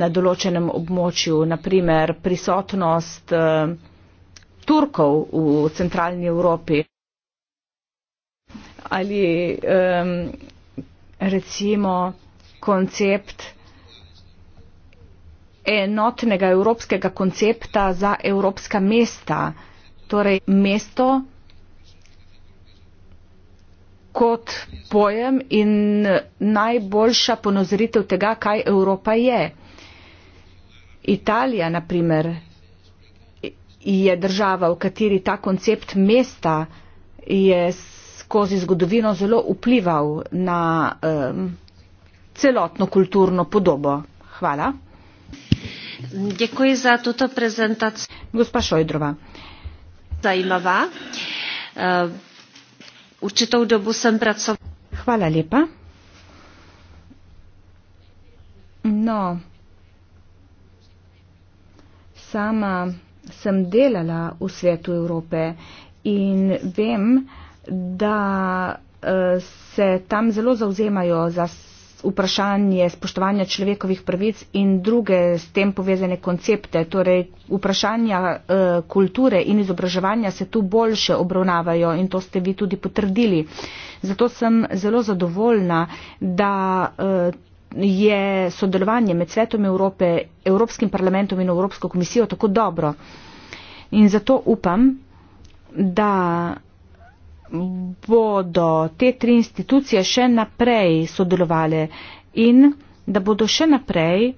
na določenem območju, naprimer prisotnost eh, Turkov v centralni Evropi ali um, recimo koncept enotnega evropskega koncepta za evropska mesta, torej mesto kot pojem in najboljša ponozoritev tega, kaj Evropa je. Italija, na primer, je država, v kateri ta koncept mesta je skozi zgodovino zelo vplival na um, celotno kulturno podobo. Hvala. Děkuji za tuto prezentaci. Gospa Šojdrova. Zajímavá. Eh, určitou dobu jsem pracovala. Hvala lepa. No, sama sem delala v svetu Evrope in vem, da eh, se tam zelo zauzemajo za vprašanje spoštovanja človekovih prvic in druge s tem povezane koncepte. Torej, vprašanja eh, kulture in izobraževanja se tu boljše obravnavajo in to ste vi tudi potrdili. Zato sem zelo zadovoljna, da eh, je sodelovanje med svetom Evrope, Evropskim parlamentom in Evropsko komisijo tako dobro. In zato upam, da bodo te tri institucije še naprej sodelovale in da bodo še naprej eh,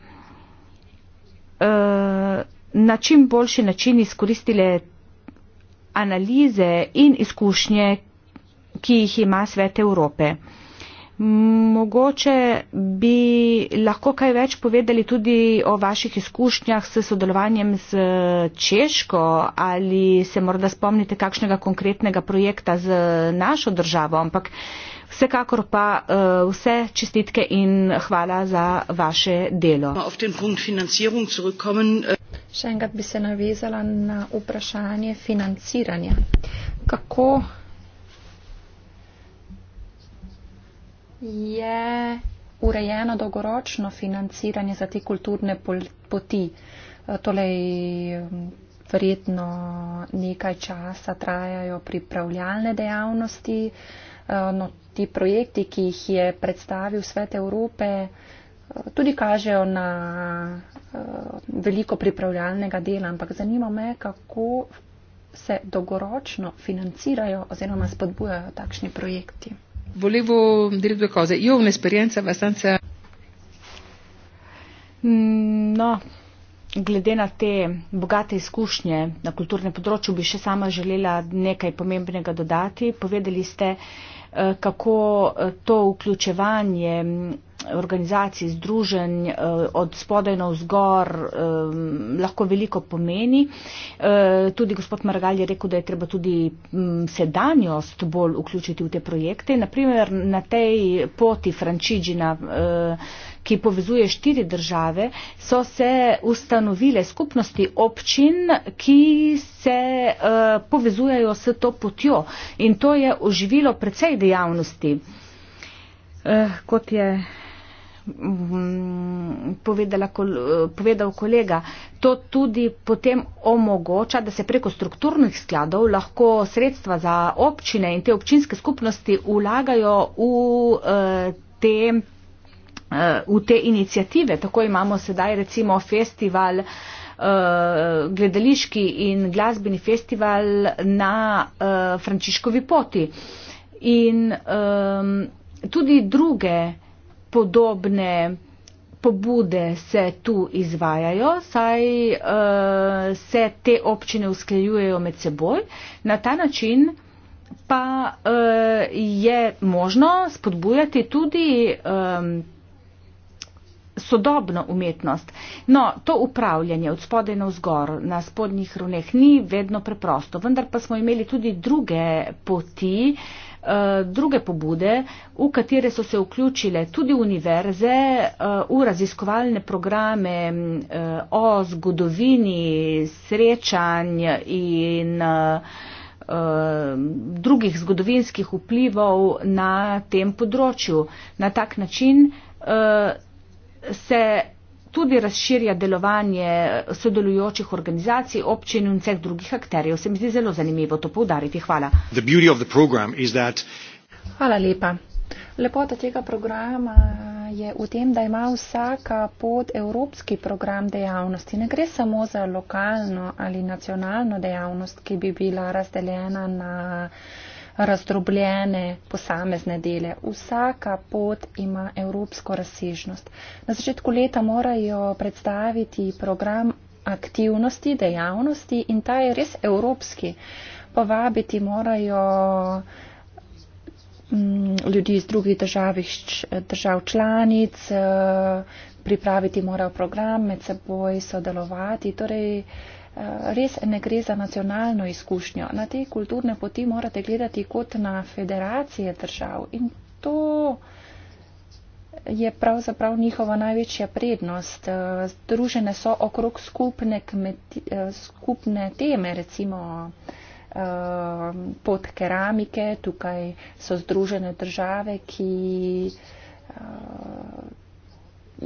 na čim boljši način izkoristile analize in izkušnje, ki jih ima svet Evrope. Mogoče bi lahko kaj več povedali tudi o vaših izkušnjah s sodelovanjem z Češko ali se morda spomnite kakšnega konkretnega projekta z našo državo, ampak vsekakor pa eh, vse čestitke in hvala za vaše delo. Äh Še enkrat bi se navezala na vprašanje financiranja. Kako je urejeno dolgoročno financiranje za te kulturne poti. Torej, verjetno nekaj časa trajajo pripravljalne dejavnosti. E, no, ti projekti, ki jih je predstavil Svet Evrope, e, tudi kažejo na veliko pripravljalnega dela, ampak zanima me, kako se dolgoročno financirajo oziroma spodbujajo takšni projekti volevo dire due cose. Io ho un'esperienza abbastanza. Mm, no, glede na te bogate izkušnje na kulturnem področju, bi še sama želela nekaj pomembnega dodati. Povedali ste, eh, kako eh, to vključevanje organizacij, združenj, eh, od spodaj na vzgor eh, lahko veliko pomeni. Eh, tudi gospod Margal je rekel, da je treba tudi mm, sedanjost bolj vključiti v te projekte. Naprimer, na tej poti Frančidžina, ki povezuje štiri države, so se ustanovile skupnosti občin, ki se povezujajo s to potjo in to je oživilo precej dejavnosti. Kot je Mm, kol, povedal kolega, to tudi potem omogoča, da se preko strukturnih skladov lahko sredstva za občine in te občinske skupnosti ulagajo eh, eh, v te, v te inicijative. Tako imamo sedaj recimo festival eh, gledališki in glasbeni festival na Frančiškovi poti. In um, tudi druge uh, podobne pobude se tu izvajajo, saj uh, se te občine usklejujejo med seboj. Na ta način pa uh, je možno spodbujati tudi um, sodobno umetnost. No, to upravljanje od spode na vzgor na spodnjih runeh ni vedno preprosto, vendar pa smo imeli tudi druge poti, uh, Eh, druge pobude, v katere so se vključile tudi univerze eh, v raziskovalne programe eh, o zgodovini srečanj in drugih zgodovinskih vplivov na tem področju. Na tak način se tudi razširja delovanje eh, sodelujočih organizacij, občin in vseh drugih akterjev. Se mi zdi zelo zanimivo to povdariti. Hvala. Hvala lepa. Lepota tega programa je v tem, da ima vsaka pod evropski program dejavnosti. Ne gre samo za lokalno ali nacionalno dejavnost, ki bi bila razdeljena na razdrobljene posamezne dele. Vsaka pot ima evropsko razsežnost. Na začetku leta morajo predstaviti program aktivnosti, dejavnosti in ta je res evropski. Povabiti morajo mm, ljudi iz drugih državih, držav članic, eh, pripraviti morajo program, med seboj sodelovati. Torej, res ne gre za nacionalno izkušnjo. Na te kulturne poti morate gledati kot na federacije držav in to je pravzaprav njihova največja prednost. Združene so okrog skupne, kmeti, skupne teme, recimo eh, pod keramike, tukaj so združene države, ki eh,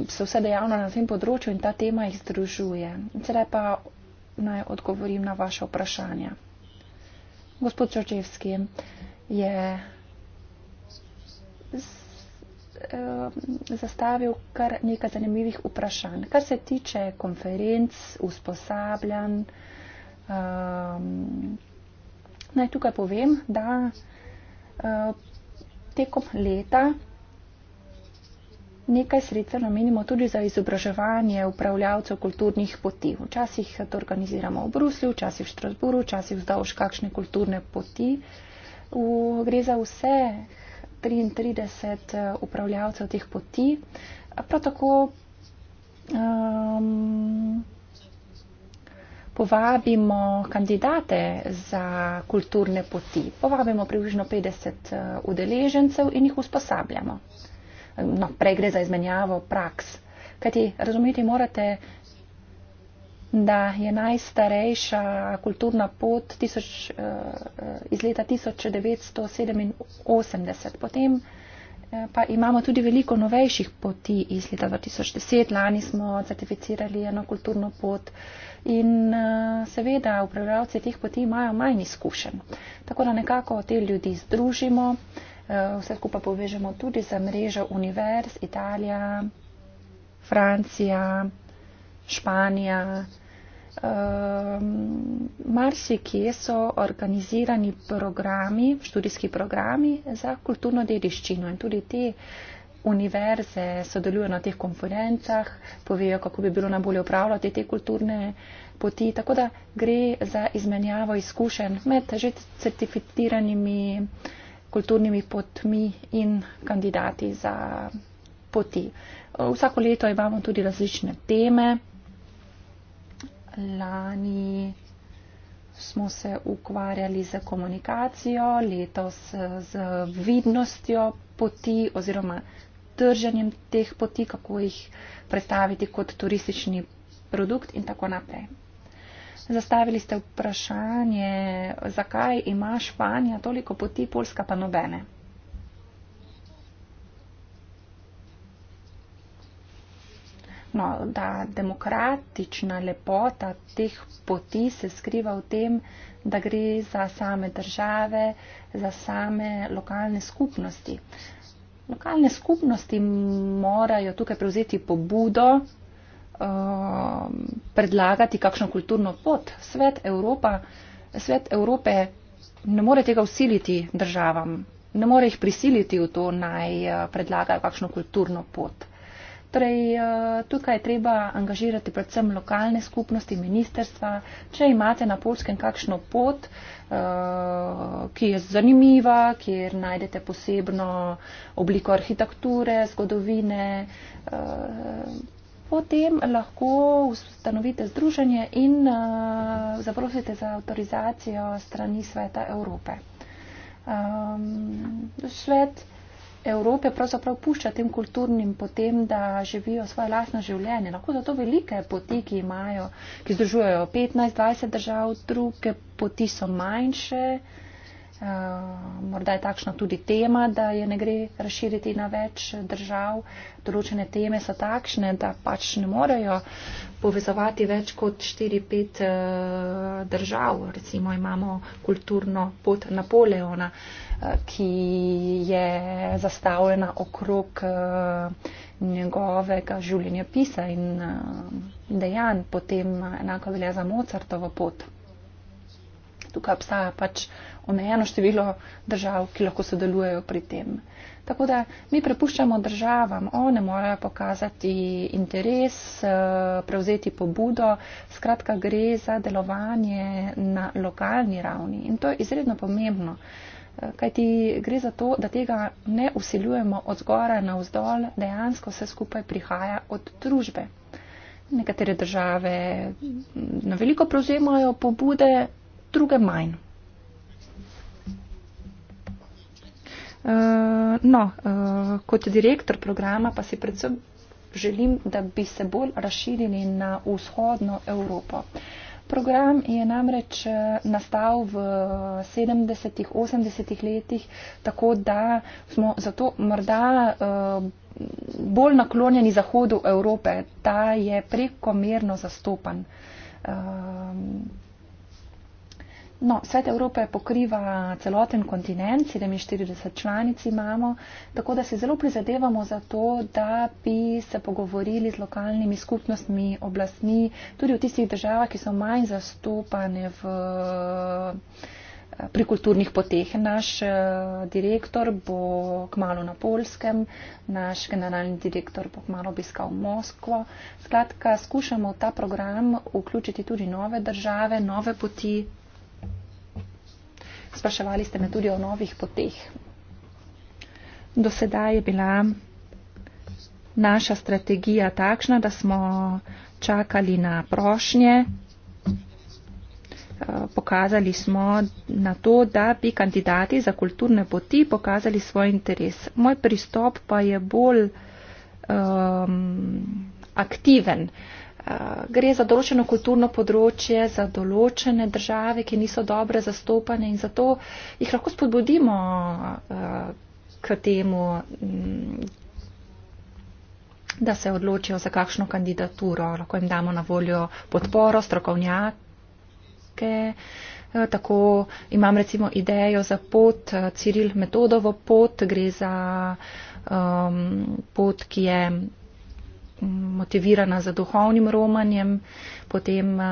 so vse dejavno na tem področju in ta tema jih združuje. Zdaj pa naj odgovorim na vaše vprašanje. Gospod Čočevski je eh, zastavil kar nekaj zanimivih vprašanj. Kar se tiče konferenc, usposabljanj, um, naj tukaj povem, da uh, tekom leta Nekaj sredstev namenimo tudi za izobraževanje upravljavcev kulturnih poti. Včasih to organiziramo v Bruslju, včasih v Štrasburu, včasih vzdolž kakšne kulturne poti. V, gre za vse 33 eh, upravljavcev teh poti. Prav tako um, povabimo kandidate za kulturne poti. Povabimo približno 50 eh, udeležencev in jih usposabljamo no, prej gre za izmenjavo praks. Kajti razumeti morate, da je najstarejša kulturna pot tisoč, eh, iz leta 1987. Potem eh, pa imamo tudi veliko novejših poti iz leta 2010. Lani smo certificirali eno kulturno pot in eh, seveda upravljavci teh poti imajo manj izkušenj. Tako da nekako te ljudi združimo. Eh, vse skupaj povežemo tudi za mrežo univerz Italija, Francija, Španija. Um, Marsikje so organizirani programi, študijski programi za kulturno dediščino in tudi te univerze sodelujo na teh konferencah, povejo, kako bi bilo najbolje upravljati te kulturne poti. Tako da gre za izmenjavo izkušenj med že certificiranimi uh, kulturnimi potmi in kandidati za poti. Vsako leto imamo tudi različne teme. Lani smo se ukvarjali z komunikacijo, letos z vidnostjo poti oziroma trženjem teh poti, kako jih predstaviti kot turistični produkt in tako naprej. Zastavili ste vprašanje, zakaj ima Španija toliko poti, Poljska pa nobene. No, da demokratična lepota teh poti se skriva v tem, da gre za same države, za same lokalne skupnosti. Lokalne skupnosti morajo tukaj prevzeti pobudo, uh, predlagati kakšno kulturno pot. Svet, Evropa, svet Evrope ne more tega usiliti državam, ne more jih prisiliti v to, naj uh, predlagajo kakšno kulturno pot. Torej, uh, tukaj je treba angažirati predvsem lokalne skupnosti, ministerstva. Če imate na polskem kakšno pot, uh, ki je zanimiva, kjer najdete posebno obliko arhitekture, zgodovine, potem lahko ustanovite združenje in uh, zaprosite za avtorizacijo strani Sveta Evrope. Um, svet Evrope pravzaprav pušča tem kulturnim potem, da živijo svoje lasno življenje. Lahko za to velike poti, ki imajo, ki združujejo 15-20 držav, druge poti so manjše. Uh, Eh, morda je takšna tudi tema, da je ne gre razširiti na več držav. Določene teme so takšne, da pač ne morejo povezovati več kot 4-5 eh, držav. Recimo imamo kulturno pot Napoleona, eh, ki je zastavljena okrog njegovega življenja pisa in dejanj, potem enako velja za Mozartovo pot. Tukaj obstaja pač uh, omejeno število držav, ki lahko sodelujejo pri tem. Tako da mi prepuščamo državam, one morajo pokazati interes, eh, prevzeti pobudo, skratka gre za delovanje na lokalni ravni in to je izredno pomembno. Eh, Kaj ti gre za to, da tega ne usiljujemo od zgora na vzdolj, dejansko vse skupaj prihaja od družbe. Nekatere države mm, na veliko prevzemajo pobude, druge manj. Eh, no, uh, kot direktor programa pa si predvsem želim, da bi se bolj razširili na vzhodno Evropo. Program je namreč eh, nastal v 70-ih, 80-ih letih, tako da smo zato morda bolj naklonjeni zahodu Evrope. Ta je prekomerno zastopan. No, Svet Evrope pokriva celoten kontinent, 47 članic imamo, tako da si zelo prizadevamo za to, da bi se pogovorili z lokalnimi skupnostmi, oblastmi, tudi v tistih državah, ki so manj zastopane v, pri kulturnih poteh. Naš direktor bo kmalo na Polskem, naš generalni direktor bo kmalo obiskal Moskvo. Skratka, skušamo v ta program vključiti tudi nove države, nove poti spraševali ste me tudi o novih poteh. Do sedaj je bila naša strategija takšna, da smo čakali na prošnje. Eh, pokazali smo na to, da bi kandidati za kulturne poti pokazali svoj interes. Moj pristop pa je bolj um, aktiven. Uh, gre za določeno kulturno področje, za določene države, ki niso dobro zastopane in zato jih lahko spodbudimo eh, k temu, mm, da se odločijo za kakšno kandidaturo. Lahko jim damo na voljo podporo, strokovnjake. Eh, tako imam recimo idejo za pot, eh, Ciril metodovo pot, gre za um, pot, ki je motivirana za duhovnim romanjem, potem eh,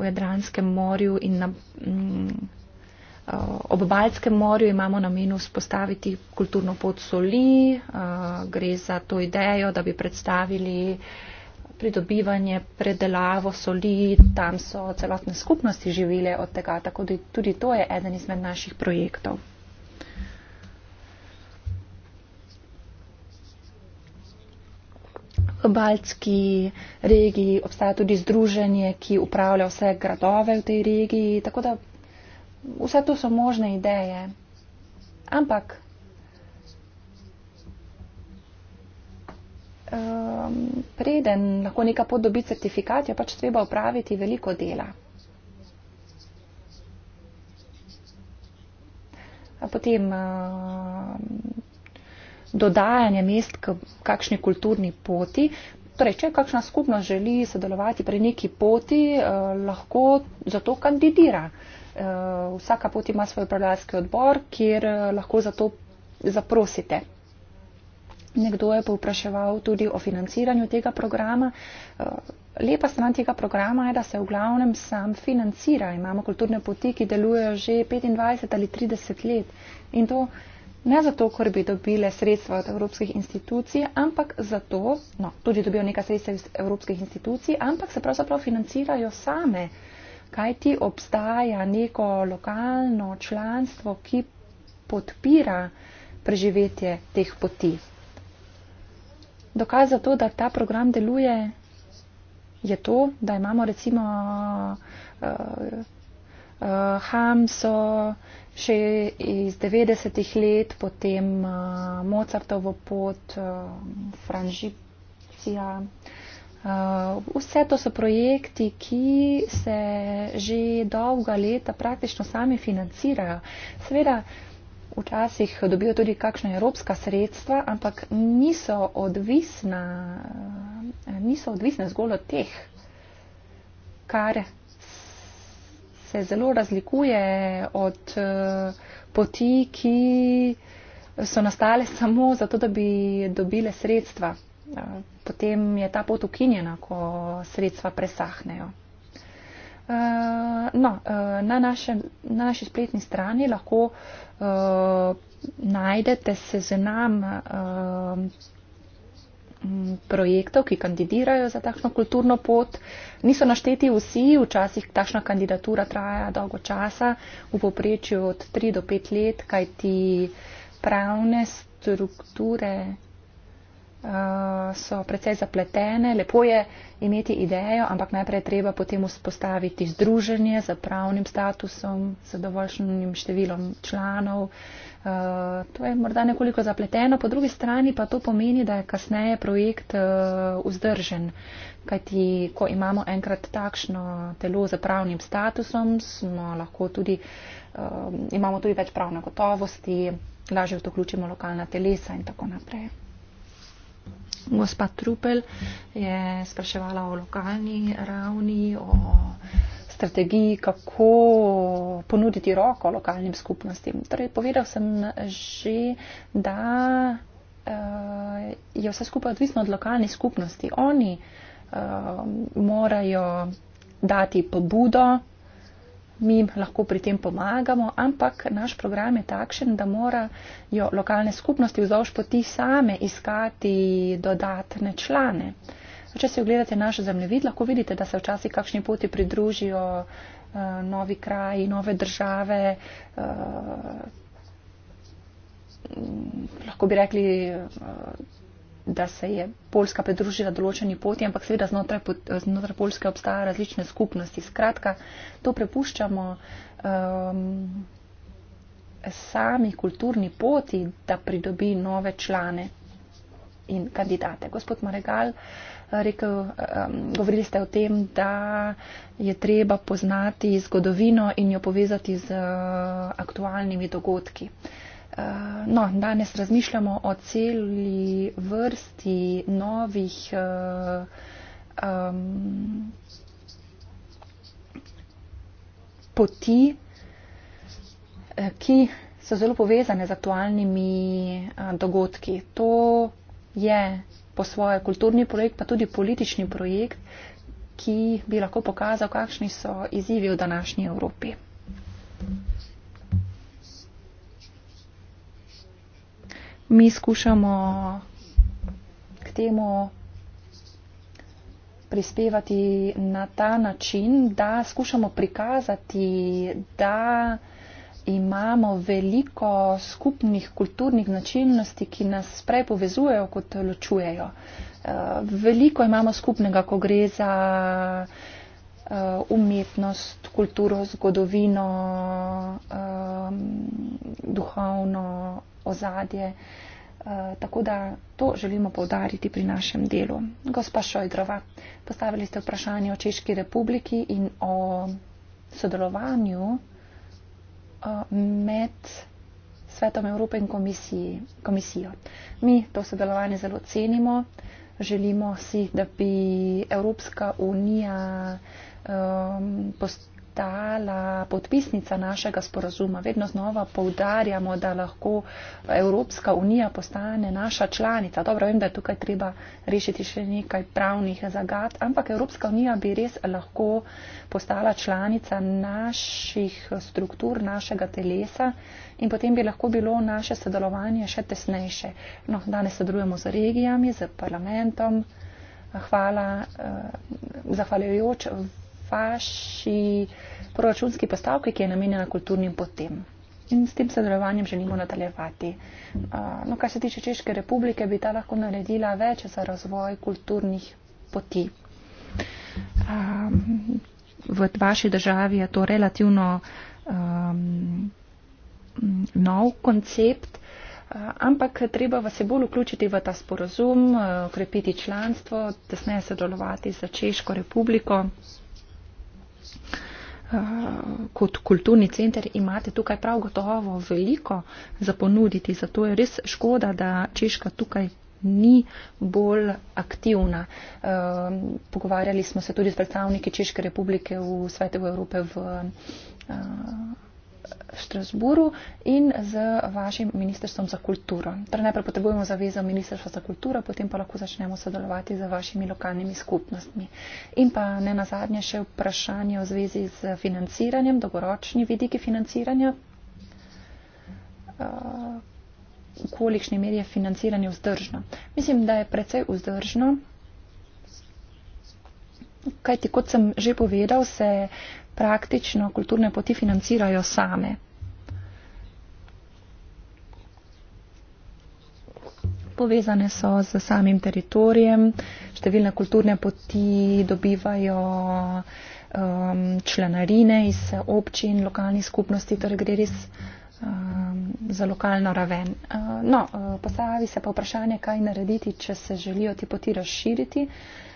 v Jadranskem morju in na, mm, eh, ob Baljskem morju imamo namenu spostaviti kulturno pot soli. Eh, gre za to idejo, da bi predstavili pridobivanje, predelavo soli, tam so celotne skupnosti živele od tega, tako da tudi to je eden izmed naših projektov. baltski regiji, obstaja tudi združenje, ki upravlja vse gradove v tej regiji, tako da vse to so možne ideje. Ampak um, preden lahko neka pot dobi certifikat, jo pač treba upraviti veliko dela. A potem uh, dodajanje mest k kakšni kulturni poti. Torej, če kakšna skupnost želi sodelovati pri neki poti, eh, lahko za to kandidira. Eh, vsaka pot ima svoj upravljalski odbor, kjer eh, lahko za to zaprosite. Nekdo je povpraševal tudi o financiranju tega programa. Eh, lepa stran tega programa je, da se v glavnem sam financira. Imamo kulturne poti, ki delujejo že 25 ali 30 let. In to Ne zato, ker bi dobile sredstva od evropskih institucij, ampak zato, no, tudi dobijo nekaj sredstva iz evropskih institucij, ampak se pravzaprav financirajo same, kaj ti obstaja neko lokalno članstvo, ki podpira preživetje teh poti. Dokaz za to, da ta program deluje, je to, da imamo recimo uh, eh, uh, eh, Hamso še iz 90-ih let, potem uh, Mozartovo pot, uh, eh, Franžicija. Uh, eh, vse to so projekti, ki se že dolga leta praktično sami financirajo. Seveda, včasih dobijo tudi kakšne evropska sredstva, ampak niso odvisna, uh, niso odvisna zgolj od teh, kar se zelo razlikuje od eh, poti, ki so nastale samo zato, da bi dobile sredstva. Eh, potem je ta pot ukinjena, ko sredstva presahnejo. Eh, no, na, našem, na naši spletni strani lahko najdete seznam projektov, ki kandidirajo za takšno kulturno pot, niso našteti vsi, včasih takšna kandidatura traja dolgo časa, v poprečju od 3 do 5 let, kajti pravne strukture Eh, so precej zapletene. Lepo je imeti idejo, ampak najprej treba potem vzpostaviti združenje z pravnim statusom, z dovoljšnjim številom članov. Eh, to je morda nekoliko zapleteno, po drugi strani pa to pomeni, da je kasneje projekt eh, vzdržen. Kajti, ko imamo enkrat takšno telo z pravnim statusom, tudi, imamo tudi več pravne gotovosti, lažje vtoključimo lokalna telesa in tako naprej gospa Trupel je spraševala o lokalni ravni, o strategiji, kako ponuditi roko lokalnim skupnostim. Torej, povedal sem že, da uh, je vse skupaj odvisno od lokalnih skupnosti. Oni uh, morajo dati pobudo, mi jim lahko pri tem pomagamo, ampak naš program je takšen, da morajo lokalne skupnosti vzdolž poti same iskati dodatne člane. Če si ogledate naše zemljevid, lahko vidite, da se včasih kakšni poti pridružijo uh, novi kraji, nove države. Uh, lahko bi rekli, uh, da se je Poljska pridružila določeni poti, ampak seveda znotraj, znotraj Poljske obstaja različne skupnosti. Skratka, to prepuščamo um, sami kulturni poti, da pridobi nove člane in kandidate. Gospod Maregal, eh, rekel, eh, um, govorili ste o tem, da je treba poznati zgodovino in jo povezati z uh, aktualnimi dogodki. Uh, Eh, no, danes razmišljamo o celi vrsti novih uh, um, poti, eh, ki so zelo povezane z aktualnimi uh, dogodki. To je po svoje kulturni projekt, pa tudi politični projekt, ki bi lahko pokazal, kakšni so izzivi v današnji Evropi. Thank you. mi skušamo k temu prispevati na ta način, da skušamo prikazati, da imamo veliko skupnih kulturnih značilnosti, ki nas prepovezujejo kot ločujejo. Eh, veliko imamo skupnega, ko gre za eh, umetnost, kulturo, zgodovino, eh, duhovno ozadje. Eh, tako da to želimo povdariti pri našem delu. Gospa Šojdrova, postavili ste vprašanje o Češki republiki in o sodelovanju eh, med Svetom Evrope in komisiji, komisijo. Mi to sodelovanje zelo cenimo. Želimo si, da bi Evropska unija um, eh, postavila dala podpisnica našega sporazuma. Vedno znova povdarjamo, da lahko Evropska unija postane naša članica. Dobro, vem, da je tukaj treba rešiti še nekaj pravnih zagad, ampak Evropska unija bi res lahko postala članica naših struktur, našega telesa in potem bi lahko bilo naše sodelovanje še tesnejše. No, danes sodelujemo z regijami, z parlamentom. Hvala, eh, zahvaljujoč vaši proračunski postavki, ki je namenjena kulturnim potem. In s tem sodelovanjem želimo nadaljevati. No, kar se tiče Češke republike, bi ta lahko naredila več za razvoj kulturnih poti. V vaši državi je to relativno nov koncept, ampak treba vas je bolj vključiti v ta sporozum, ukrepiti članstvo, tesneje sodelovati za Češko republiko. Eh, kot kulturni center imate tukaj prav gotovo veliko za ponuditi. Zato je res škoda, da Češka tukaj ni bolj aktivna. Eh, pogovarjali smo se tudi s predstavniki Češke republike v svetu Evrope v eh, v Štrasburu in z vašim ministrstvom za kulturo. Torej najprej potrebujemo zavezo ministrstva za kulturo, potem pa lahko začnemo sodelovati z vašimi lokalnimi skupnostmi. In pa ne nazadnje še vprašanje v zvezi z financiranjem, dolgoročni vidiki financiranja. V kolikšni meri je financiranje vzdržno? Mislim, da je precej vzdržno, kajti kot sem že povedal, se praktično kulturne poti financirajo same. povezane so z samim teritorijem, številne kulturne poti dobivajo um, članarine iz občin, lokalnih skupnosti, torej gre res um, za lokalno raven. Uh, no, uh, postavi se pa vprašanje, kaj narediti, če se želijo ti poti razširiti.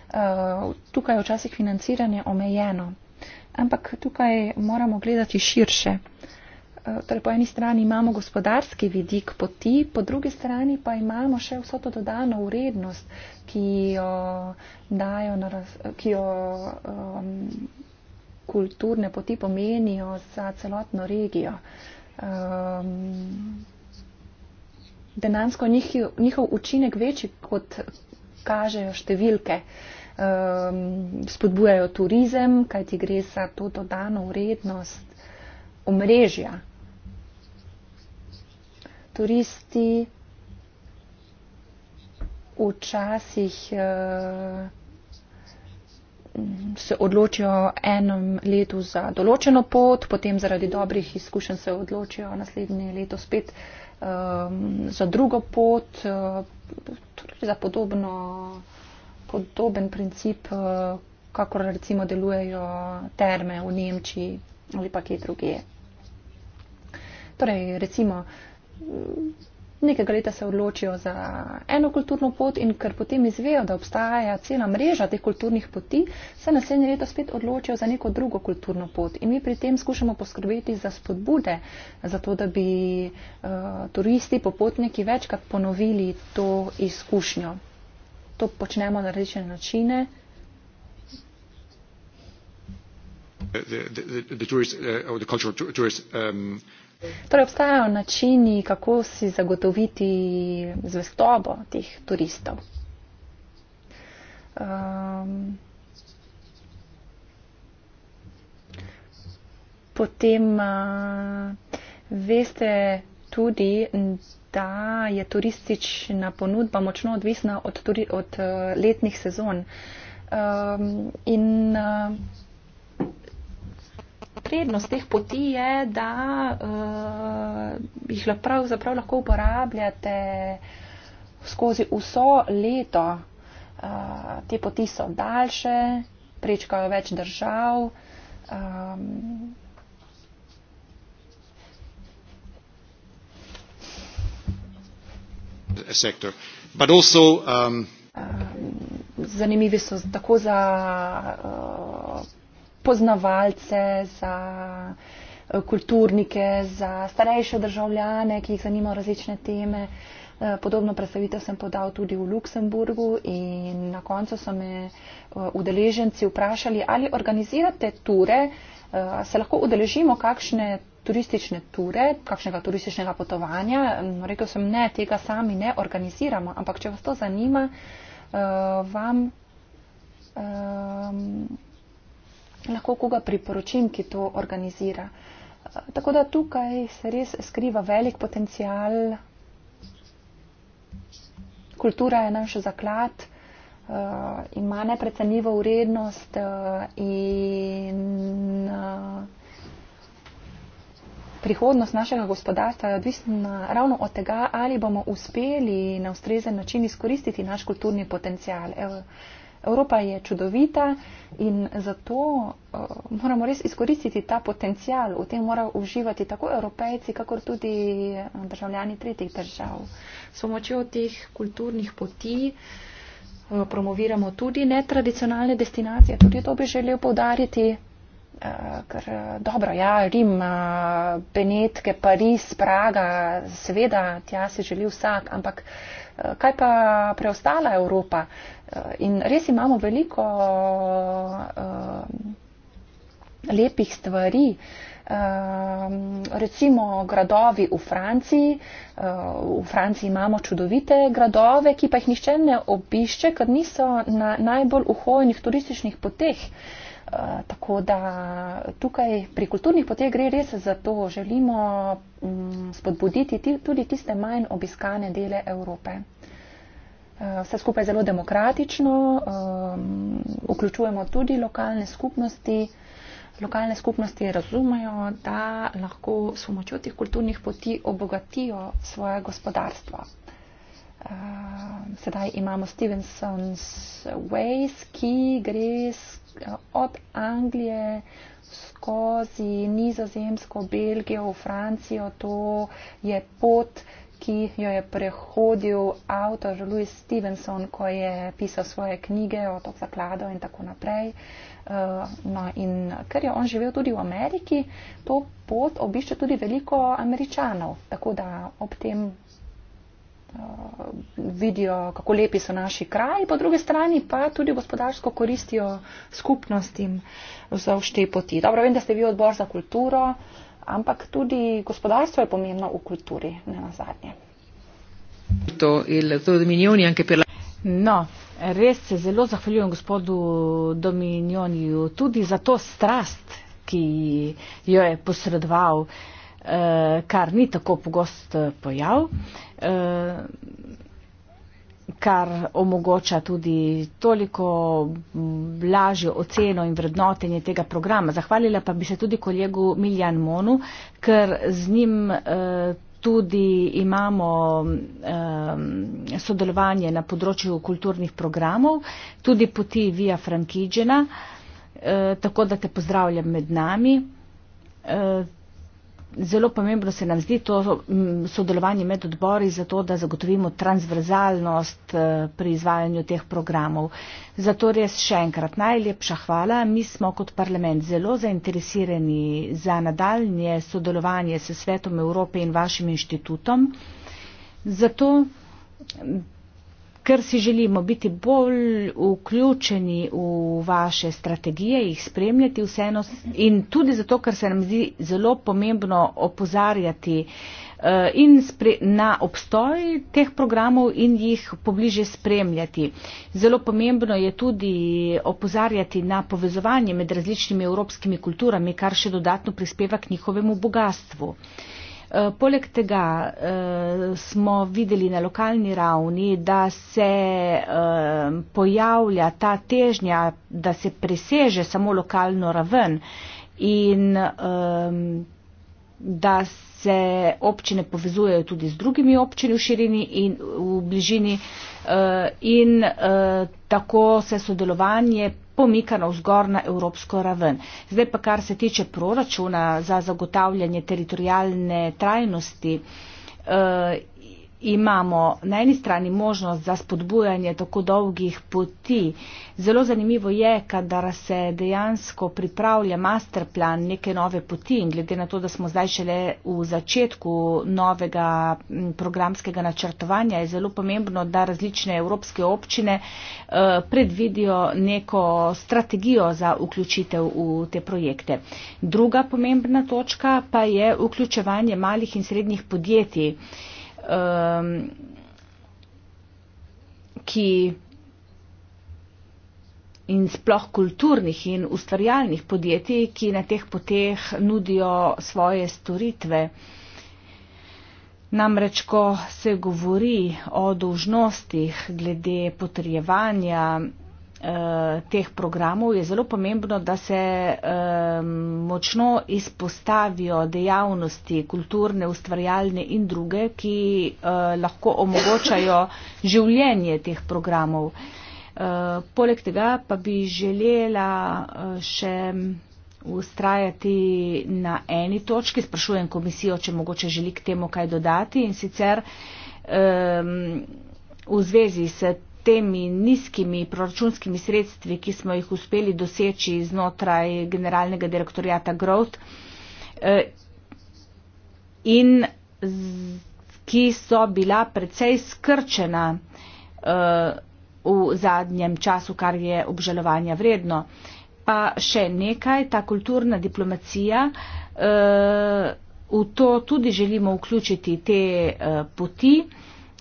Uh, tukaj je včasih financiranje omejeno, ampak tukaj moramo gledati širše. Uh, Eh, torej po eni strani imamo gospodarski vidik poti, po drugi strani pa imamo še vso to dodano vrednost, ki jo dajo, raz, ki jo um, kulturne poti pomenijo za celotno regijo. Um, Denansko njih, njihov učinek večji, kot kažejo številke. Um, spodbujajo turizem, kajti gre za to dodano vrednost omrežja turisti včasih eh, se odločijo enem letu za določeno pot, potem zaradi dobrih izkušenj se odločijo naslednje leto spet um, za drugo pot, eh, tudi torej za podobno, podoben princip, kakor recimo delujejo terme v Nemčiji ali pa kje druge. Torej, recimo, nekega leta se odločijo za eno kulturno pot in ker potem izvejo, da obstaja cela mreža teh kulturnih poti, se naslednje leto spet odločijo za neko drugo kulturno pot. In mi pri tem skušamo poskrbeti za spodbude, zato da bi uh, turisti, popotniki večkrat ponovili to izkušnjo. To počnemo na različne načine. The, the, the, the tourist, uh, Torej, obstajajo načini, kako si zagotoviti zvestobo teh turistov. Um, potem uh, veste tudi, da je turistična ponudba močno odvisna od, turi, od uh, letnih sezon. Um, in, uh, prednost teh poti je, da uh, jih prav, lahko uporabljate skozi vso leto. Uh, te poti so daljše, prečkajo več držav. Um, But also, um, zanimivi so tako za uh, poznavalce, za eh, kulturnike, za starejše državljane, ki jih zanimajo različne teme. Eh, podobno predstavitev sem podal tudi v Luksemburgu in na koncu so me eh, udeleženci vprašali, ali organizirate ture, se lahko udeležimo kakšne turistične ture, kakšnega turističnega potovanja. Mm, rekel sem, ne, tega sami ne organiziramo, ampak če vas to zanima, vam. Ehm, lahko koga priporočim, ki to organizira. Eh, tako da tukaj se res skriva velik potencial. Kultura je naš zaklad, eh, ima neprecenljivo urednost eh, in prihodnost našega gospodarstva je odvisna ravno od tega, ali bomo uspeli na ustrezen način izkoristiti naš kulturni potencial. Evo, Evropa je čudovita in zato uh, moramo res izkoristiti ta potencial. V tem morajo uživati tako evropejci, kakor tudi eh, državljani tretjih držav. S pomočjo teh kulturnih poti uh, promoviramo tudi netradicionalne destinacije. Tudi to bi želel povdariti. Uh, ker dobro, ja, Rim, uh, Benetke, Pariz, Praga, seveda, tja se želi vsak, ampak uh, kaj pa preostala Evropa? Eh, in res imamo veliko eh, lepih stvari. Eh, recimo gradovi v Franciji. V Franciji imamo čudovite gradove, ki pa jih nišče ne obišče, ker niso na najbolj uhojenih turističnih poteh. Eh, tako da tukaj pri kulturnih poteh gre res za to, želimo mm, spodbuditi tudi tiste manj obiskane dele Evrope. Eh, vse skupaj zelo demokratično, vključujemo tudi lokalne skupnosti. Lokalne skupnosti razumejo, da lahko s pomočjo teh kulturnih poti obogatijo svoje gospodarstvo. Eh, sedaj imamo Stevenson's Ways, ki gre od Anglije skozi Nizozemsko, Belgijo, v Francijo. To je pot, ki jo je prehodil avtor Louis Stevenson, ko je pisal svoje knjige o to zaklado in tako naprej. Eh, no, in ker je on živel tudi v Ameriki, to pot obišče tudi veliko američanov, tako da ob tem vidijo, kako lepi so naši kraji, po druge strani pa tudi gospodarsko koristijo skupnostim za vštej poti. Dobro, vem, da ste vi odbor za kulturo, ampak tudi gospodarstvo je pomembno v kulturi, ne na zadnje. No, res se zelo zahvaljujem gospodu Dominjoniju tudi za to strast, ki jo je posredval. Uh, Eh, kar ni tako pogost eh, pojav, eh, kar omogoča tudi toliko mm, lažjo oceno in vrednotenje tega programa. Zahvalila pa bi se tudi kolegu Miljan Monu, ker z njim tudi imamo sodelovanje na področju kulturnih programov, tudi poti Via Frankigena, tako da te pozdravljam med nami zelo pomembno se nam zdi to sodelovanje med odbori za to, da zagotovimo transverzalnost eh, pri izvajanju teh programov. Zato res še enkrat najlepša hvala. Mi smo kot parlament zelo zainteresirani za nadaljnje sodelovanje s Svetom Evrope in vašim inštitutom. Zato ker si želimo biti bolj vključeni v vaše strategije, jih spremljati vseeno in tudi zato, ker se nam zdi zelo pomembno opozarjati eh, in spre, na obstoj teh programov in jih pobliže spremljati. Zelo pomembno je tudi opozarjati na povezovanje med različnimi evropskimi kulturami, kar še dodatno prispeva k njihovemu bogatstvu. Uh, Eh, poleg tega eh, smo videli na lokalni ravni, da se eh, pojavlja ta težnja, da se preseže samo lokalno raven in da se občine povezujejo tudi z drugimi občini v širini in v bližini eh, in eh, tako se sodelovanje pomikano vzgor na evropsko raven. Zdaj pa kar se tiče proračuna za zagotavljanje teritorijalne trajnosti eh, imamo na eni strani možnost za spodbujanje tako dolgih poti. Zelo zanimivo je, kadar se dejansko pripravlja masterplan neke nove poti in glede na to, da smo zdaj šele v začetku novega programskega načrtovanja, je zelo pomembno, da različne evropske občine eh, predvidijo neko strategijo za vključitev v te projekte. Druga pomembna točka pa je vključevanje malih in srednjih podjetij um, ki in sploh kulturnih in ustvarjalnih podjetij, ki na teh poteh nudijo svoje storitve. Namreč, ko se govori o dožnostih glede potrjevanja Eh, teh programov je zelo pomembno, da se um, močno izpostavijo dejavnosti kulturne, ustvarjalne in druge, ki uh, lahko omogočajo življenje teh programov. Uh, poleg tega pa bi želela uh, še ustrajati na eni točki, sprašujem komisijo, če mogoče želi k temu kaj dodati in sicer um, v zvezi s temi nizkimi proračunskimi sredstvi, ki smo jih uspeli doseči znotraj generalnega direktorijata Growth eh, in ki so bila precej skrčena eh, v zadnjem času, kar je obžalovanja vredno. Pa še nekaj, ta kulturna diplomacija, eh, v to tudi želimo vključiti te poti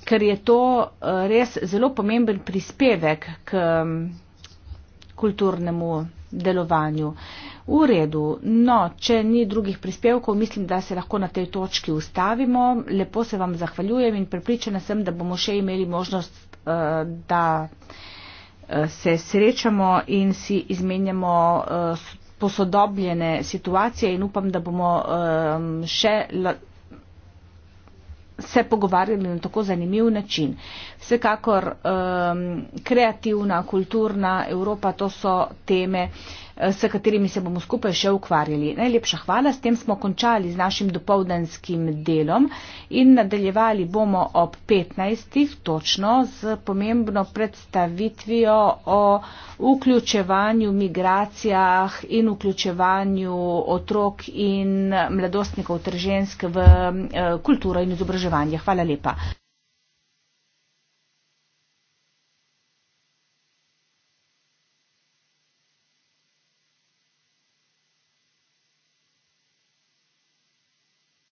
ker je to eh, res zelo pomemben prispevek k mm, kulturnemu delovanju. V redu, no, če ni drugih prispevkov, mislim, da se lahko na tej točki ustavimo. Lepo se vam zahvaljujem in prepričana sem, da bomo še imeli možnost, eh, da eh, se srečamo in si izmenjamo posodobljene situacije in upam, da bomo še se pogovarjali na tako zanimiv način. Vsekakor um, kreativna, kulturna Evropa, to so teme, uh, Eh, s katerimi se bomo skupaj še ukvarjali. Najlepša hvala, s tem smo končali z našim dopovdanskim delom in nadaljevali bomo ob 15. točno z pomembno predstavitvijo o vključevanju migracijah in vključevanju otrok in mladostnikov ter žensk v eh, kulturo in izobraževanje. Hvala lepa.